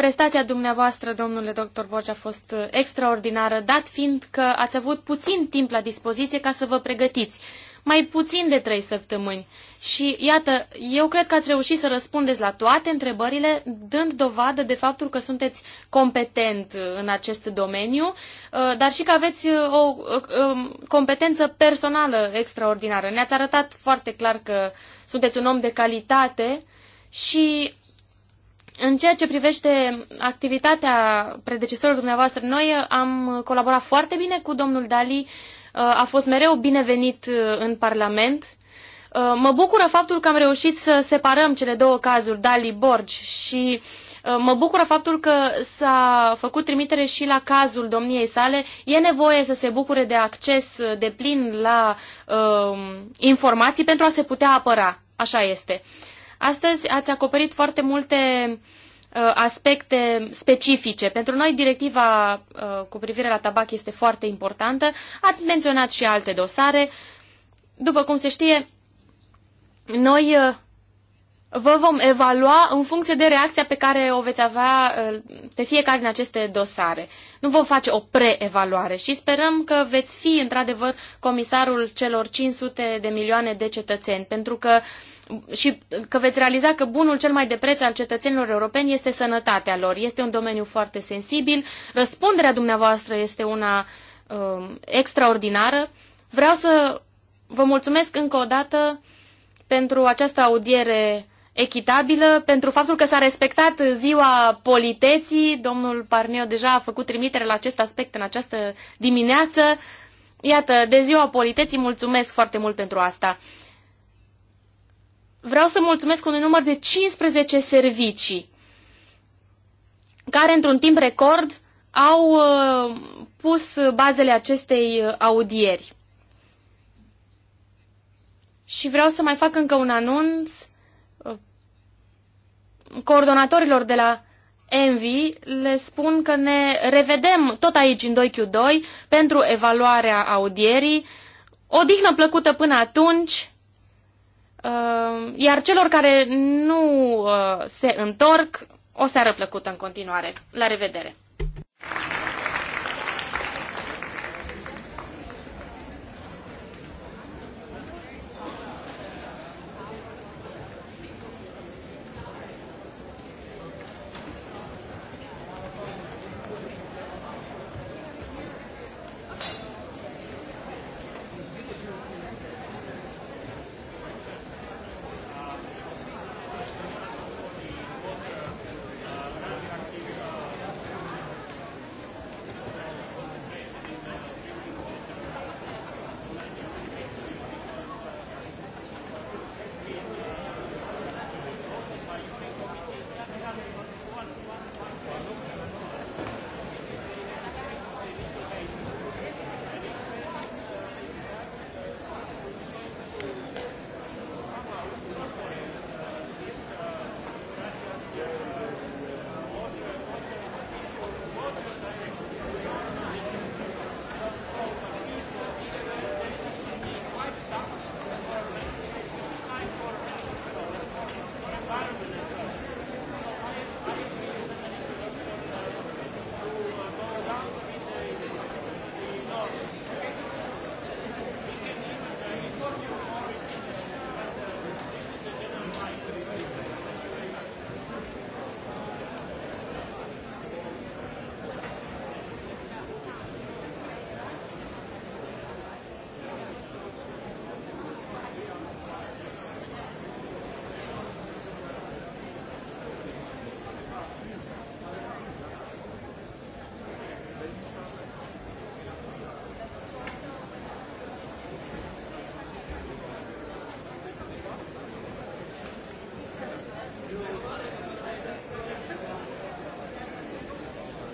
Speaker 2: Prestația dumneavoastră, domnule doctor Borge, a fost uh, extraordinară, dat fiind că ați avut puțin timp la dispoziție ca să vă pregătiți, mai puțin de trei săptămâni. Și iată, eu cred că ați reușit să răspundeți la toate întrebările, dând dovadă de faptul că sunteți competent uh, în acest domeniu, uh, dar și că aveți o um, competență personală extraordinară. Ne-ați arătat foarte clar că sunteți un om de calitate și în ceea ce privește activitatea predecesorului dumneavoastră, noi am colaborat foarte bine cu domnul Dali, uh, a fost mereu binevenit uh, în Parlament. Uh, mă bucură faptul că am reușit să separăm cele două cazuri, Dali Borgi și mă bucură faptul că s-a făcut trimitere și la cazul domniei sale. E nevoie să se bucure de acces de plin la uh, informații pentru a se putea apăra. Așa este. Astăzi ați acoperit foarte multe uh, aspecte specifice. Pentru noi, directiva uh, cu privire la tabac este foarte importantă. Ați menționat și alte dosare. După cum se știe, noi uh, vă vom evalua în funcție de reacția pe care o veți avea pe fiecare din aceste dosare. Nu vom face o pre-evaluare și sperăm că veți fi într-adevăr comisarul celor 500 de milioane de cetățeni, pentru că și că veți realiza că bunul cel mai de preț al cetățenilor europeni este sănătatea lor. Este un domeniu foarte sensibil, răspunderea dumneavoastră este una uh, extraordinară. Vreau să vă mulțumesc încă o dată pentru această audiere echitabilă, pentru faptul că s-a respectat ziua politeții. Domnul Parneo deja a făcut trimitere la acest aspect în această dimineață. Iată, de ziua politeții mulțumesc foarte mult pentru asta vreau să mulțumesc unui număr de 15 servicii care într-un timp record au uh, pus bazele acestei uh, audieri. Și vreau să mai fac încă un anunț uh, coordonatorilor de la Envi le spun că ne revedem tot aici în 2Q2 pentru evaluarea audierii. O dihnă plăcută până atunci Ehm, iar celor care nu uh, se întorc, o seară plăcută în continuare. La revedere!